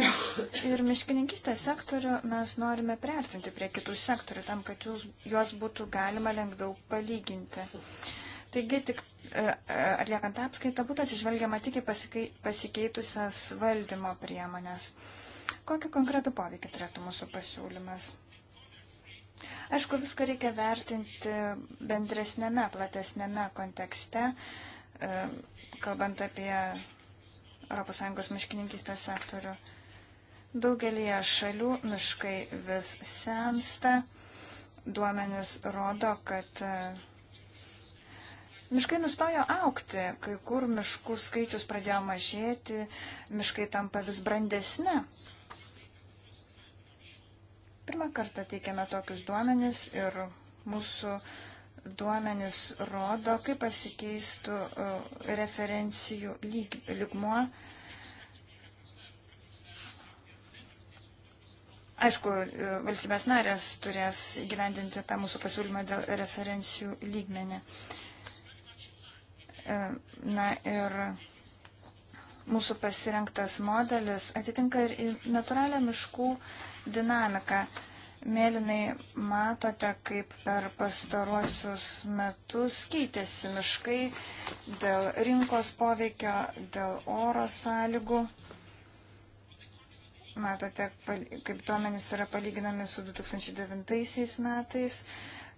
ir miškininkistės sektorių mes norime priartinti prie kitų sektorių, tam, kad jūs, juos būtų galima lengviau palyginti. Taigi tik e, e, atliekant apskaitą būtų atsižvelgiama tik į pasikeitusias valdymo priemonės. Kokį konkretų poveikį turėtų mūsų pasiūlymas? Aišku, viską reikia vertinti bendresnėme, platesnėme kontekste, e, kalbant apie ES miškininkystės sektorių. Daugelie šalių miškai vis sensta. Duomenis rodo, kad e, miškai nustojo aukti, kai kur miškų skaičius pradėjo mažėti, miškai tampa vis brandesni. Pirmą kartą teikiame tokius duomenis ir mūsų duomenis rodo, kaip pasikeistų e, referencijų lyg, lygmuo. Aišku, e, valstybės narės turės gyvendinti tą mūsų pasiūlymą dėl referencijų lygmenį. E, na ir mūsų pasirinktas modelis atitinka ir natūralią miškų dinamiką. Mėlynai matote, kaip per pastaruosius metus keitėsi miškai dėl rinkos poveikio, dėl oro sąlygų. Matote, kaip duomenys yra palyginami su 2009 metais.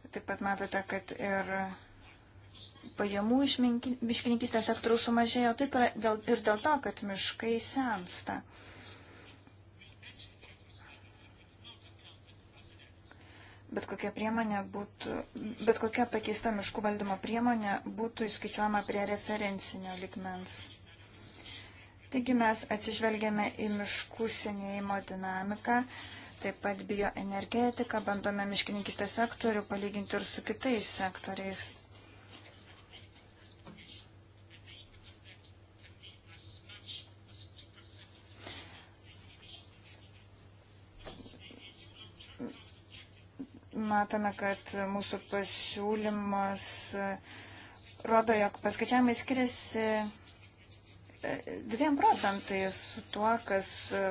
Taip pat matote, kad ir pajamų iš miškininkistės sektorių sumažėjo taip ir dėl, ir dėl to, kad miškai sensta. Bet kokia, priemonė būtų, bet kokia pakeista miškų valdymo priemonė būtų įskaičiuojama prie referencinio likmens. Taigi mes atsižvelgėme į miškų senėjimo dinamiką, taip pat bioenergetiką, bandome miškininkistės sektorių palyginti ir su kitais sektoriais. matome, kad mūsų pasiūlymas e, rodo, jog paskaičiavimai skiriasi 2 e, procentais su tuo, kas e,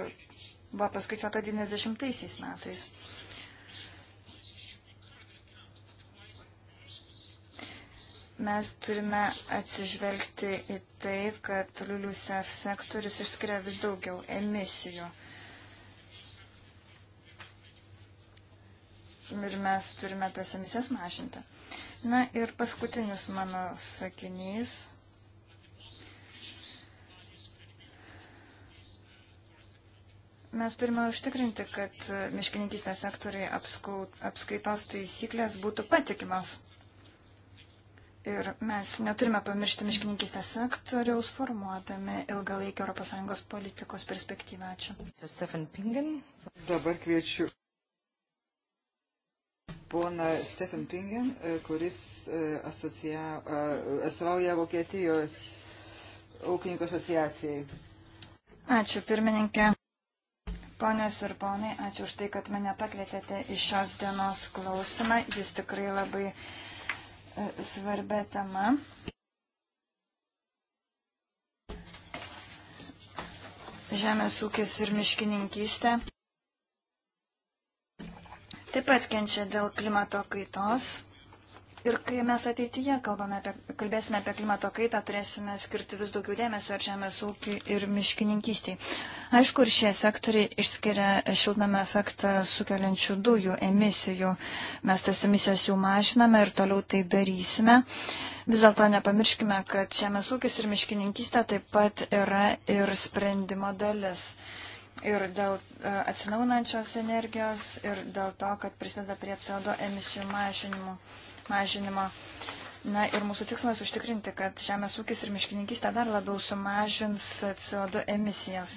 buvo paskaičiuota 90-aisiais metais. Mes turime atsižvelgti į tai, kad LULUSEF sektorius išskiria vis daugiau emisijų. Uh, ir mes turime tas emisijas mažinti. Na ir paskutinis mano sakinys. Mes turime užtikrinti, kad miškininkystės sektoriai apskaitos taisyklės būtų patikimas. Ir mes neturime pamiršti miškininkystės sektoriaus formuodami ilgalaikį ES politikos perspektyvą. Ačiū. Dabar kviečiu poną Stefan Pingen, e, kuris e, atstovauja Vokietijos ūkininkų asociacijai. Ačiū, pirmininkė. Ponios ir ponai, ačiū už tai, kad mane pakvietėte į šios dienos klausimą. Jis tikrai labai e, svarbia tema. Žemės ūkis ir miškininkystė taip pat kenčia dėl klimato kaitos. Ir kai mes ateityje apie, kalbėsime apie klimato kaitą, turėsime skirti vis daugiau dėmesio ir žemės ūkiui ir miškininkystiai. Aišku, ir šie sektoriai išskiria šiltnamą efektą sukeliančių dujų emisijų. Mes tas emisijas jau mažiname ir toliau tai darysime. Vis dėlto nepamirškime, kad žemės ūkis ir miškininkystė taip pat yra ir sprendimo dalis. Uh, ir dėl e, atsinaunančios energijos, ir dėl to, kad prisideda prie CO2 emisijų mažinimo. mažinimo. Na ir mūsų tikslas užtikrinti, kad žemės ūkis ir miškininkystė dar labiau sumažins CO2 emisijas.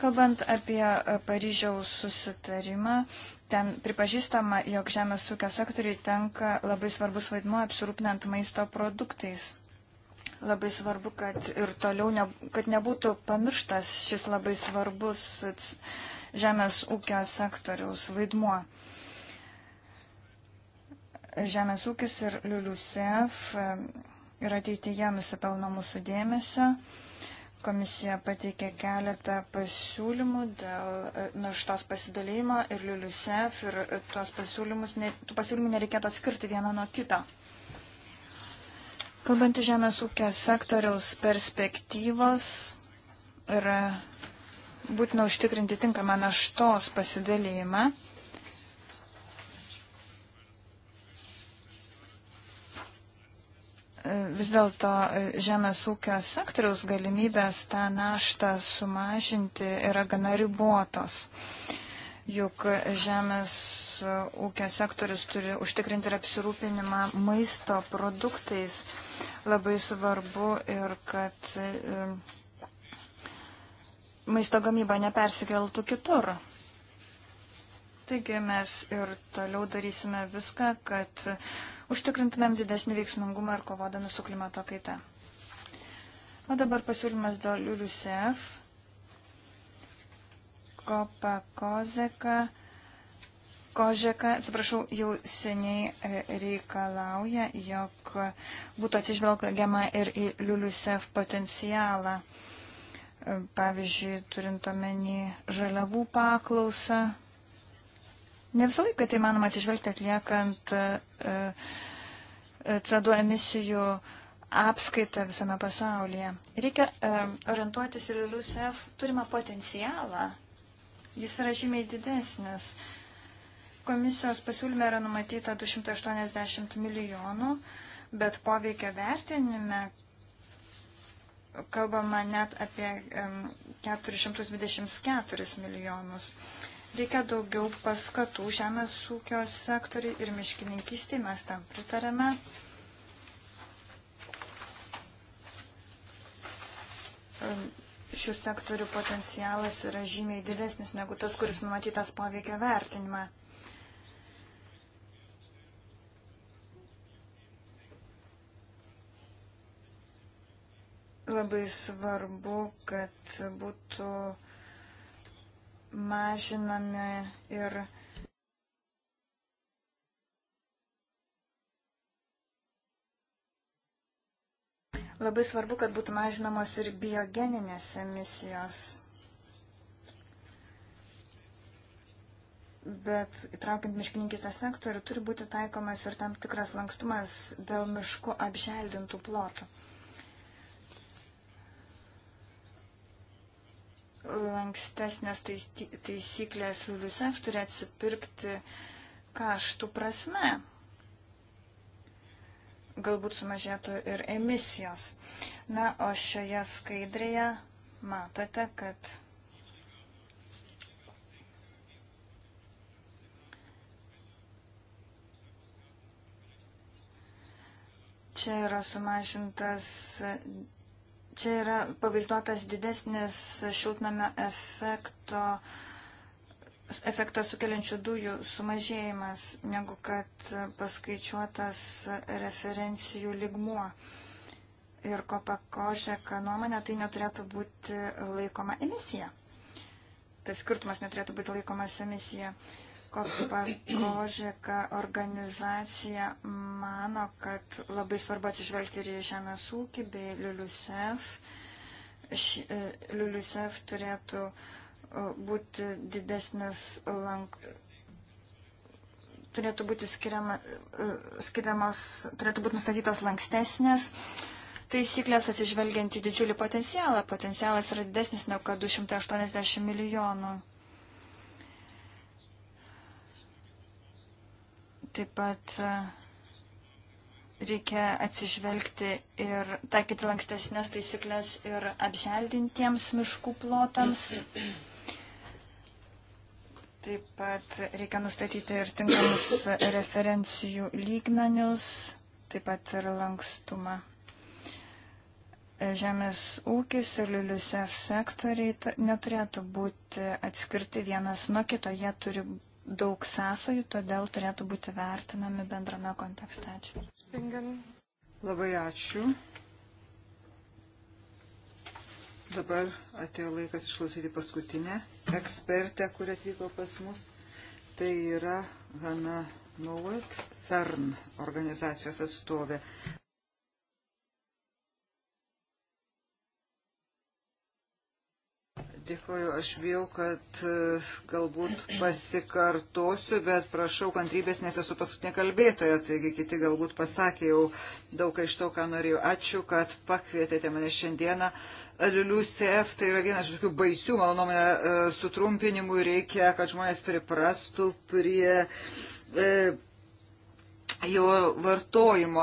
Kalbant apie e, Paryžiaus susitarimą, ten pripažįstama, jog žemės ūkio sektoriai tenka labai svarbus vaidmuo apsirūpinant maisto produktais. Labai svarbu, kad ir toliau ne, kad nebūtų pamirštas šis labai svarbus žemės ūkio sektoriaus vaidmuo. Žemės ūkis ir LULUSEF e, ir ateityje nusipelno mūsų dėmesio. Komisija pateikė keletą pasiūlymų dėl e, naštos pasidalymo ir LULUSEF ir e, tuos pasiūlymus, ne, tų pasiūlymų nereikėtų atskirti vieną nuo kito. Kalbant iš žemės ūkio sektoriaus perspektyvos, yra būtina užtikrinti tinkamą naštos pasidalėjimą. Vis dėlto žemės ūkio sektoriaus galimybės tą naštą sumažinti yra gana ribotos. Juk žemės Uh, ūkio sektorius turi užtikrinti ir apsirūpinimą maisto produktais. Labai svarbu ir kad uh, maisto gamyba nepersikeltų kitur. Taigi mes ir toliau darysime viską, kad užtikrintumėm didesnį veiksmingumą ir kovodami su klimato kaita. O dabar pasiūlymas dėl LULUSEF, Kopa Kozeka Kožeka, atsiprašau, jau seniai e, reikalauja, jog būtų atsižvelgiama ir į LULUSEF potencialą. E, pavyzdžiui, turint omeny žaliavų paklausą. Ne visą laiką tai manoma atsižvelgti atliekant e, CO2 emisijų apskaitą visame pasaulyje. Reikia orientuotis į LULUSEF turimą potencialą. Jis yra žymiai didesnis. Komisijos pasiūlyme yra numatyta 280 milijonų, bet poveikio vertinime kalbama net apie 424 milijonus. Reikia daugiau paskatų žemės ūkio sektoriai ir miškininkystėje, mes tam pritarėme. Šių sektorių potencialas yra žymiai didesnis negu tas, kuris numatytas poveikio vertinime. Labai svarbu, kad būtų mažinami ir Labai svarbu, kad būtų mažinamos ir biogeninės emisijos. bet įtraukiant miškininkistės sektorių turi būti taikomas ir tam tikras lankstumas dėl miškų apželdintų plotų. lankstesnės taisyklės ULISEF turi atsipirkti kaštų prasme. Galbūt sumažėtų ir emisijos. Na, o šioje skaidrėje matote, kad čia yra sumažintas Čia yra pavaizduotas didesnis šiltnamio efekto, efektą sukeliančių dujų sumažėjimas, negu kad paskaičiuotas referencijų ligmuo. Ir kopakožeka nuomonė, tai neturėtų būti laikoma emisija. Tas skirtumas neturėtų būti laikomas emisija. Uh, Kožeka organizacija mano, kad labai svarbu atsižvelgti ir į žemės ūkį bei LULUSEF. E, LULUSEF turėtų e, būti didesnis lank... turėtų būti skiriama, e, skiriamas, turėtų būti nustatytas lankstesnės taisyklės atsižvelgiant į didžiulį potencialą. Potencialas yra didesnis negu 280 milijonų. Taip pat e, reikia atsižvelgti ir taikyti lankstesnės taisyklės ir apželdintiems miškų plotams. Taip pat reikia nustatyti ir tinkamus referencijų lygmenius, taip pat ir lankstumą. Žemės ūkis ir liuliusef sektoriai neturėtų būti atskirti vienas nuo kito, jie turi daug sąsojų, todėl turėtų būti vertinami bendrame kontekste. Ačiū. Spingen. Labai ačiū. Dabar atėjo laikas išklausyti paskutinę ekspertę, kuri atvyko pas mus. Tai yra Hanna Nowat Fern organizacijos atstovė. Dėkuoju, aš bijau, kad e, galbūt pasikartosiu, bet prašau kantrybės, nes esu paskutinė kalbėtoja, taigi kiti galbūt pasakė jau daug iš to, ką norėjau. Ačiū, kad pakvietėte mane šiandieną. E, Liulių CF tai yra vienas iš tokių baisių, mano nuomonė, e, sutrumpinimų reikia, kad žmonės priprastų prie. E, jo vartojimo.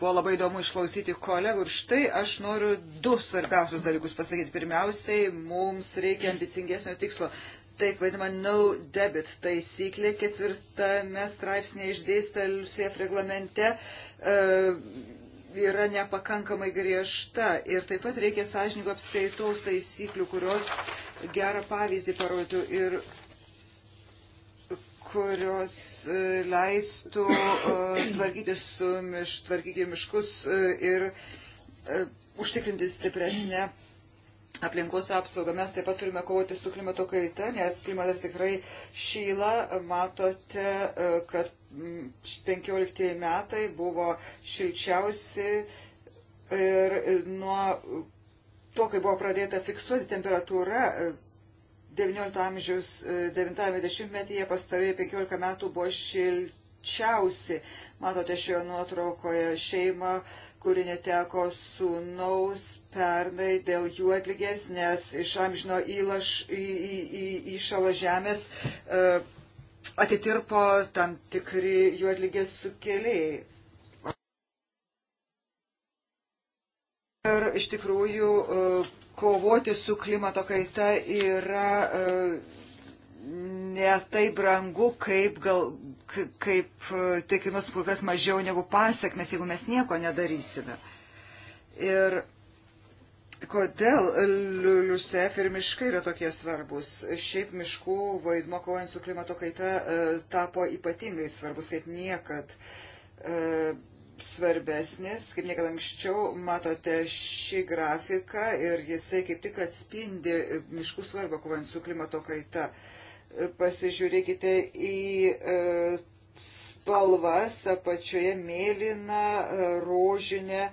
Buvo labai įdomu išklausyti kolegų ir štai aš noriu du svarbiausius dalykus pasakyti. Pirmiausiai, mums reikia ambicingesnio tikslo. Taip vadinama no debit taisyklė ketvirtame straipsnėje išdėsta LUSIEF reglamente e, yra nepakankamai griežta ir taip pat reikia sąžininko apskaitos taisyklių, kurios gerą pavyzdį parodytų ir kurios e, leistų e, tvarkyti su miš, tvarkyti miškus e, ir užtikrinti stipresnę aplinkos apsaugą. Mes taip pat turime kovoti su klimato kaita, nes klimatas tikrai šyla. Matote, kad 15 metai buvo šilčiausi ir nuo to, kai buvo pradėta fiksuoti temperatūra, XIX amžiaus 90-metyje pastarėjai 15 metų buvo šilčiausi. Matote šioje nuotraukoje šeimą, kuri neteko sūnaus pernai dėl jų atlygės, nes iš amžino įlaš, į, į, į, įšalo žemės e, atitirpo tam tikri jų atlygės sukėlėjai. Ir iš tikrųjų e, kovoti su klimato kaita yra e, ne tai brangu, kaip, gal, kaip e, tai kainuos kur kas mažiau negu pasiekmes, jeigu mes nieko nedarysime. Ir kodėl LULUSEF ir miškai yra tokie svarbus? Šiaip miškų vaidmo kovojant su klimato kaita e, tapo ypatingai svarbus, kaip niekad. E, svarbesnis, kaip niekada anksčiau, matote šį grafiką ir jisai kaip tik atspindi miškų svarbą kovant su klimato kaita. Pasižiūrėkite į e, spalvas apačioje mėlyną, e, rožinę,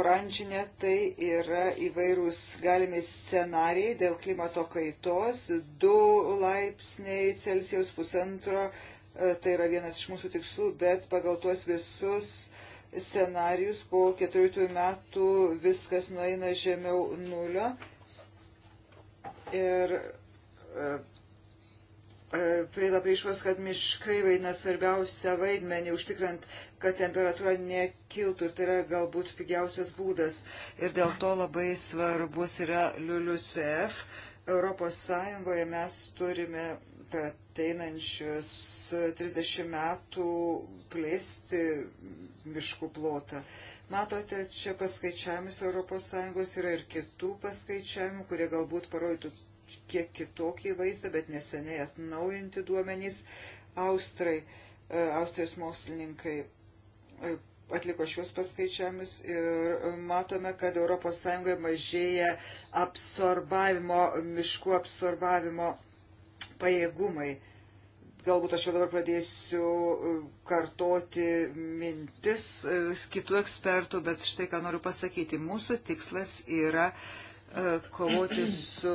oranžinę, tai yra įvairūs galimi scenarijai dėl klimato kaitos, 2 laipsniai Celsijaus pusantro e, tai yra vienas iš mūsų tikslų, bet pagal tuos visus scenarius po 14 metų viskas nueina žemiau nulio ir e, e, prieida prie išvos, kad miškai vaidina svarbiausią vaidmenį, užtikrant, kad temperatūra nekiltų ir tai yra galbūt pigiausias būdas. Ir dėl to labai svarbus yra LULUCF. Europos Sąjungoje mes turime per ateinančius 30 metų plėsti miškų plotą. Matote, čia paskaičiavimus ES yra ir kitų paskaičiavimų, kurie galbūt parodytų kiek kitokį vaizdą, bet neseniai atnaujinti duomenys. Austrai, e, Austrijos mokslininkai e, atliko šios paskaičiavimus ir matome, kad ES mažėja absorbavimo, miškų absorbavimo pajėgumai. Galbūt aš jau dabar pradėsiu e, kartoti mintis e, kitų ekspertų, bet štai ką noriu pasakyti. Mūsų tikslas yra e, kovoti su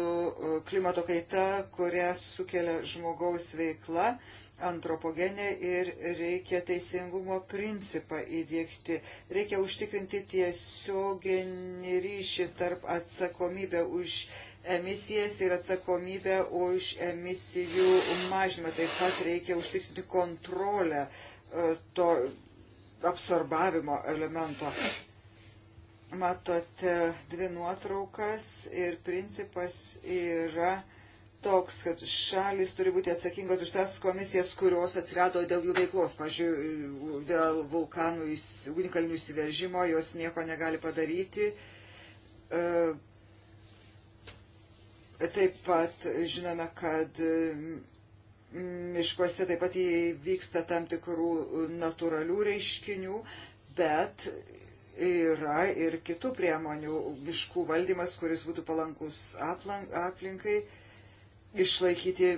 klimato kaita, kurią sukelia žmogaus veikla antropogenė ir reikia teisingumo principą įdėkti. Reikia užtikrinti tiesioginį ryšį tarp atsakomybę už emisijas ir atsakomybę už emisijų mažymą. Taip pat reikia užtikrinti kontrolę e, to absorbavimo elemento. Matote dvi nuotraukas ir principas yra toks, kad šalis turi būti atsakingos už tas komisijas, kurios atsirado dėl jų veiklos. Pavyzdžiui, dėl vulkanų unikalinių įsiveržimo jos nieko negali padaryti. E, Taip pat žinome, kad mm, miškuose taip pat įvyksta tam tikrų natūralių reiškinių, bet yra ir kitų priemonių. Miškų valdymas, kuris būtų palankus aplinkai, išlaikyti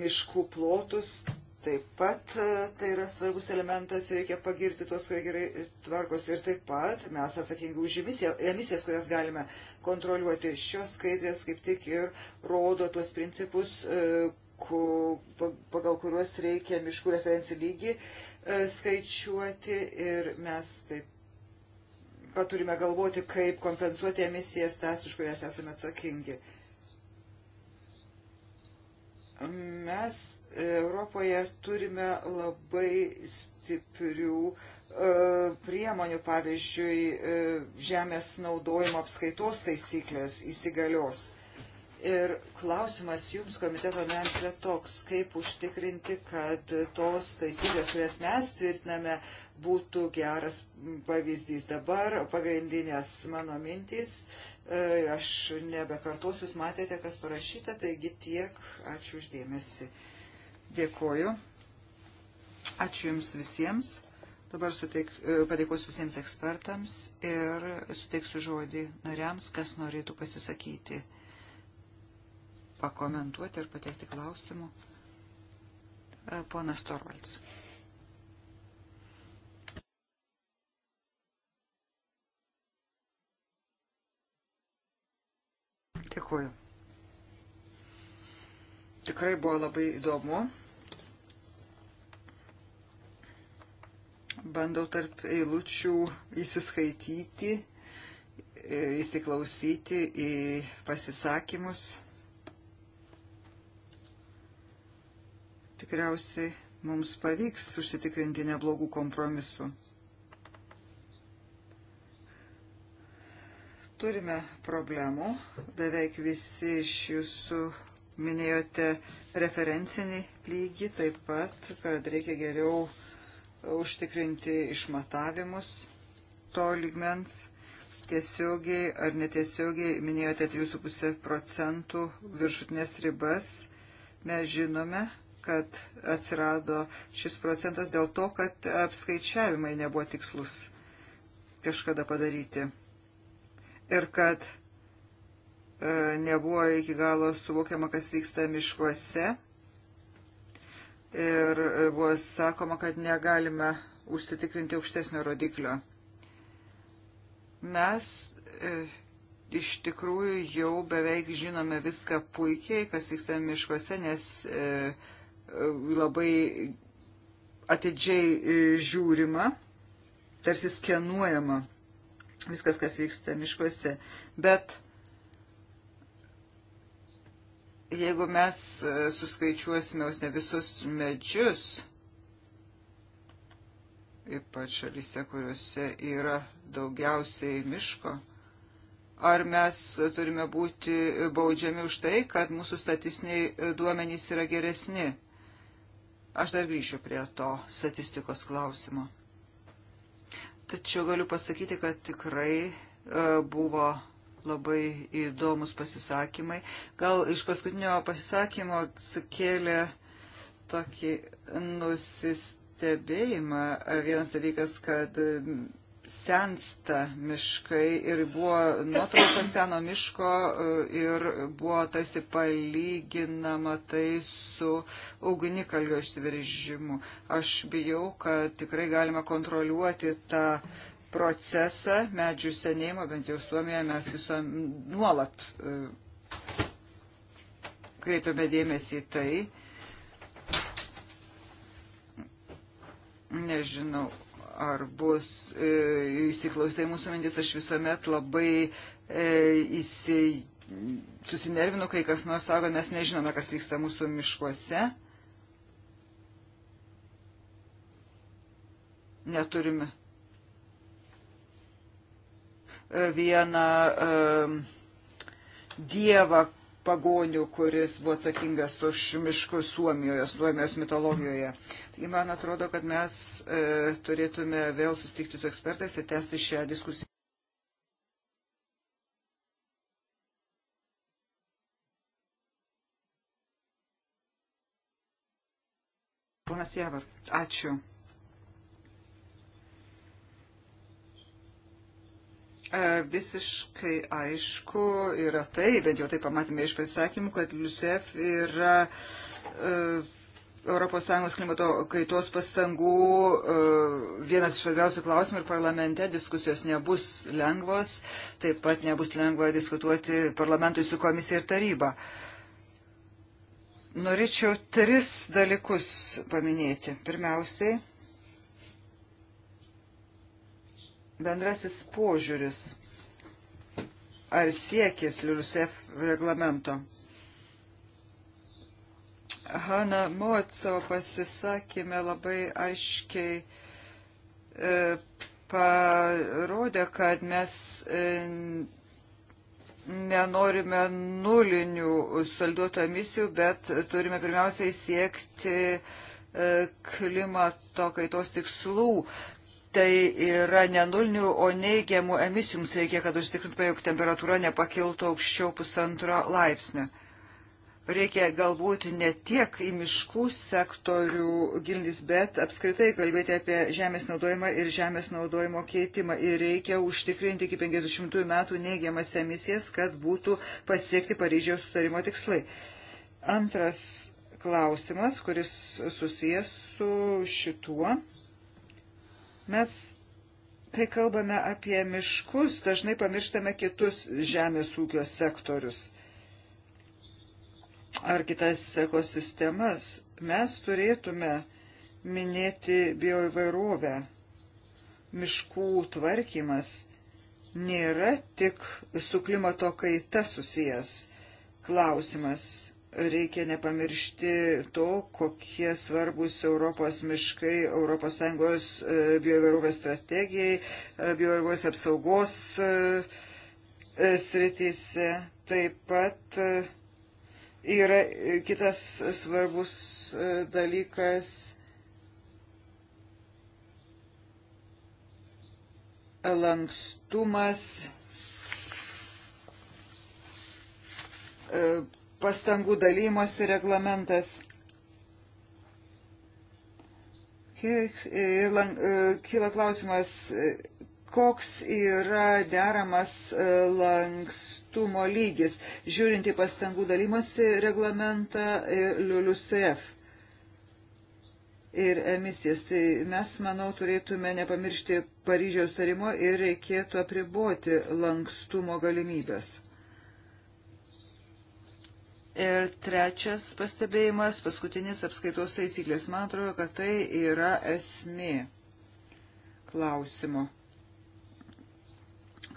miškų plotus. Taip pat e, tai yra svarbus elementas, reikia pagirti tuos, kurie gerai tvarkosi ir taip pat mes atsakingi už emisijas, kurias galime kontroliuoti. Šios skaidrės kaip tik ir rodo tuos principus, e, pagal kuriuos reikia miškų referencijų lygį e, skaičiuoti ir mes taip pat turime galvoti, kaip kompensuoti emisijas tas, už kurias esame atsakingi. Mes Europoje turime labai stiprių uh, E, priemonių, pavyzdžiui, e, žemės naudojimo apskaitos taisyklės įsigalios. Ir klausimas jums, komiteto nariams, yra toks, kaip užtikrinti, kad tos taisyklės, kurias mes tvirtiname, būtų geras pavyzdys. Dabar pagrindinės mano mintys, e, aš nebekartosiu, jūs matėte, kas parašyta, taigi tiek, ačiū uždėmesi. Dėkoju. Ačiū Jums visiems. Dabar suteik, e, padėkosiu visiems ekspertams ir suteiksiu žodį nariams, kas norėtų pasisakyti, pakomentuoti ar pateikti klausimų. E, ponas Torvalds. Dėkuoju. Tikrai buvo labai įdomu. bandau tarp eilučių įsiskaityti, e, įsiklausyti į pasisakymus. Tikriausiai mums pavyks užsitikrinti neblogų kompromisų. Turime problemų, beveik visi iš jūsų minėjote referencinį lygį, taip pat, kad reikia geriau užtikrinti išmatavimus to lygmens tiesiogiai ar netiesiogiai minėjote 3,5 procentų viršutinės ribas. Mes žinome, kad atsirado šis procentas dėl to, kad apskaičiavimai nebuvo tikslus kažkada padaryti. Ir kad e, nebuvo iki galo suvokiama, kas vyksta miškuose ir e, buvo sakoma, kad negalime užsitikrinti aukštesnio rodiklio. Mes e, iš tikrųjų jau beveik žinome viską puikiai, kas vyksta miškuose, nes e, labai atidžiai e, žiūrima, tarsi skenuojama viskas, kas vyksta miškuose. Bet jeigu mes e, suskaičiuosime ne visus medžius, ypač šalyse, kuriuose yra daugiausiai miško, ar mes turime būti baudžiami už tai, kad mūsų statistiniai duomenys yra geresni. Aš dar grįšiu prie to statistikos klausimo. Tačiau galiu pasakyti, kad tikrai e, buvo labai įdomus pasisakymai. Gal iš paskutinio pasisakymo sukėlė tokį nusistebėjimą. Vienas dalykas, kad sensta miškai ir buvo nuotrauka seno miško ir buvo tarsi palyginama tai su ugnikalio išsiveržimu. Aš bijau, kad tikrai galima kontroliuoti tą uh, procesą medžių senėjimo, bent jau Suomijoje mes viso nuolat e, kreipiame dėmesį į tai. Nežinau, ar bus e, įsiklausai mūsų mintis, aš visuomet labai e, įsi... susinervinu, kai kas nors sako, mes nežinome, kas vyksta mūsų miškuose. Neturime vieną dievą pagonių, kuris buvo atsakingas už miškus Suomijoje, Suomijos mitologijoje. Taigi man atrodo, kad mes e, turėtume vėl sustikti su ekspertais ir tęsti šią diskusiją. Ponas Javar, ačiū. E, visiškai aišku yra tai, bent jau tai pamatėme iš pasisakymų, kad LUSEF yra ES klimato kaitos pastangų e, vienas iš svarbiausių klausimų ir parlamente diskusijos nebus lengvos, taip pat nebus lengva diskutuoti parlamentui su komisija ir taryba. Norėčiau tris dalykus paminėti. Pirmiausiai, Bendrasis požiūris ar siekis LULUSEF reglamento. Hanna Mot savo pasisakymę labai aiškiai e, parodė, kad mes e, nenorime nulinių salduotų emisijų, bet turime pirmiausiai siekti e, klimato kaitos tikslų tai yra ne nulinių, o neigiamų emisijų mums reikia, kad užtikrintume, jog temperatūra nepakiltų aukščiau pusantro laipsnio. Reikia galbūt ne tiek į miškų sektorių gilintis, bet apskritai kalbėti apie žemės naudojimą ir žemės naudojimo keitimą. Ir reikia užtikrinti iki 50 metų neigiamas emisijas, kad būtų pasiekti Paryžiaus sutarimo tikslai. Antras klausimas, kuris susijęs su šituo Mes, kai kalbame apie miškus, dažnai pamirštame kitus žemės ūkio sektorius ar kitas ekosistemas. Mes turėtume minėti bioįvairovę. Miškų tvarkymas nėra tik su klimato kaita susijęs klausimas reikia nepamiršti to, kokie svarbus Europos miškai ES e, bioįvairovės strategijai, e, bioįvairovės apsaugos e, sritise. Taip pat yra kitas svarbus dalykas lankstumas pastangų dalymosi reglamentas. E, e, kyla klausimas, e, koks yra deramas lankstumo lygis, žiūrint į pastangų dalymosi reglamentą ir LULUCF ir emisijas. Tai mes, manau, turėtume nepamiršti Paryžiaus tarimo ir reikėtų apriboti lankstumo galimybės. Ir trečias pastebėjimas, paskutinis apskaitos taisyklės. Man atrodo, kad tai yra esmė klausimo.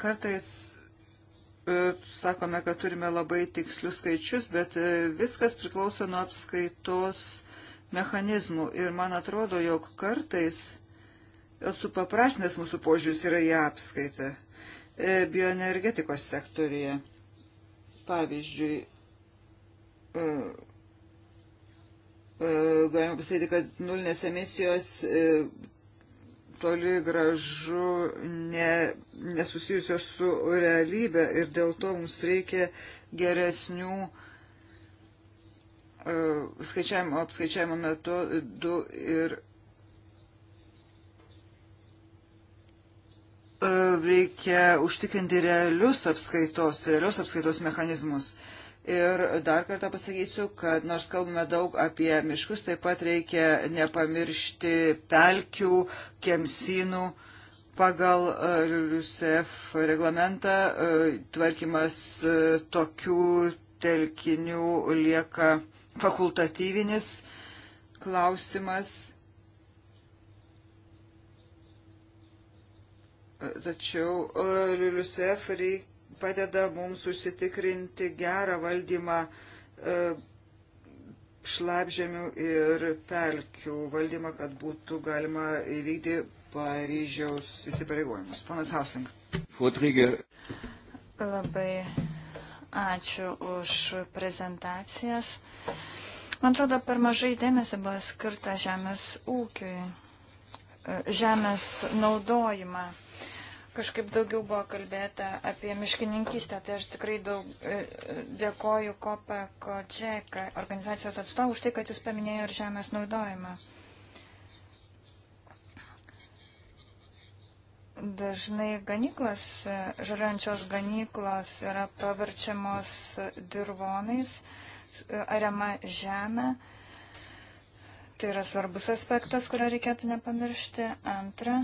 Kartais e, sakome, kad turime labai tikslius skaičius, bet e, viskas priklauso nuo apskaitos mechanizmų. Ir man atrodo, jog kartais supaprasnės mūsų požiūris yra į apskaitą e, bioenergetikos sektoriuje. Pavyzdžiui, E, e, galima pasakyti, kad nulinės emisijos e, toli gražu ne, nesusijusios su realybė ir dėl to mums reikia geresnių skaičiavimo, apskaičiavimo metodų ir reikia užtikrinti realius apskaitos, realios apskaitos mechanizmus. Uh, Ir dar kartą pasakysiu, kad nors kalbame daug apie miškus, taip pat reikia nepamiršti pelkių, kemsinų. Pagal e, LUSEF reglamentą e, tvarkymas e, tokių telkinių lieka fakultatyvinis klausimas. Tačiau LULUSEF reik, padeda mums užsitikrinti gerą valdymą e, šlapžemių ir pelkių valdymą, kad būtų galima įvykdyti Paryžiaus įsipareigojimus. Panas Hausling. Fotrygė. Labai ačiū už prezentacijas. Man atrodo, per mažai dėmesio buvo skirta žemės ūkiui, e, žemės naudojimą. Kažkaip daugiau buvo kalbėta apie miškininkystę, tai aš tikrai daug e, e, dėkoju Kopa Kodžeka organizacijos atstovų už tai, kad jis paminėjo ir žemės naudojimą. dažnai ganyklas, e, žaliančios ganyklos yra paverčiamos dirvonais, ariama žemė. Tai yra svarbus aspektas, kurio reikėtų nepamiršti. Antra,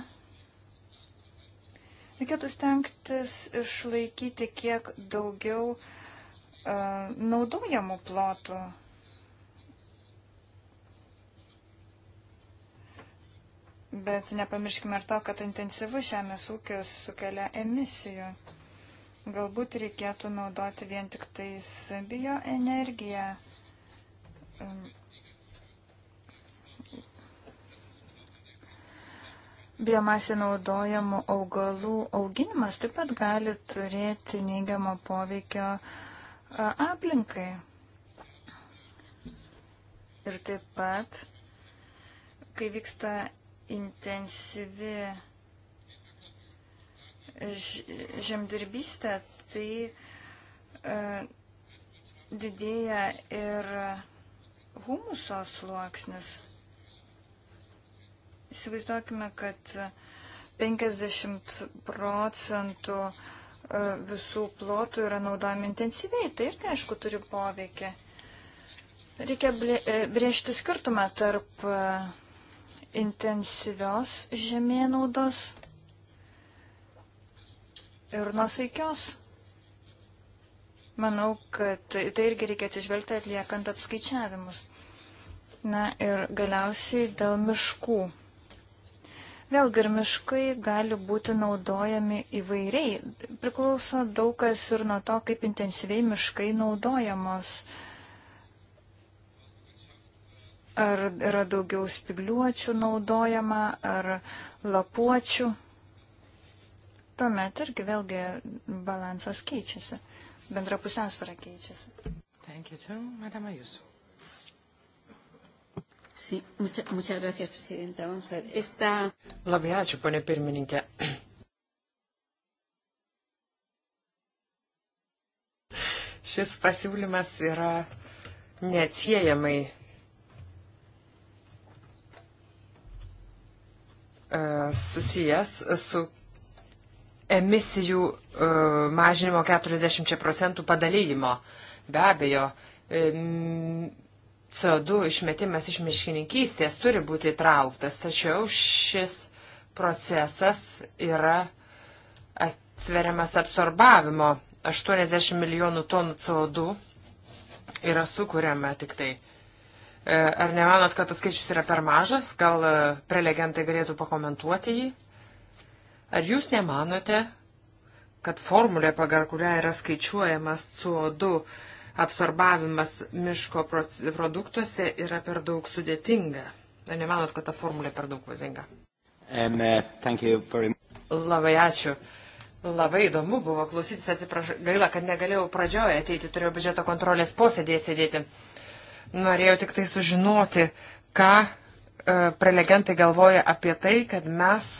Reikėtų stengtis išlaikyti kiek daugiau uh, naudojamų plotų. Bet nepamirškime ir to, kad intensyvus žemės ūkis sukelia emisijų. Galbūt reikėtų naudoti vien tik tais bioenergiją. Um, biomasė naudojamų augalų auginimas taip pat gali turėti neigiamą poveikio aplinkai. Ir taip pat, kai vyksta intensyvi žemdirbystė, tai didėja ir humuso sluoksnis. Įsivaizduokime, kad 50 procentų e, visų plotų yra naudojami intensyviai, tai irgi, aišku, turi poveikį. Reikia e, brėžti skirtumą tarp e, intensyvios žemėnaudos ir nusaikios. Manau, kad tai irgi reikia atsižvelgti atliekant apskaičiavimus. Na ir galiausiai dėl miškų. Vėlgi ir miškai gali būti naudojami įvairiai. Priklauso daug kas ir nuo to, kaip intensyviai miškai naudojamos. Ar yra daugiau spigliuočių naudojama, ar lapuočių. Tuomet irgi vėlgi balansas keičiasi, bendra pusiausvara keičiasi. Thank you too, Madame Jusuf. Sí, mucha, muchas gracias, Presidenta. Vamos a ver. Esta... Labai ačiū, ponė pirmininkė. Šis pasiūlymas yra neatsiejamai e, susijęs su emisijų e, mažinimo 40 procentų padalyjimo. Be abejo, CO2 išmetimas iš miškininkystės turi būti įtrauktas, tačiau šis procesas yra atsveriamas absorbavimo. 80 milijonų tonų CO2 yra sukūriama tik tai. E, ar nemanot, kad tas skaičius yra per mažas? Gal e, prelegentai galėtų pakomentuoti jį? Ar jūs nemanote, kad formulė, pagal kurią yra skaičiuojamas CO2 absorbavimas miško produktuose yra per daug sudėtinga. Ar nemanot, kad ta formulė per daug vazinga? Um, uh, very... Labai ačiū. Labai įdomu buvo klausytis, atsiprašau, gaila, kad negalėjau pradžioje ateiti, turėjau biudžeto kontrolės posėdėje sėdėti. Norėjau tik tai sužinoti, ką e, prelegentai galvoja apie tai, kad mes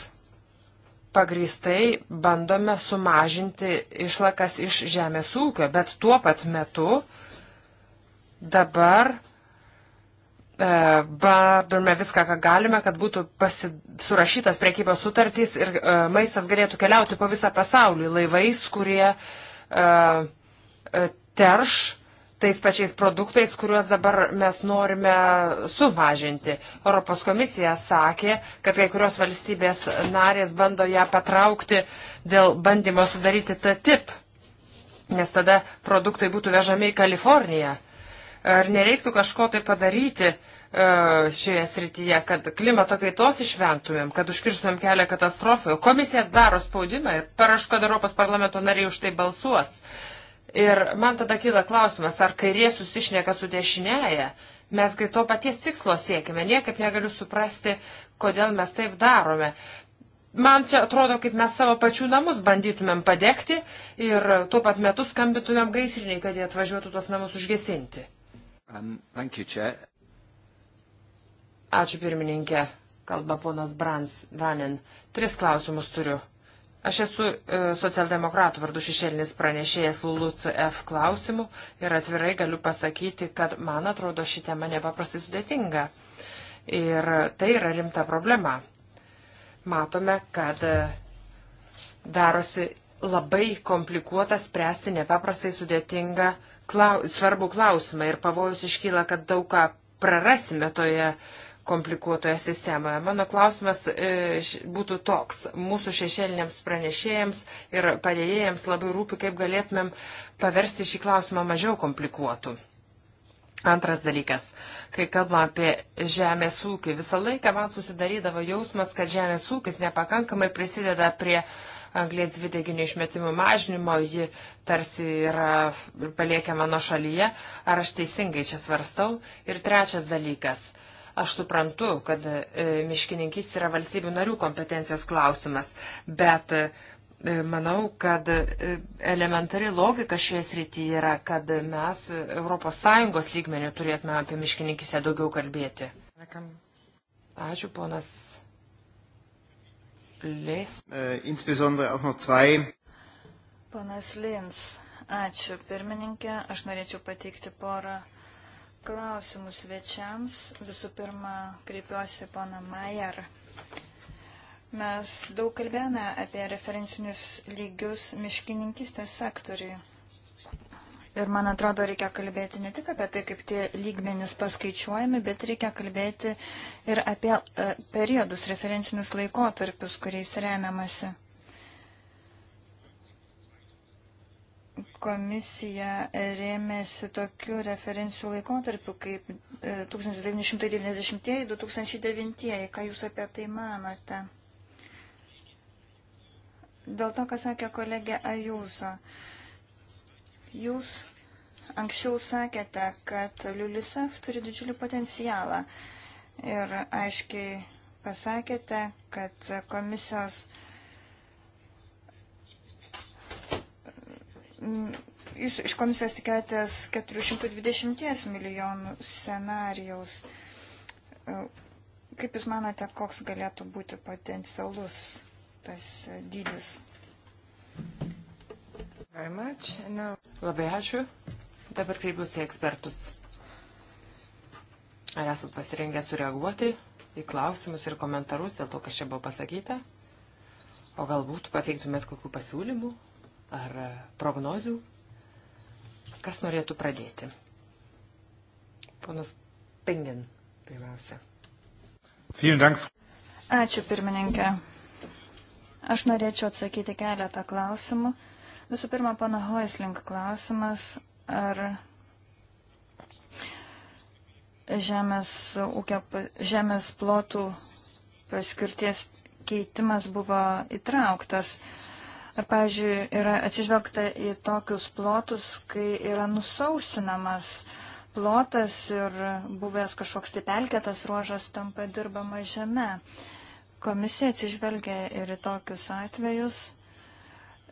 pagristai bandome sumažinti išlakas iš žemės ūkio, bet tuo pat metu dabar e, bandome viską, ką galime, kad būtų pasi, surašytos priekybos sutartys ir e, maistas galėtų keliauti po visą pasaulį laivais, kurie e, e terš tais pačiais produktais, kuriuos dabar mes norime sumažinti. Europos komisija sakė, kad kai kurios valstybės narės bando ją patraukti dėl bandymo sudaryti tą tip, nes tada produktai būtų vežami į Kaliforniją. Ar nereiktų kažko tai padaryti e, šioje srityje, kad klimato kaitos išvengtumėm, kad užkirstumėm kelią katastrofai? Komisija daro spaudimą ir paraško Europos parlamento nariai už tai balsuos. Uh, Ir man tada kyla klausimas, ar kairė susišneka su dešinėje, mes kai to paties tikslo siekime, niekaip negaliu suprasti, kodėl mes taip darome. Man čia atrodo, kaip mes savo pačių namus bandytumėm padegti ir tuo pat metu skambintumėm gaisriniai, kad jie atvažiuotų tuos namus užgesinti. Um, you, Ačiū pirmininkė, kalba ponas Brans, Branin. Tris klausimus turiu. Aš esu e, socialdemokratų vardu šešėlinis pranešėjas LULUCF klausimų ir atvirai galiu pasakyti, kad man atrodo ši tema nepaprastai sudėtinga. Ir tai yra rimta problema. Matome, kad e, darosi labai komplikuota spręsti nepaprastai sudėtingą klaus, svarbų klausimą ir pavojus iškyla, kad daug ką prarasime toje komplikuotoje sistemoje. Mano klausimas e, būtų toks. Mūsų šešėliniams pranešėjams ir padėjėjams labai rūpi, kaip galėtumėm paversti šį klausimą mažiau komplikuotų. Antras dalykas, kai kalbam apie žemės ūkį, visą laiką man susidarydavo jausmas, kad žemės ūkis nepakankamai prisideda prie anglės dvideginio išmetimų mažinimo, ji tarsi yra paliekiama nuo šalyje, ar aš teisingai čia svarstau. Ir trečias dalykas, Aš suprantu, kad e, miškininkys yra valstybių narių kompetencijos klausimas, bet e, manau, kad e, elementari logika šioje srityje yra, kad mes ES lygmenių turėtume apie miškininkysę daugiau kalbėti. Ačiū, ponas Lės. Ponas Lins, ačiū pirmininkė. Aš norėčiau pateikti porą klausimų svečiams. Visų pirma, kreipiuosi pana Majer. Mes daug kalbėjome apie referencinius lygius miškininkistės sektoriui. Ir man atrodo, reikia kalbėti ne tik apie tai, kaip tie lygmenys paskaičiuojami, bet reikia kalbėti ir apie e, periodus, referencinius laikotarpius, kuriais remiamasi. komisija rėmėsi tokiu referencijų laikotarpiu kaip 1990-2009, e, ką jūs apie tai manote? Dėl to, ką sakė kolegė Ajūso, jūs anksčiau sakėte, kad Liulisaf turi didžiulį potencialą ir aiškiai pasakėte, kad komisijos Jūs iš komisijos tikėjotės 420 milijonų scenarijaus. E, kaip Jūs manote, koks galėtų būti potencialus tas dydis? Now... Labai ačiū. Dabar kreipiuosi į ekspertus. Ar esat pasirengę sureaguoti į klausimus ir komentarus dėl to, kas čia buvo pasakyta? O galbūt pateiktumėt kokių pasiūlymų? ar prognozių. Kas norėtų pradėti? Ponas Pengin, pirmiausia. Ačiū, pirmininkė. Aš norėčiau atsakyti keletą klausimų. Visų pirma, pana Hoislink klausimas, ar žemės, ūkio, žemės plotų paskirties keitimas buvo įtrauktas. Uh, Ar, pavyzdžiui, yra atsižvelgta į tokius plotus, kai yra nusausinamas plotas ir buvęs kažkoks tai pelkėtas ruožas tampa dirbama žeme. Komisija atsižvelgia ir į tokius atvejus.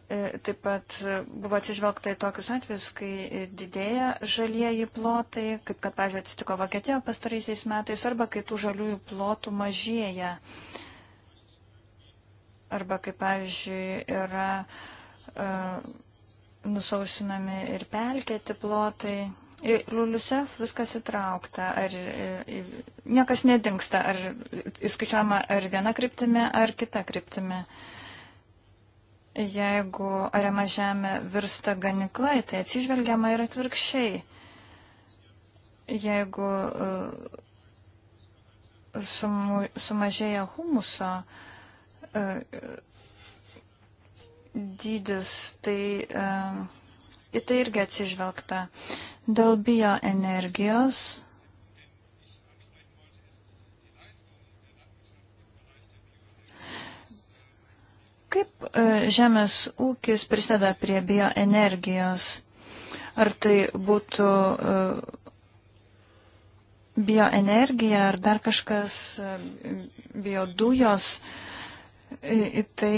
E, taip pat buvo atsižvelgta į tokius atvejus, kai didėja žalieji plotai, kaip kad, pavyzdžiui, atsitiko Vokietijoje pastaraisiais metais, arba kai tų žaliųjų plotų mažėja. Uh, arba kaip pavyzdžiui yra uh, nusausinami ir pelkėti plotai. Į Liuliusef viskas įtraukta, ar e, į, niekas nedingsta, ar įskaičiuojama ar viena kryptimi, ar kita kryptimi. Jeigu ariama žemė virsta ganiklai, tai atsižvelgiama ir atvirkščiai. Jeigu uh, sumu, sumažėja humuso, uh, dydis, tai e, į tai irgi atsižvelgta. Dėl bioenergijos kaip e, žemės ūkis prisideda prie bioenergijos? Ar tai būtų e, bioenergija, ar dar kažkas biodujos? Uh, į tai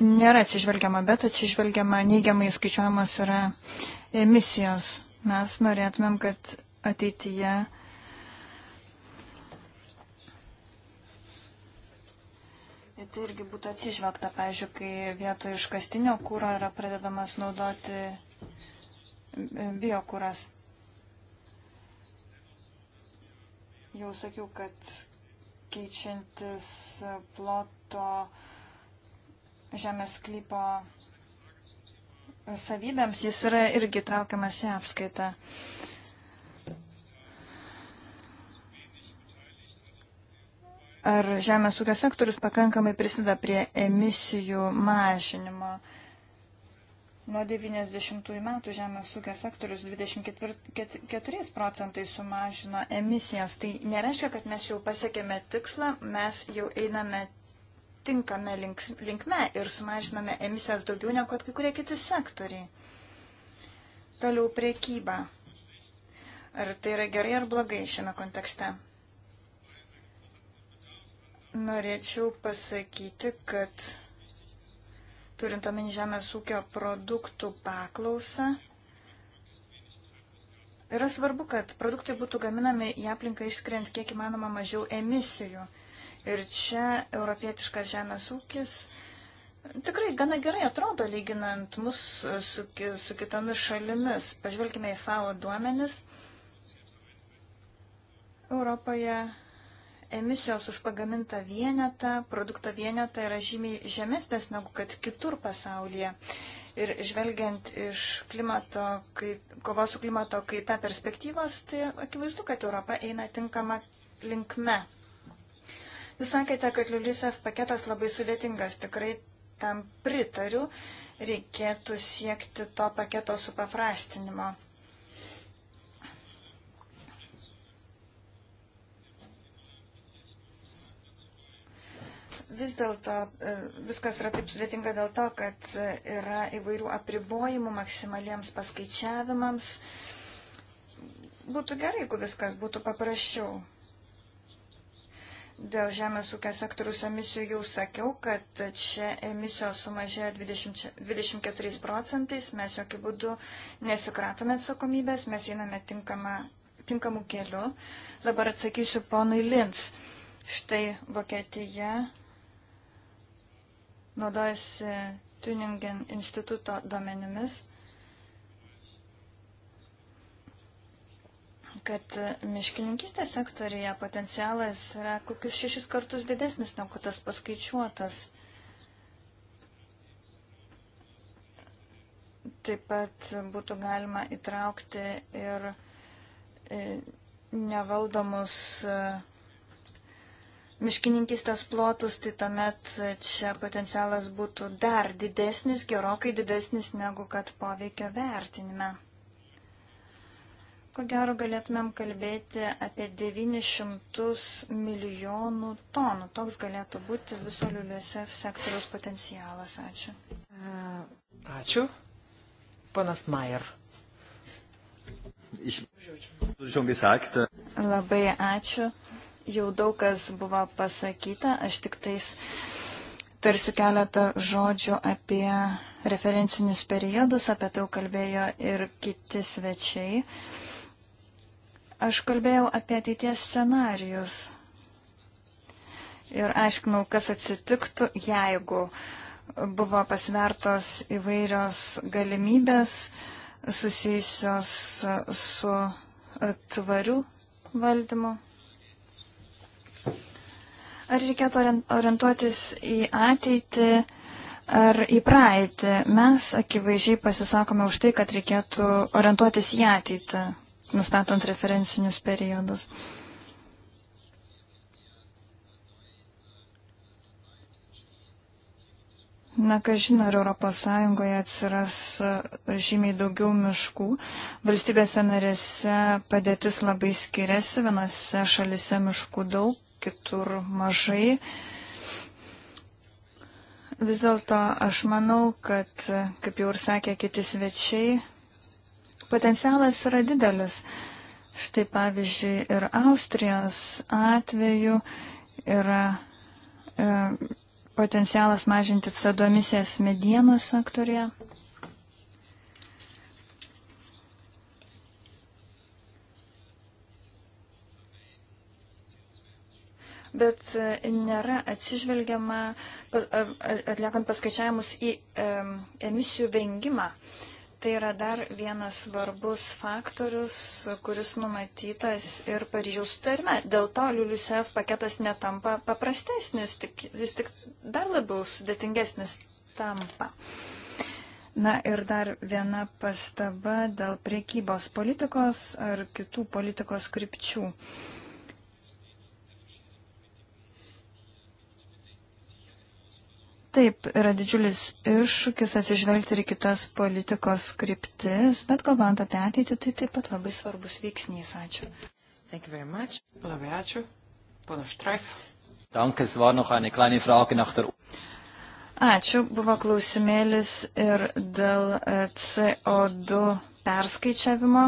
nėra atsižvelgiama, bet atsižvelgiama neigiamai skaičiuojamos yra emisijos. Mes norėtumėm, kad ateityje į tai irgi būtų atsižvelgta, pavyzdžiui, kai vietoj iškastinio kūro yra pradedamas naudoti biokūras. Jau sakiau, kad keičiantis ploto žemės klypo savybėms, jis yra irgi traukiamas į apskaitą. Ar žemės ūkio sektorius pakankamai prisideda prie emisijų mažinimo? Uh, Nuo 90 metų žemės ūkio sektorius 24 procentai sumažino emisijas. Tai nereiškia, kad mes jau pasiekėme tikslą, mes jau einame tinkame linkme ir sumažiname emisijas daugiau negu kai kurie kiti sektoriai. Toliau priekyba. Ar tai yra gerai ar blogai šiame kontekste? Norėčiau pasakyti, kad turint omeny žemės ūkio produktų paklausą. Yra svarbu, kad produktai būtų gaminami į aplinką išskiriant kiek įmanoma mažiau emisijų. Ir čia europietiškas žemės ūkis tikrai gana gerai atrodo lyginant mus su, su kitomis šalimis. Pažvelkime į FAO duomenis. Europoje emisijos už pagamintą vienetą, produkto vienetą yra žymiai žemesnės negu kad kitur pasaulyje. Ir žvelgiant iš klimato, kai, kovos su klimato kaita perspektyvos, tai akivaizdu, kad Europa eina tinkama linkme. Jūs sakėte, kad Liulisef paketas labai sudėtingas, tikrai tam pritariu, reikėtų siekti to paketo supaprastinimo. vis dėlto e, viskas yra taip sudėtinga dėl to, kad e, yra įvairių apribojimų maksimaliems paskaičiavimams. Būtų gerai, jeigu viskas būtų paprasčiau. Dėl žemės ūkio sektoriaus emisijų jau sakiau, kad čia emisijos sumažėjo 20, 24 procentais, mes jokių būdų nesikratome atsakomybės, mes einame tinkamą, tinkamų kelių. Dabar atsakysiu ponui Lins štai Vokietija naudojasi Tüningen instituto duomenimis, kad miškininkistės sektorija potencialas yra kokius šešis kartus didesnis negu tas paskaičiuotas. Taip pat būtų galima įtraukti ir e, nevaldomus uh, miškininkistės plotus, tai tuomet čia potencialas būtų dar didesnis, gerokai didesnis negu kad poveikio vertinime. Ko gero galėtumėm kalbėti apie 900 milijonų tonų. Toks galėtų būti viso liuliuose sektoriaus potencialas. Ačiū. Ačiū. Panas Mayer. Äh, Labai ačiū jau daug kas buvo pasakyta, aš tik tais tarsiu keletą žodžių apie referencinius periodus, apie tai kalbėjo ir kiti svečiai. Aš kalbėjau apie ateities scenarius ir aiškinau, kas atsitiktų, jeigu buvo pasvertos įvairios galimybės susijusios su tvariu valdymu, Ar reikėtų orientuotis į ateitį ar į praeitį? Mes akivaizdžiai pasisakome už tai, kad reikėtų orientuotis į ateitį, nustatant referencinius periodus. Na, ką žino, ar Europos Sąjungoje atsiras e, žymiai daugiau miškų. Valstybėse narėse padėtis labai skiriasi, vienose šalise miškų daug, kitur mažai. Vis dėlto aš manau, kad, kaip jau ir sakė kiti svečiai, potencialas yra didelis. Štai pavyzdžiui, ir Austrijos atveju yra e, potencialas mažinti CO2 emisijas medienos sektorėje. bet e, nėra atsižvelgiama atliekant paskaičiavimus į e, emisijų vengimą. Tai yra dar vienas svarbus faktorius, kuris numatytas ir Paryžiaus sutarime. Dėl to LULUSEF paketas netampa paprastesnis, tik, jis tik dar labiau sudėtingesnis tampa. Na ir dar viena pastaba dėl priekybos politikos ar kitų politikos krypčių. Uh, Taip, yra didžiulis iššūkis atsižvelgti ir kitas politikos kryptis, bet kalbant apie ateitį, tai taip pat labai svarbus veiksnys. Ačiū. Labai ačiū. Pana Štraif. Dankas, var noch eine kleine Frage nach der. Ačiū, buvo klausimėlis ir dėl e, CO2 perskaičiavimo.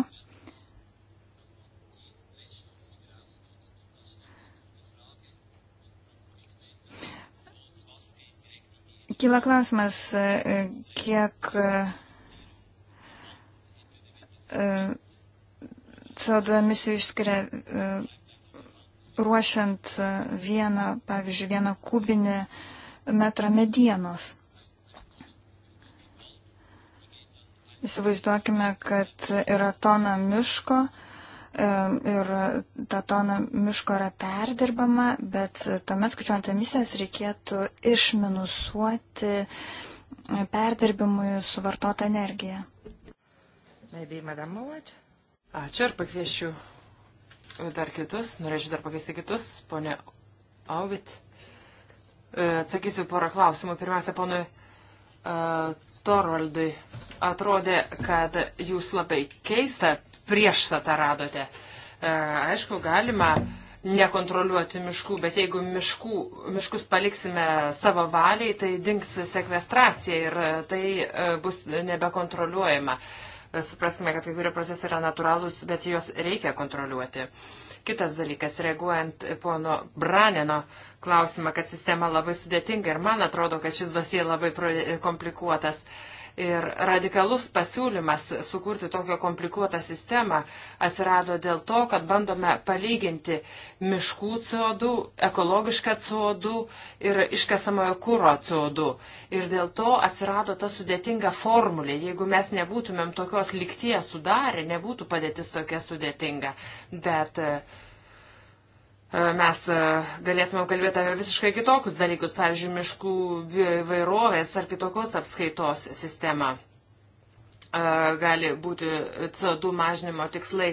Kyla klausimas, e, e, kiek e, CO2 emisijų išskiria ruošiant vieną, pavyzdžiui, vieną kubinį metrą medienos. Įsivaizduokime, kad yra tona miško, ir ta tona miško yra perdirbama, bet tuomet skaičiuojant emisijas reikėtų išminusuoti perdirbimui suvartotą energiją. Maybe, Ačiū ir pakviešiu dar kitus, norėčiau dar pakviesti kitus, ponė Auvit. E, atsakysiu porą klausimų. Pirmiausia, ponui uh, Torvaldui, atrodė, kad jūs labai keista priešstatą radote. E, aišku, galima nekontroliuoti miškų, bet jeigu miškų, miškus paliksime savo valiai, tai dinks sekvestracija ir e, tai e, bus nebekontroliuojama. Supraskime, kad kai kurie procesai yra natūralūs, bet juos reikia kontroliuoti. Kitas dalykas, reaguojant pono Braneno klausimą, kad sistema labai sudėtinga ir man atrodo, kad šis dosie labai komplikuotas. Uh, Ir radikalus pasiūlymas sukurti tokią komplikuotą sistemą atsirado dėl to, kad bandome palyginti miškų CO2, ekologišką CO2 ir iškasamojo kūro CO2. Ir dėl to atsirado ta sudėtinga formulė. Jeigu mes nebūtumėm tokios likties sudarę, nebūtų padėtis tokia sudėtinga. Bet uh, E, mes e, galėtume kalbėti apie visiškai kitokius dalykus, pavyzdžiui, miškų vairovės ar kitokios apskaitos sistemą. E, gali būti CO2 mažinimo tikslai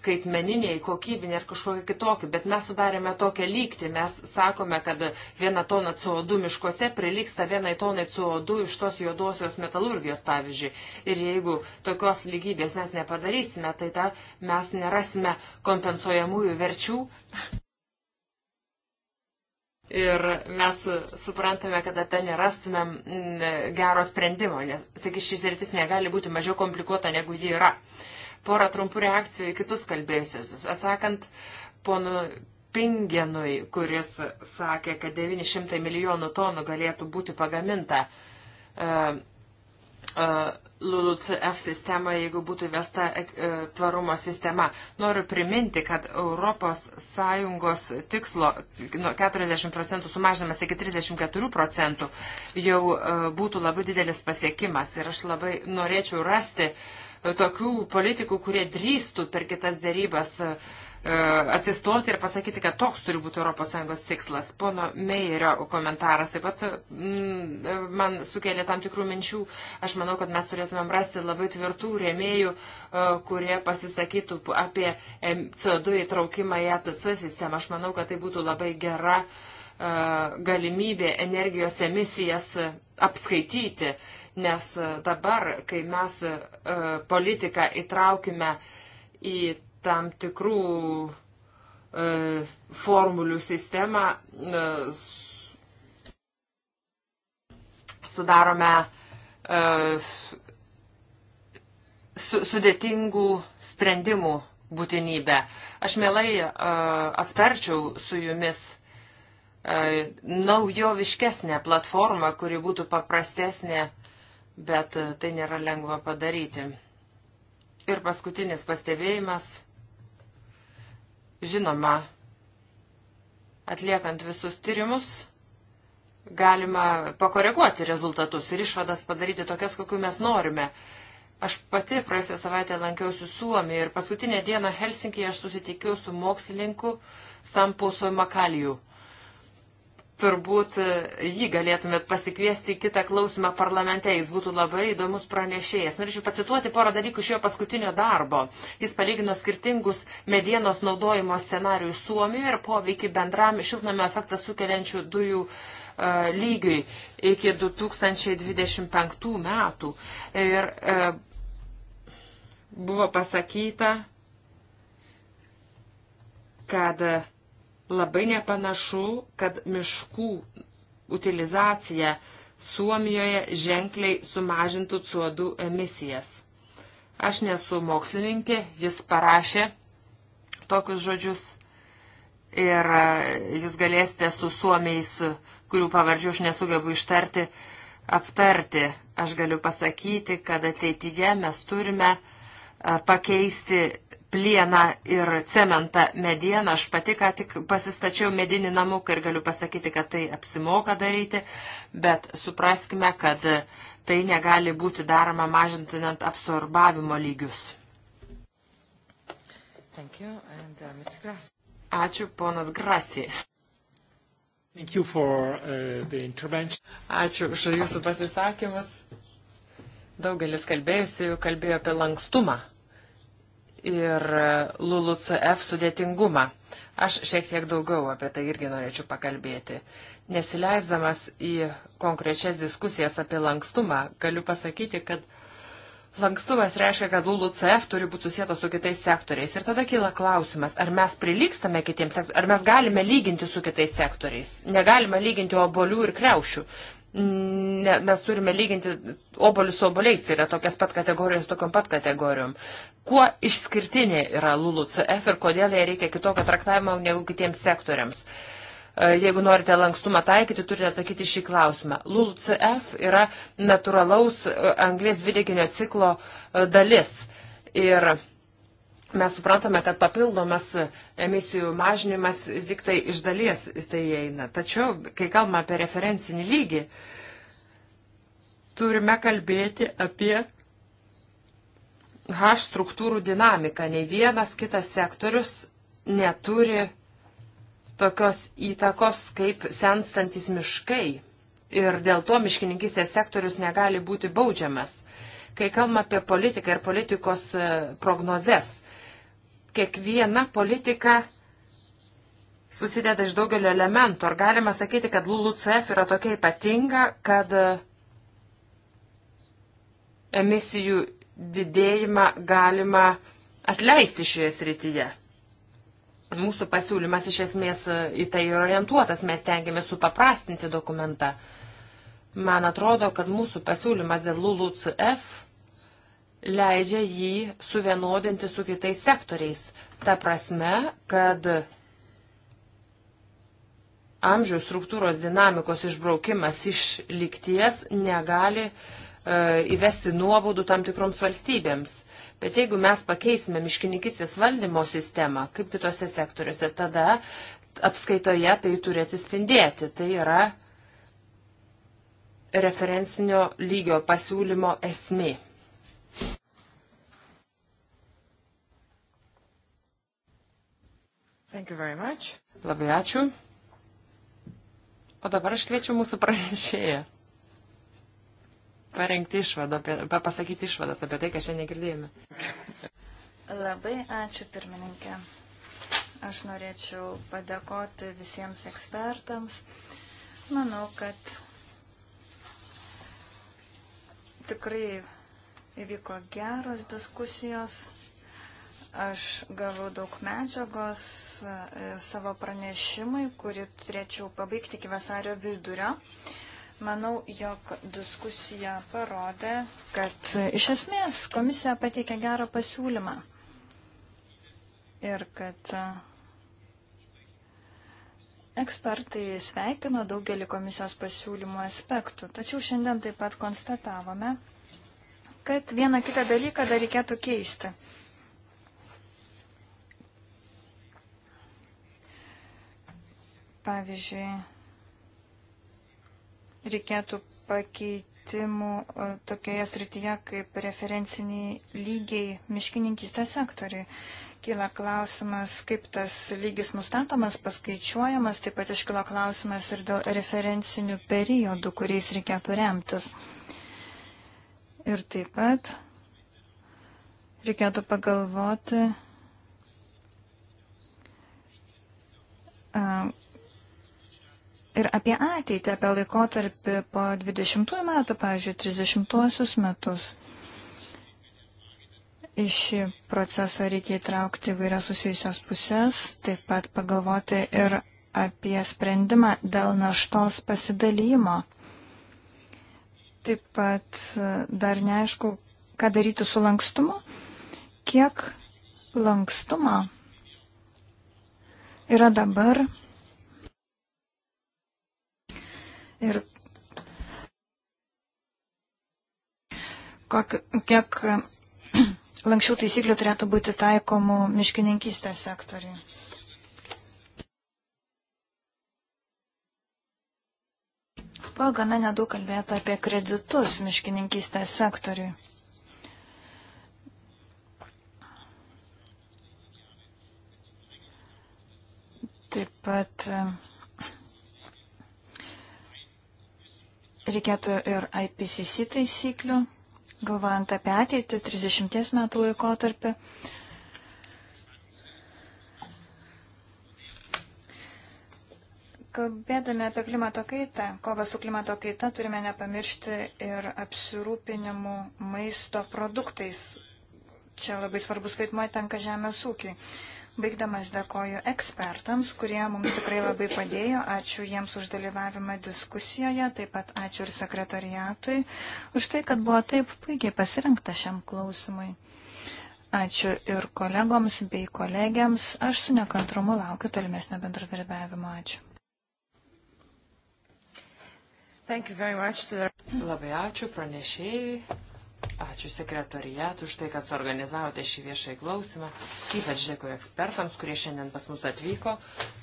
skaitmeniniai, kokybiniai ar kažkokie kitokie, bet mes sudarėme tokią lygtį, mes sakome, kad viena tona CO2 miškuose priliksta vienai tonai CO2 iš tos juodosios metalurgijos, pavyzdžiui. Ir jeigu tokios lygybės mes nepadarysime, tai ta, mes nerasime kompensuojamųjų verčių. Ir mes suprantame, kad ten nerastumėm mm, gero sprendimo, nes taigi šis rytis negali būti mažiau komplikuota, negu ji yra. Uh, Porą trumpų reakcijų į kitus kalbėjusius. Atsakant ponu Pingenui, kuris sakė, kad 900 milijonų tonų galėtų būti pagaminta uh, e, uh, e, LULUCF sistema, jeigu būtų įvesta e, tvarumo sistema. Noriu priminti, kad ES tikslo nuo 40 procentų sumažinimas iki 34 procentų jau būtų labai didelis pasiekimas. Ir aš labai norėčiau rasti uh, tokių politikų, kurie drįstų per kitas dėrybas e, atsistoti ir pasakyti, kad toks turi būti ES tikslas. Pono Meijerio komentaras taip pat mm, man sukėlė tam tikrų minčių. Aš manau, kad mes turėtumėm rasti labai tvirtų rėmėjų, e, kurie pasisakytų apie CO2 įtraukimą į ATC sistemą. Aš manau, kad tai būtų labai gera e, galimybė energijos emisijas apskaityti Nes e, dabar, kai mes e, politiką įtraukime į tam tikrų e, formulių sistemą, sudarome sudėtingų sprendimų būtinybę. Aš mielai aptarčiau su jumis naujoviškesnė platforma, kuri būtų paprastesnė bet e, tai nėra lengva padaryti. Ir paskutinis pastebėjimas. Žinoma, atliekant visus tyrimus, galima pakoreguoti rezultatus ir išvadas padaryti tokias, kokiu mes norime. Aš pati praėjusią savaitę lankiausi Suomijoje ir paskutinę dieną Helsinkije aš susitikiau su mokslininku Sampuso Makaliju turbūt e, jį galėtumėt pasikviesti į kitą klausimą parlamente. Jis būtų labai įdomus pranešėjas. Norėčiau pacituoti porą dalykų iš jo paskutinio darbo. Jis palygino skirtingus medienos naudojimo scenarius Suomijoje ir poveikį bendram šiltnamio efektą sukeliančių dujų uh, lygiui iki 2025 metų. Ir uh, buvo pasakyta, kad uh, Labai nepanašu, kad miškų utilizacija Suomijoje ženkliai sumažintų CO2 emisijas. Aš nesu mokslininkė, jis parašė tokius žodžius ir e, jūs galėsite su suomiais, kurių pavardžių aš nesugebu ištarti, aptarti. Aš galiu pasakyti, kad ateityje mes turime e, pakeisti plieną ir cementą medieną. Aš pati ką tik pasistačiau medinį namuką ir galiu pasakyti, kad tai apsimoka daryti, bet supraskime, kad tai negali būti daroma mažintinant absorbavimo lygius. And, uh, Ačiū, ponas Grasi. For, uh, Ačiū už jūsų pasisakymus. Daugelis kalbėjusių kalbėjo apie lankstumą ir LULUCF sudėtingumą. Aš šiek tiek daugiau apie tai irgi norėčiau pakalbėti. Nesileisdamas į konkrečias diskusijas apie lankstumą, galiu pasakyti, kad lankstumas reiškia, kad LULUCF turi būti susijęta su kitais sektoriais. Ir tada kyla klausimas, ar mes prilikstame kitiems sektoriams, ar mes galime lyginti su kitais sektoriais. Negalime lyginti obolių ir kreušių, ne, mes turime lyginti obolius su oboliais, tai yra tokias pat kategorijos, tokiam pat kategorijom. Kuo išskirtinė yra LULUCF ir kodėl jai reikia kitokio traktavimo negu kitiems sektoriams? E, jeigu norite lankstumą taikyti, turite atsakyti šį klausimą. LULUCF yra natūralaus e, anglės dvideginio ciklo e, dalis. Ir mes suprantame, kad papildomas emisijų mažinimas tik tai iš dalies tai eina. Tačiau, kai kalbame apie referencinį lygį, turime kalbėti apie H struktūrų dinamiką. Nei vienas kitas sektorius neturi tokios įtakos kaip senstantis miškai. Ir dėl to miškininkistės sektorius negali būti baudžiamas. Kai kalbame apie politiką ir politikos e, prognozes, kiekviena politika susideda iš daugelio elementų. Ar galima sakyti, kad LULUCF yra tokia ypatinga, kad e, emisijų didėjimą galima atleisti šioje srityje? Mūsų pasiūlymas iš esmės e, į tai orientuotas, mes tengiamės supaprastinti dokumentą. Man atrodo, kad mūsų pasiūlymas dėl LULUCF leidžia jį suvienodinti su kitais sektoriais. Ta prasme, kad amžiaus struktūros dinamikos išbraukimas iš likties negali e, įvesti nuobaudų tam tikroms valstybėms. Bet jeigu mes pakeisime miškininkistės valdymo sistemą, kaip kitose sektoriuose, tada apskaitoje tai turi atsispindėti. Tai yra referencinio lygio pasiūlymo esmė. Labai ačiū. O dabar aš kviečiu mūsų pranešėją parengti išvadą, apie, pasakyti išvadas apie tai, ką šiandien girdėjome. Labai ačiū pirmininkė. Aš norėčiau padėkoti visiems ekspertams. Manau, kad tikrai įvyko geros diskusijos. Aš gavau daug medžiagos e, savo pranešimui, kurį turėčiau pabaigti iki vasario vidurio. Manau, jog diskusija parodė, kad e, iš esmės komisija pateikė gerą pasiūlymą ir kad e, Ekspertai sveikino daugelį komisijos pasiūlymų aspektų, tačiau šiandien taip pat konstatavome, kad vieną kitą dalyką dar reikėtų keisti. Pavyzdžiui, reikėtų pakeitimų e, tokioje srityje kaip referenciniai lygiai miškininkystės sektoriai. Kila klausimas, kaip tas lygis nustatomas, paskaičiuojamas, taip pat iškilo klausimas ir dėl referencinių periodų, kuriais reikėtų remtis. Ir taip pat reikėtų pagalvoti, e, ir apie ateitį, apie laikotarpį po 20 metų, pavyzdžiui, 30 metus. Į šį procesą reikia įtraukti vairias susijusios pusės, taip pat pagalvoti ir apie sprendimą dėl naštos pasidalymo. Taip pat e, dar neaišku, ką daryti su lankstumu, kiek lankstumo yra dabar ir kok, kiek lankščių taisyklių turėtų būti taikomų miškininkystės sektoriai. Buvo gana nedaug kalbėta apie kreditus miškininkystės sektoriui. Taip pat reikėtų ir IPCC taisyklių, galvojant apie ateitį, 30 metų laikotarpį. Kalbėdami apie klimato kaitą, kovą su klimato kaita, turime nepamiršti ir apsirūpinimų maisto produktais. Čia labai svarbus vaidmuo tenka žemės ūkiai. Baigdamas dėkoju ekspertams, kurie mums tikrai labai padėjo. Ačiū jiems už dalyvavimą diskusijoje, taip pat ačiū ir sekretariatui už tai, kad buvo taip puikiai pasirinkta šiam klausimui. Ačiū ir kolegoms bei kolegiams. Aš su nekantrumu laukiu tolimesnio bendradarbiavimo. Ačiū. Labai ačiū pranešėjai. Ačiū sekretoriatui už tai, kad suorganizavote šį viešai klausimą. Ypač dėkoju ekspertams, kurie šiandien pas mus atvyko.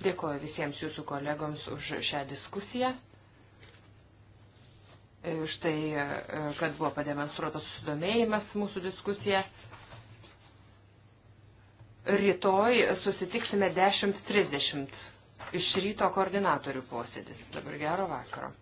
Dėkoju visiems jūsų kolegoms už šią diskusiją. E, už tai, e, kad buvo pademonstruotas susidomėjimas mūsų diskusija. Rytoj susitiksime 10.30 iš ryto koordinatorių posėdis. Dabar gero vakaro.